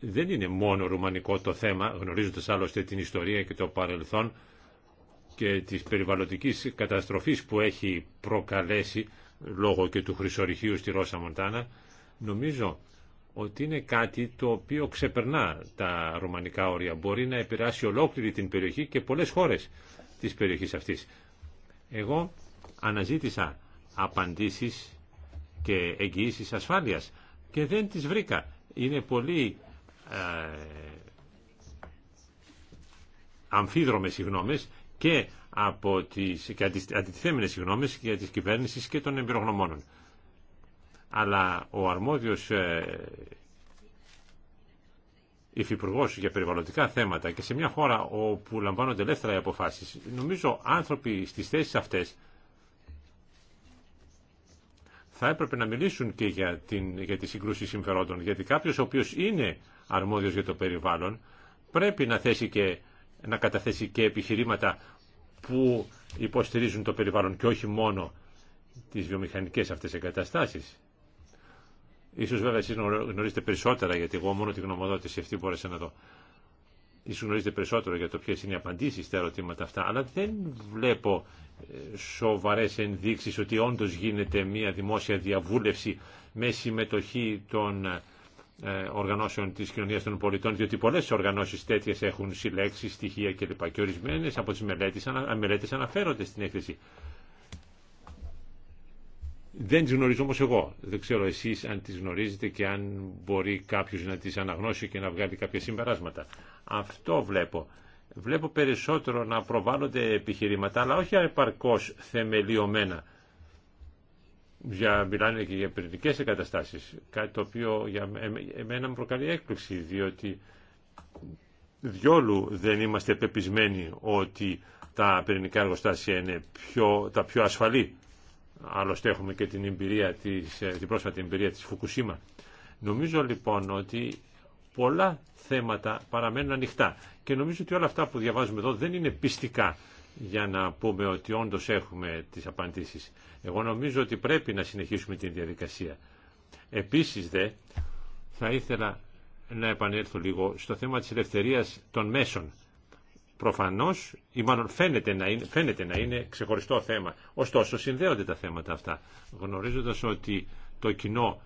Δεν είναι μόνο ρουμανικό το θέμα, γνωρίζοντα άλλωστε την ιστορία και το παρελθόν και τη περιβαλλοντική καταστροφή που έχει προκαλέσει λόγω και του χρυσορυχείου στη Ρώσα Μοντάνα, νομίζω ότι είναι κάτι το οποίο ξεπερνά τα ρουμανικά όρια. Μπορεί να επηρεάσει ολόκληρη την περιοχή και πολλές χώρες της περιοχής αυτής. Εγώ αναζήτησα απαντήσεις και εγγυήσεις ασφάλειας και δεν τις βρήκα. Είναι πολύ ε, αμφίδρομες οι γνώμες και από τις και οι γνώμες και τις κυβέρνησεις και των εμπειρογνωμόνων. Αλλά ο αρμόδιος ε, υφυπουργό για περιβαλλοντικά θέματα και σε μια χώρα όπου λαμβάνονται ελεύθερα οι αποφάσεις, νομίζω άνθρωποι στις θέσεις αυτές θα έπρεπε να μιλήσουν και για, την, για τη συγκρούση συμφερόντων. Γιατί κάποιο ο οποίο είναι αρμόδιο για το περιβάλλον πρέπει να, θέσει και, να καταθέσει και επιχειρήματα που υποστηρίζουν το περιβάλλον και όχι μόνο τις βιομηχανικές αυτές εγκαταστάσεις. Ίσως βέβαια εσείς γνωρίζετε περισσότερα γιατί εγώ μόνο τη γνωμοδότηση αυτή μπόρεσα να δω ίσως γνωρίζετε περισσότερο για το ποιες είναι οι απαντήσεις στα ερωτήματα αυτά, αλλά δεν βλέπω ε, σοβαρές ενδείξεις ότι όντως γίνεται μια δημόσια διαβούλευση με συμμετοχή των ε, οργανώσεων της κοινωνίας των πολιτών, διότι πολλές οργανώσεις τέτοιες έχουν συλλέξει στοιχεία κλπ. Και ορισμένε από τις μελέτες, ε, μελέτες αναφέρονται στην έκθεση. Δεν τις γνωρίζω όμως εγώ. Δεν ξέρω εσείς αν τις γνωρίζετε και αν μπορεί κάποιος να τις αναγνώσει και να βγάλει κάποια συμπεράσματα. Αυτό βλέπω. Βλέπω περισσότερο να προβάλλονται επιχειρήματα, αλλά όχι επαρκώς θεμελιωμένα. Για, μιλάνε και για πυρηνικέ εγκαταστάσει. Κάτι το οποίο για εμένα μου προκαλεί έκπληξη, διότι διόλου δεν είμαστε πεπισμένοι ότι τα πυρηνικά εργοστάσια είναι πιο, τα πιο ασφαλή. Άλλωστε έχουμε και την, της, ε, την πρόσφατη εμπειρία της Φουκουσίμα. Νομίζω λοιπόν ότι πολλά θέματα παραμένουν ανοιχτά. Και νομίζω ότι όλα αυτά που διαβάζουμε εδώ δεν είναι πιστικά για να πούμε ότι όντω έχουμε τις απαντήσεις. Εγώ νομίζω ότι πρέπει να συνεχίσουμε την διαδικασία. Επίσης δε θα ήθελα να επανέλθω λίγο στο θέμα της ελευθερία των μέσων. Προφανώς, ή μάλλον φαίνεται να είναι, φαίνεται να είναι ξεχωριστό θέμα. Ωστόσο, συνδέονται τα θέματα αυτά, γνωρίζοντα ότι το κοινό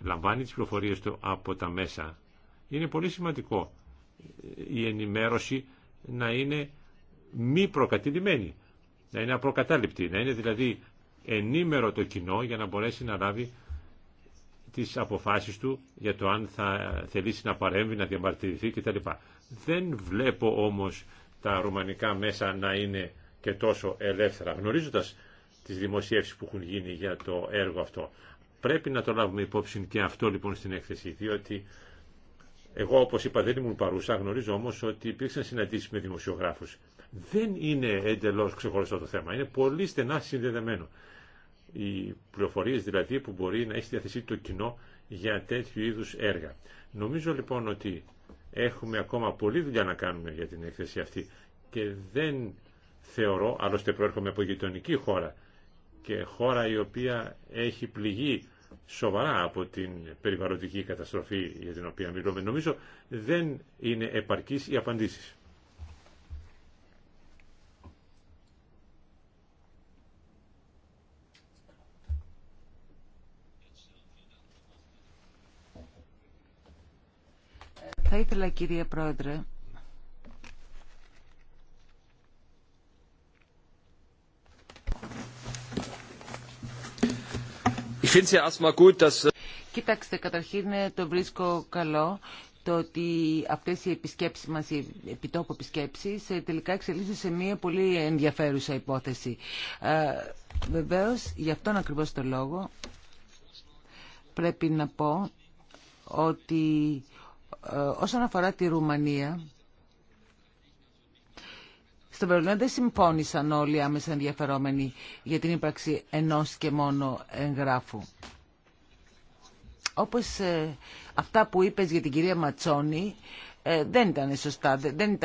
λαμβάνει τι πληροφορίε του από τα μέσα είναι πολύ σημαντικό η ενημέρωση να είναι μη προκατηλημένη, να είναι απροκατάληπτη, να είναι δηλαδή ενήμερο το κοινό για να μπορέσει να λάβει τις αποφάσεις του για το αν θα θελήσει να παρέμβει, να διαμαρτυρηθεί κτλ. Δεν βλέπω όμως τα ρουμανικά μέσα να είναι και τόσο ελεύθερα, γνωρίζοντας τις δημοσίευσεις που έχουν γίνει για το έργο αυτό. Πρέπει να το λάβουμε υπόψη και αυτό λοιπόν στην έκθεση, διότι εγώ όπως είπα δεν ήμουν παρούσα, γνωρίζω όμως ότι υπήρξαν συναντήσει με δημοσιογράφου. Δεν είναι εντελώς ξεχωριστό το θέμα, είναι πολύ στενά συνδεδεμένο. Οι πληροφορίε δηλαδή που μπορεί να έχει στη διαθεσή το κοινό για τέτοιου είδους έργα. Νομίζω λοιπόν ότι έχουμε ακόμα πολλή δουλειά να κάνουμε για την έκθεση αυτή και δεν θεωρώ, άλλωστε προέρχομαι από γειτονική χώρα και χώρα η οποία έχει πληγεί σοβαρά από την περιβαλλοντική καταστροφή για την οποία μιλούμε. Νομίζω δεν είναι επαρκής οι απαντήσεις. Θα ήθελα κύριε Πρόεδρε Äh, Κοιτάξτε, καταρχήν ε, το βρίσκω καλό το ότι αυτές οι επισκέψεις μας, οι επιτόπου επισκέψεις, ε, τελικά εξελίσσονται σε μια πολύ ενδιαφέρουσα υπόθεση. Ε, Βεβαίω, γι' αυτόν ακριβώς το λόγο, πρέπει να πω ότι όσον αφορά τη Ρουμανία, στο Βερολίνο δεν συμφώνησαν όλοι οι άμεσα ενδιαφερόμενοι για την ύπαρξη ενός και μόνο εγγράφου. Όπως ε, αυτά που είπες για την κυρία Ματσόνη, ε, δεν ήταν σωστά, δεν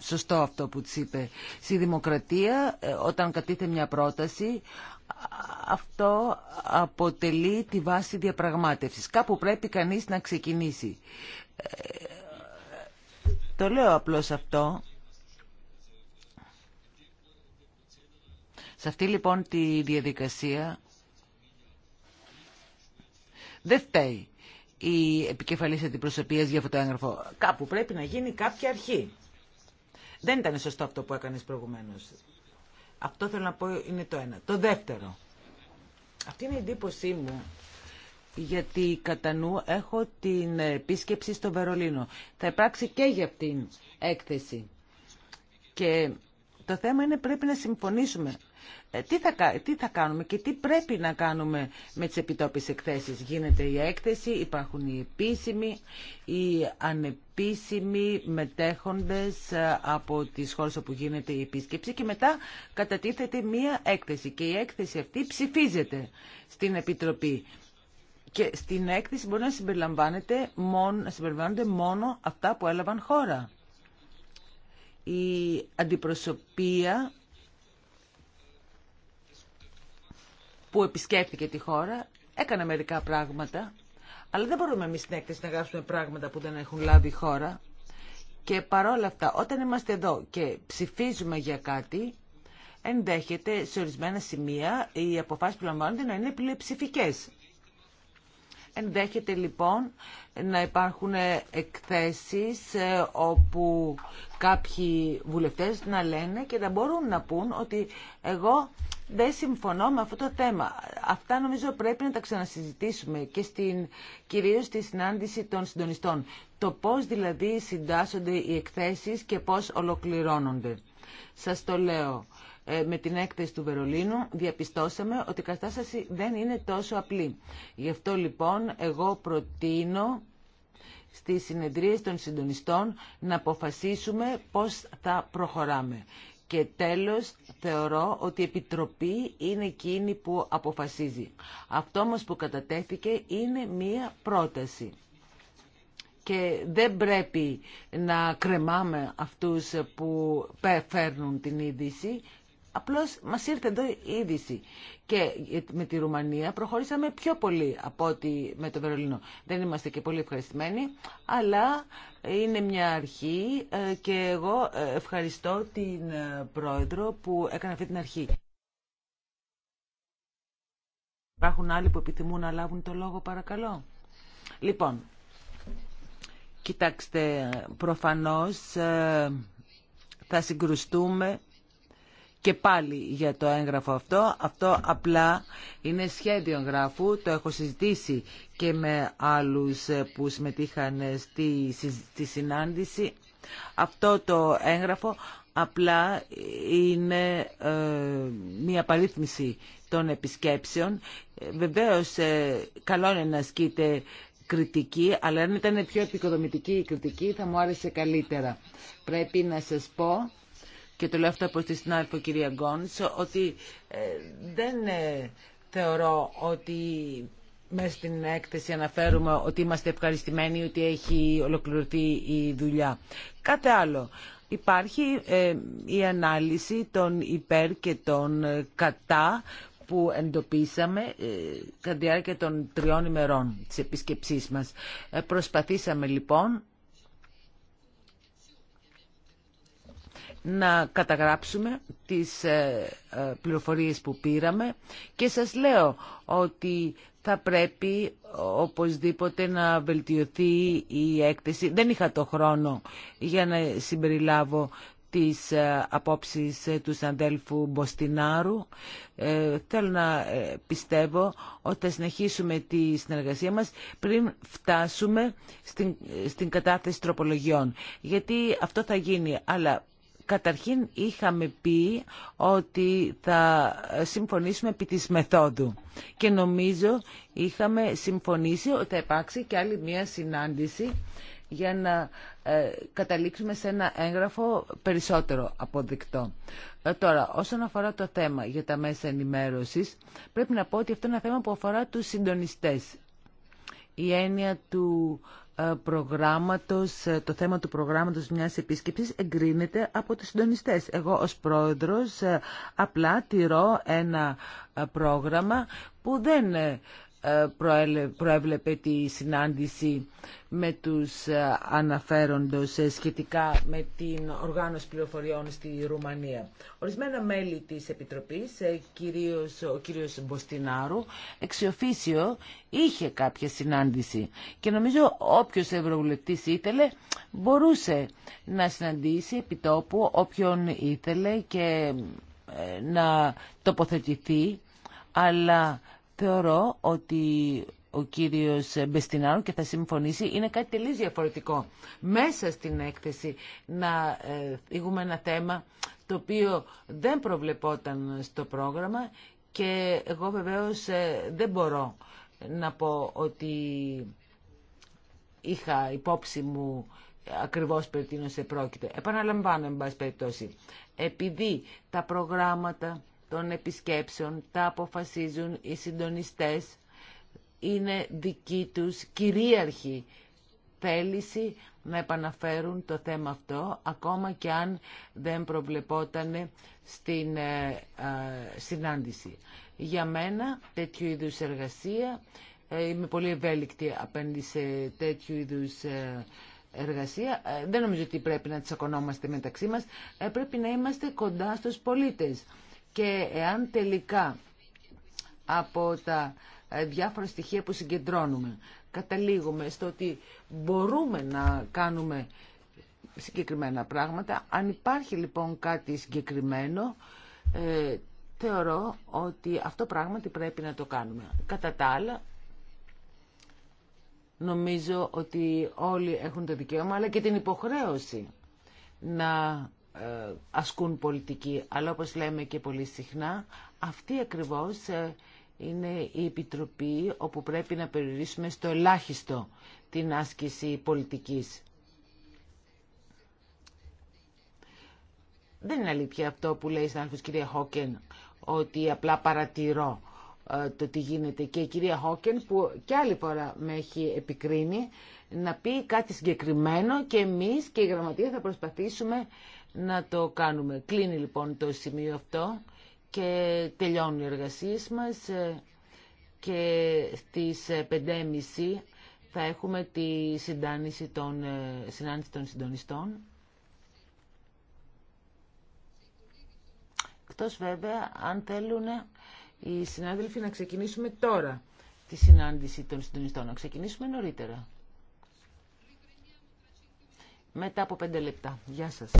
σωστό αυτό που της είπε. Στη δημοκρατία, ε, όταν κατήθε μια πρόταση, αυτό αποτελεί τη βάση διαπραγμάτευσης. Κάπου πρέπει κανείς να ξεκινήσει. Το λέω απλώς αυτό, Σε αυτή λοιπόν τη διαδικασία δεν φταίει η επικεφαλής αντιπροσωπείας για αυτό το έγγραφο. Κάπου πρέπει να γίνει κάποια αρχή. Δεν ήταν σωστό αυτό που έκανες προηγουμένως. Αυτό θέλω να πω είναι το ένα. Το δεύτερο. Αυτή είναι η εντύπωσή μου γιατί κατά νου έχω την επίσκεψη στο Βερολίνο. Θα υπάρξει και για αυτήν έκθεση. Και το θέμα είναι πρέπει να συμφωνήσουμε ε, τι θα, κάνουμε και τι πρέπει να κάνουμε με τις επιτόπιες εκθέσεις. Γίνεται η έκθεση, υπάρχουν οι επίσημοι, οι ανεπίσημοι μετέχοντες ε, από τις χώρες όπου γίνεται η επίσκεψη και μετά κατατίθεται μία έκθεση και η έκθεση αυτή ψηφίζεται στην Επιτροπή. Και στην έκθεση μπορεί να, συμπεριλαμβάνεται μόνο, να συμπεριλαμβάνονται μόνο αυτά που έλαβαν χώρα. Η αντιπροσωπεία που επισκέφθηκε τη χώρα, έκανε μερικά πράγματα, αλλά δεν μπορούμε εμείς στην έκθεση να γράψουμε πράγματα που δεν έχουν λάβει η χώρα. Και παρόλα αυτά, όταν είμαστε εδώ και ψηφίζουμε για κάτι, ενδέχεται σε ορισμένα σημεία οι αποφάσει που λαμβάνονται να είναι πλειοψηφικέ. Ενδέχεται λοιπόν να υπάρχουν εκθέσεις ε, όπου κάποιοι βουλευτές να λένε και να μπορούν να πούν ότι εγώ δεν συμφωνώ με αυτό το θέμα. Αυτά νομίζω πρέπει να τα ξανασυζητήσουμε και στην, κυρίως στη συνάντηση των συντονιστών. Το πώς δηλαδή συντάσσονται οι εκθέσεις και πώς ολοκληρώνονται. Σας το λέω. Ε, με την έκθεση του Βερολίνου διαπιστώσαμε ότι η κατάσταση δεν είναι τόσο απλή. Γι' αυτό λοιπόν εγώ προτείνω στις συνεδρίες των συντονιστών να αποφασίσουμε πώς θα προχωράμε. Και τέλος, θεωρώ ότι η Επιτροπή είναι εκείνη που αποφασίζει. Αυτό όμως που κατατέθηκε είναι μία πρόταση. Και δεν πρέπει να κρεμάμε αυτούς που φέρνουν την είδηση, Απλώς μας ήρθε εδώ η είδηση και με τη Ρουμανία προχωρήσαμε πιο πολύ από ότι με το Βερολίνο. Δεν είμαστε και πολύ ευχαριστημένοι, αλλά είναι μια αρχή ε, και εγώ ε, ευχαριστώ την ε, Πρόεδρο που έκανε αυτή την αρχή. Υπάρχουν άλλοι που επιθυμούν να λάβουν το λόγο, παρακαλώ. Λοιπόν, κοιτάξτε, προφανώς θα συγκρουστούμε και πάλι για το έγγραφο αυτό. Αυτό απλά είναι σχέδιο γράφου, το έχω συζητήσει και με άλλους που συμμετείχαν στη, στη συνάντηση. Αυτό το έγγραφο απλά είναι ε, μια παρήθμιση των επισκέψεων. Ε, βεβαίως, ε, καλό είναι να ασκείται κριτική, αλλά αν ήταν πιο επικοδομητική η κριτική θα μου άρεσε καλύτερα. Πρέπει να σας πω και το λέω αυτό από τη συνάδελφο κυρία Γκόνς, ότι ε, δεν ε, θεωρώ ότι μέσα στην έκθεση αναφέρουμε ότι είμαστε ευχαριστημένοι ότι έχει ολοκληρωθεί η δουλειά. Κάτι άλλο. Υπάρχει ε, η ανάλυση των υπέρ και των κατά που εντοπίσαμε κατά τη διάρκεια των τριών ημερών της επισκεψής μας. προσπαθήσαμε λοιπόν να καταγράψουμε τις ε, ε, πληροφορίες που πήραμε και σας λέω ότι θα πρέπει οπωσδήποτε να βελτιωθεί η έκθεση. Δεν είχα το χρόνο για να συμπεριλάβω τις ε, απόψεις του σαντέλφου Μποστινάρου. θέλω να πιστεύω ότι θα συνεχίσουμε τη συνεργασία μας πριν φτάσουμε στην, στην κατάθεση τροπολογιών. Γιατί αυτό θα γίνει, αλλά Καταρχήν είχαμε πει ότι θα συμφωνήσουμε επί της μεθόδου και νομίζω είχαμε συμφωνήσει ότι θα υπάρξει και άλλη μία συνάντηση για να ε, καταλήξουμε σε ένα έγγραφο περισσότερο αποδεικτό. Ε, τώρα, όσον αφορά το θέμα για τα μέσα ενημέρωσης, πρέπει να πω ότι αυτό είναι ένα θέμα που αφορά τους συντονιστές. Η έννοια του ε, ε, το θέμα του προγράμματος μιας επίσκεψης εγκρίνεται από τους συντονιστές. Εγώ ως πρόεδρος ε, απλά τηρώ ένα πρόγραμμα που δεν ε, προέβλεπε τη συνάντηση με τους ε, αναφέροντος ε, σχετικά με την οργάνωση πληροφοριών στη Ρουμανία. Ορισμένα μέλη της Επιτροπής, κυρίως ο κύριος Μποστινάρου, εξιοφύσιο είχε κάποια συνάντηση και νομίζω όποιος ευρωβουλευτής ήθελε μπορούσε να συναντήσει επιτόπου όποιον ήθελε και να τοποθετηθεί αλλά Θεωρώ ότι ο κύριος Μπεστινάρου και θα συμφωνήσει είναι κάτι τελείως διαφορετικό. Μέσα στην έκθεση να ε, ένα θέμα το οποίο δεν προβλεπόταν στο πρόγραμμα και εγώ βεβαίως ε, δεν μπορώ να πω ότι είχα υπόψη μου ακριβώς περί τίνος πρόκειται. Επαναλαμβάνω, εν πάση περιπτώσει, επειδή τα προγράμματα των επισκέψεων τα αποφασίζουν οι συντονιστές. Είναι δική τους κυρίαρχη θέληση να επαναφέρουν το θέμα αυτό, ακόμα και αν δεν προβλεπόταν στην ε, συνάντηση. Για μένα, τέτοιου είδους εργασία, ε, είμαι πολύ ευέλικτη απέναντι σε τέτοιου είδους ε, εργασία, ε, δεν νομίζω ότι πρέπει να τσακωνόμαστε μεταξύ μας, πρέπει να είμαστε κοντά στους πολίτες. Και εάν τελικά από τα ε, διάφορα στοιχεία που συγκεντρώνουμε καταλήγουμε στο ότι μπορούμε να κάνουμε συγκεκριμένα πράγματα, αν υπάρχει λοιπόν κάτι συγκεκριμένο, ε, θεωρώ ότι αυτό πράγματι πρέπει να το κάνουμε. Κατά τα άλλα, νομίζω ότι όλοι έχουν το δικαίωμα, αλλά και την υποχρέωση να ε, ασκούν πολιτική. Αλλά όπως λέμε και πολύ συχνά, αυτή ακριβώς ε, είναι η επιτροπή όπου πρέπει να περιορίσουμε στο ελάχιστο την άσκηση πολιτικής. Δεν είναι αλήθεια αυτό που λέει η συνάδελφος κυρία Χόκεν, ότι απλά παρατηρώ ε, το τι γίνεται. Και η κυρία Χόκεν που κι άλλη φορά με έχει επικρίνει να πει κάτι συγκεκριμένο και εμείς και η Γραμματεία θα προσπαθήσουμε να το κάνουμε. Κλείνει λοιπόν το σημείο αυτό και τελειώνουν οι εργασίες μας ε, και στις 5.30 ε, θα έχουμε τη συντάνηση των, ε, συνάντηση των συντονιστών. Κτό βέβαια αν θέλουν οι συνάδελφοι να ξεκινήσουμε τώρα τη συνάντηση των συντονιστών. Να ξεκινήσουμε νωρίτερα. Μετά από πέντε λεπτά. Γεια σας.